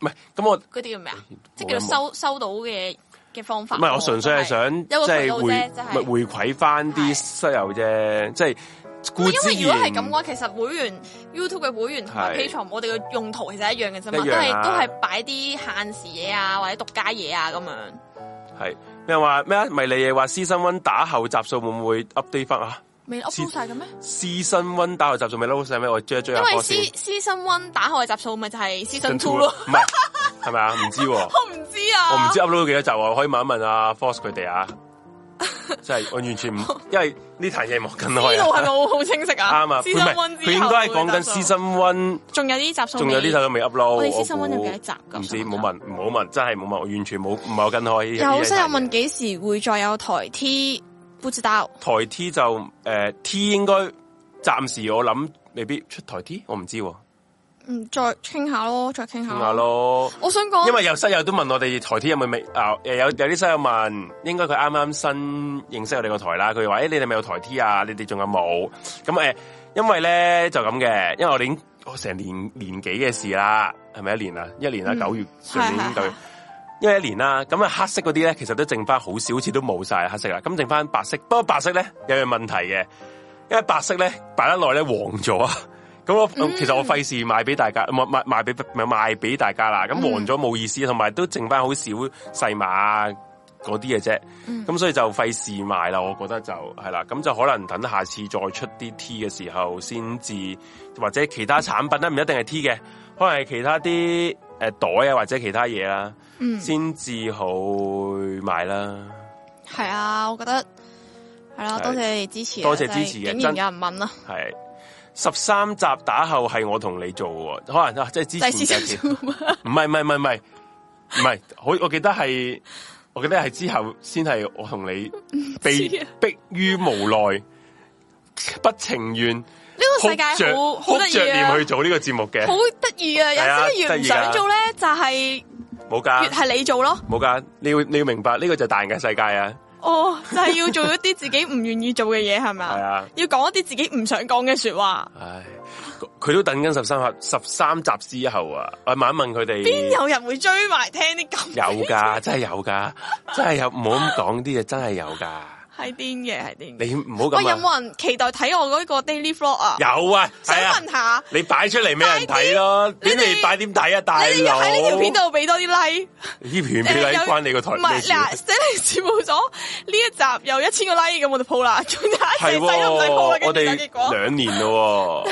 係，咁我嗰啲叫咩啊？即係叫做收收到嘅嘅方法。唔係，我純粹係想即係、就是就是就是、回饋翻啲室友啫，即係。就是嗯就是因為如果係咁嘅話，其實會員 YouTube 嘅會員同埋 Patreon，我哋嘅用途其實是一樣嘅啫嘛，都係都係擺啲限時嘢啊，或者獨家嘢啊咁樣是。係，咩話咩啊？迷你嘢話 season one 打後集數會唔會 update 翻啊？未 update 晒嘅咩？season one 打後集數未 load 晒咩？我追一追一因為 season season one 打後嘅集數咪就係 season two 咯，係咪啊？唔知我唔知啊，我唔知 upload 幾多集啊，我可以問一問阿 Force 佢哋啊。 就係我完全唔，因為呢壇嘢冇跟開。呢度係咪好好清晰啊？啱 啊，唔係，佢應該係講緊《私心溫》還些。仲 有啲集，仲有啲集未 upload。我私心溫有幾多集？唔知，唔好問，唔好問，真係唔好問，我完全冇，唔係我跟開這。有聲，我問幾時會再有台 T，不知道台 T 就誒、呃、，T 應該暫時我諗未必出台 T，我唔知道、啊。嗯，再傾下咯，再傾下咯。我想講，因為有室友都問我哋台 T 有冇未啊？有有啲室友問，應該佢啱啱新認識我哋個台啦。佢話：誒、欸，你哋咪有，有台 T 啊？你哋仲有冇？咁誒、呃，因為咧就咁、是、嘅，因為我哋已經成、哦、年年幾嘅事啦，係咪一年啊？一年啦，九、嗯、月上年對，因為一年啦。咁啊，黑色嗰啲咧，其實都剩翻好少，好似都冇晒黑色啦。咁剩翻白色，不過白色咧有樣問題嘅，因為白色咧擺得耐咧黃咗啊。 咁我、嗯、其實我費事賣俾大家，賣賣賣俾賣俾大家啦，咁黃咗冇意思，同埋都剩翻好少細碼嗰啲嘅啫，咁、嗯、所以就費事賣啦。我覺得就係啦，咁就可能等下次再出啲 T 嘅時候才，先至或者其他產品咧，唔、嗯、一定係 T 嘅，可能係其他啲誒、呃、袋啊或者其他嘢啦，先至好賣啦。係啊，我覺得係啦，多、啊、謝，謝，謝，謝支持嘅，多謝支持，嘅真有人問啦，係。十三集打後係我同你做嘅，可能、啊、即係之前就做，唔係唔係唔係唔係，好我記得係，我記得係之後先係我同你被逼於無奈，不情願。呢、這個世界好好得意，去做呢個節目嘅，好得意啊！有啲人越唔想做咧、就是，就係冇噶，越係你做咯，冇噶，你要你要明白呢、這個就係大人嘅世界啊！哦、oh，就係要做一啲自己唔願意做嘅嘢，係咪啊？ 要講一啲自己唔想講嘅說話。 唉，佢都等緊十三集，十三集之後啊！我問一問佢哋，邊有人會追埋聽啲咁？有噶，真係有噶，真係有，有，唔好咁講啲嘢，真係有噶。 係癲嘅，係癲。你唔好咁。我有冇人期待睇我嗰一個 daily vlog 啊？有啊，想問下你擺出嚟咩人睇咯？俾你擺點睇啊？大佬？啊有。你喺呢條片度俾多啲 like。呢片片 like 關你個台？唔係嗱，即係事務所呢一集有一千個 like 咁，我哋鋪啦。係喎，我哋兩年咯，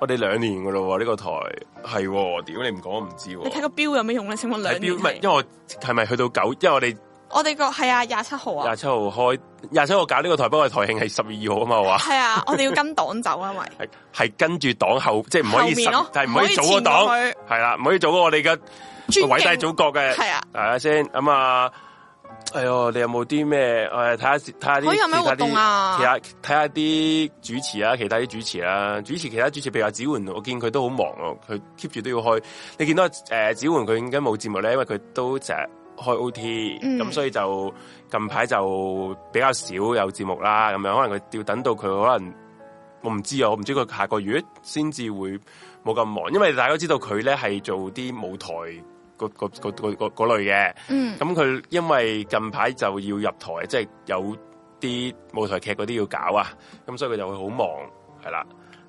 我哋兩年噶咯，呢個台係，點解你唔講唔知、哦？你睇個標有咩用咧？請問兩。標唔係，因為係咪去到九？因為我哋。我哋個係啊，廿七號啊27，廿七號開廿七號搞呢個台北，不過台慶係十二號啊嘛，我話係啊， 我哋要跟黨走啊，咪係跟住黨後，即係唔可以失、啊，但係唔可以組個黨，係啦，唔可以組、啊、我哋嘅偉大祖國嘅係啊看看，係啊先咁啊，哎呦，你有冇啲咩誒？睇下睇下啲活動啊，其他睇下啲主持啊，其他啲主持啊，主持、啊、其他主持，譬如話子煥，我見佢都好忙啊，佢 keep 住都要開。你見到誒子煥佢應該冇節目咧？因為佢都成日。開 OT，咁所以就近排就比較少有節目啦，咁樣可能佢要等到佢可能我唔知啊，我唔知佢下個月先至會冇咁忙，因為大家都知道佢咧係做啲舞台嗰嗰嗰嗰嗰嗰類嘅，咁佢因為近排就要入台，即係有啲舞台劇嗰啲要搞啊，咁所以佢就會好忙係啦，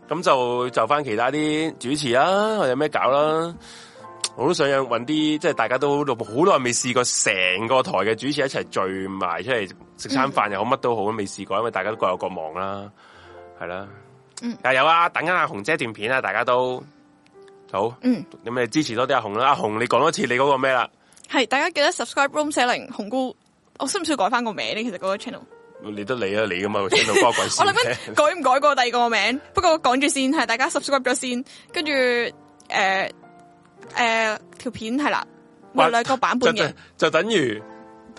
咁就就翻其他啲主持啦，或者咩搞啦。我都想有搵啲，即係大家都好耐，未試過成個台嘅主持一齊聚埋出嚟食餐飯又好乜都好都未試過，因為大家都各有各忙啦，係啦。嗯，加油啊，等緊阿紅姐段片啊，大家都好。嗯，咁咪支持多啲阿紅啦。阿、啊、紅你講多次你嗰個咩啦？係大家記得 subscribe Room 410紅姑，我需唔需要改翻個名咧？其實嗰個 channel，你都你啦，你噶、啊啊、嘛，channel 哥鬼事。 我諗想問 改唔改過第二個名， 不過講住先，係大家 subscribe 咗先，跟住誒。呃誒、呃，條片係啦，有兩個版本嘅，就等於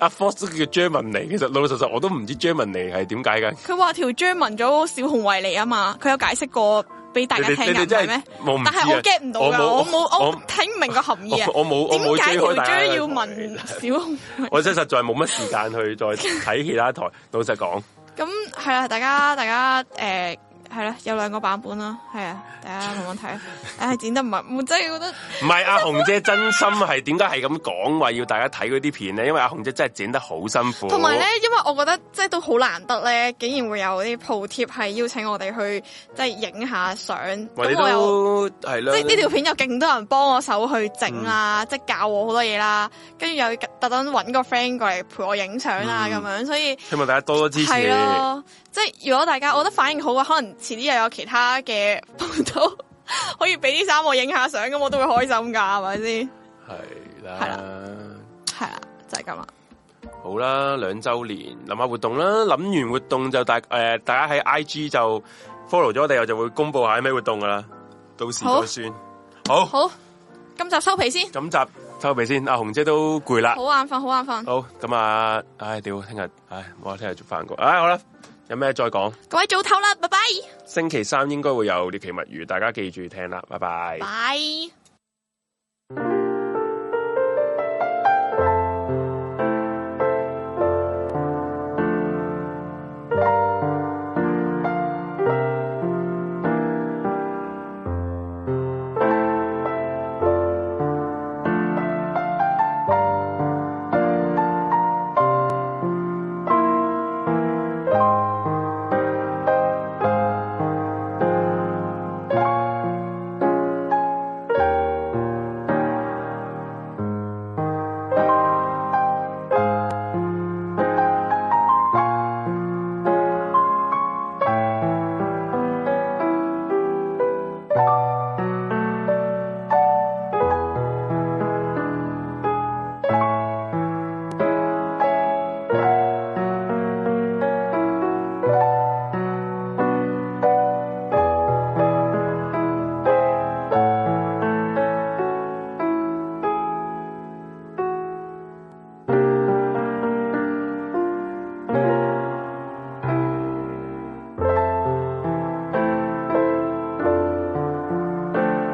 阿 Fox 叫 Germany，其實老老實實我都唔知 Germany 係點解嘅。佢話條 German 咗小紅為你啊嘛，佢有解釋過俾大家聽嘅係咩？但係我 get 唔到噶，我冇我睇唔明個含義，我冇我冇解條 J 要問小紅。我真實在冇乜時間去再睇其他台， 老實講。咁係喇，大家大家誒。呃係啦，有兩個版本啦，係啊，大家冇問題。唉， 剪得唔係，我真係覺得。唔係阿紅姐真心係點解係咁講話要大家睇嗰啲片咧？因為阿、啊、紅姐真係剪得好辛苦。同埋咧，因為我覺得即係都好難得咧，竟然會有啲鋪貼係邀請我哋去即係影下相。咁我又係啦，即係呢條片有勁多人幫我手去整、啊嗯、啦，即係教我好多嘢啦。跟住又特登搵個 friend 過嚟陪我影相啊，咁、嗯、樣所以希望大家多多支持。即係如果大家，我覺得反應好嘅，可能遲啲又有其他嘅頻道可以俾啲衫我影下相咁，我都會開心噶，係咪先？係啦，係啦，係啊，就係咁啊。好啦，兩周年諗下活動啦，諗完活動就大誒、呃，大家喺 I G 就 follow 咗我哋，我就會公布下咩活動噶啦。到時再算，好好。好，好，今集收皮先。今集收皮先，阿、啊、紅姐都攰啦，好眼瞓，好眼瞓。好，咁啊，唉、哎，屌，聽日唉，冇話聽日做飯局，唉、哎，好啦。有咩再講？各位早唞啦，拜拜。星期三應該會有啲奇物語，大家記住聽啦，拜拜。拜。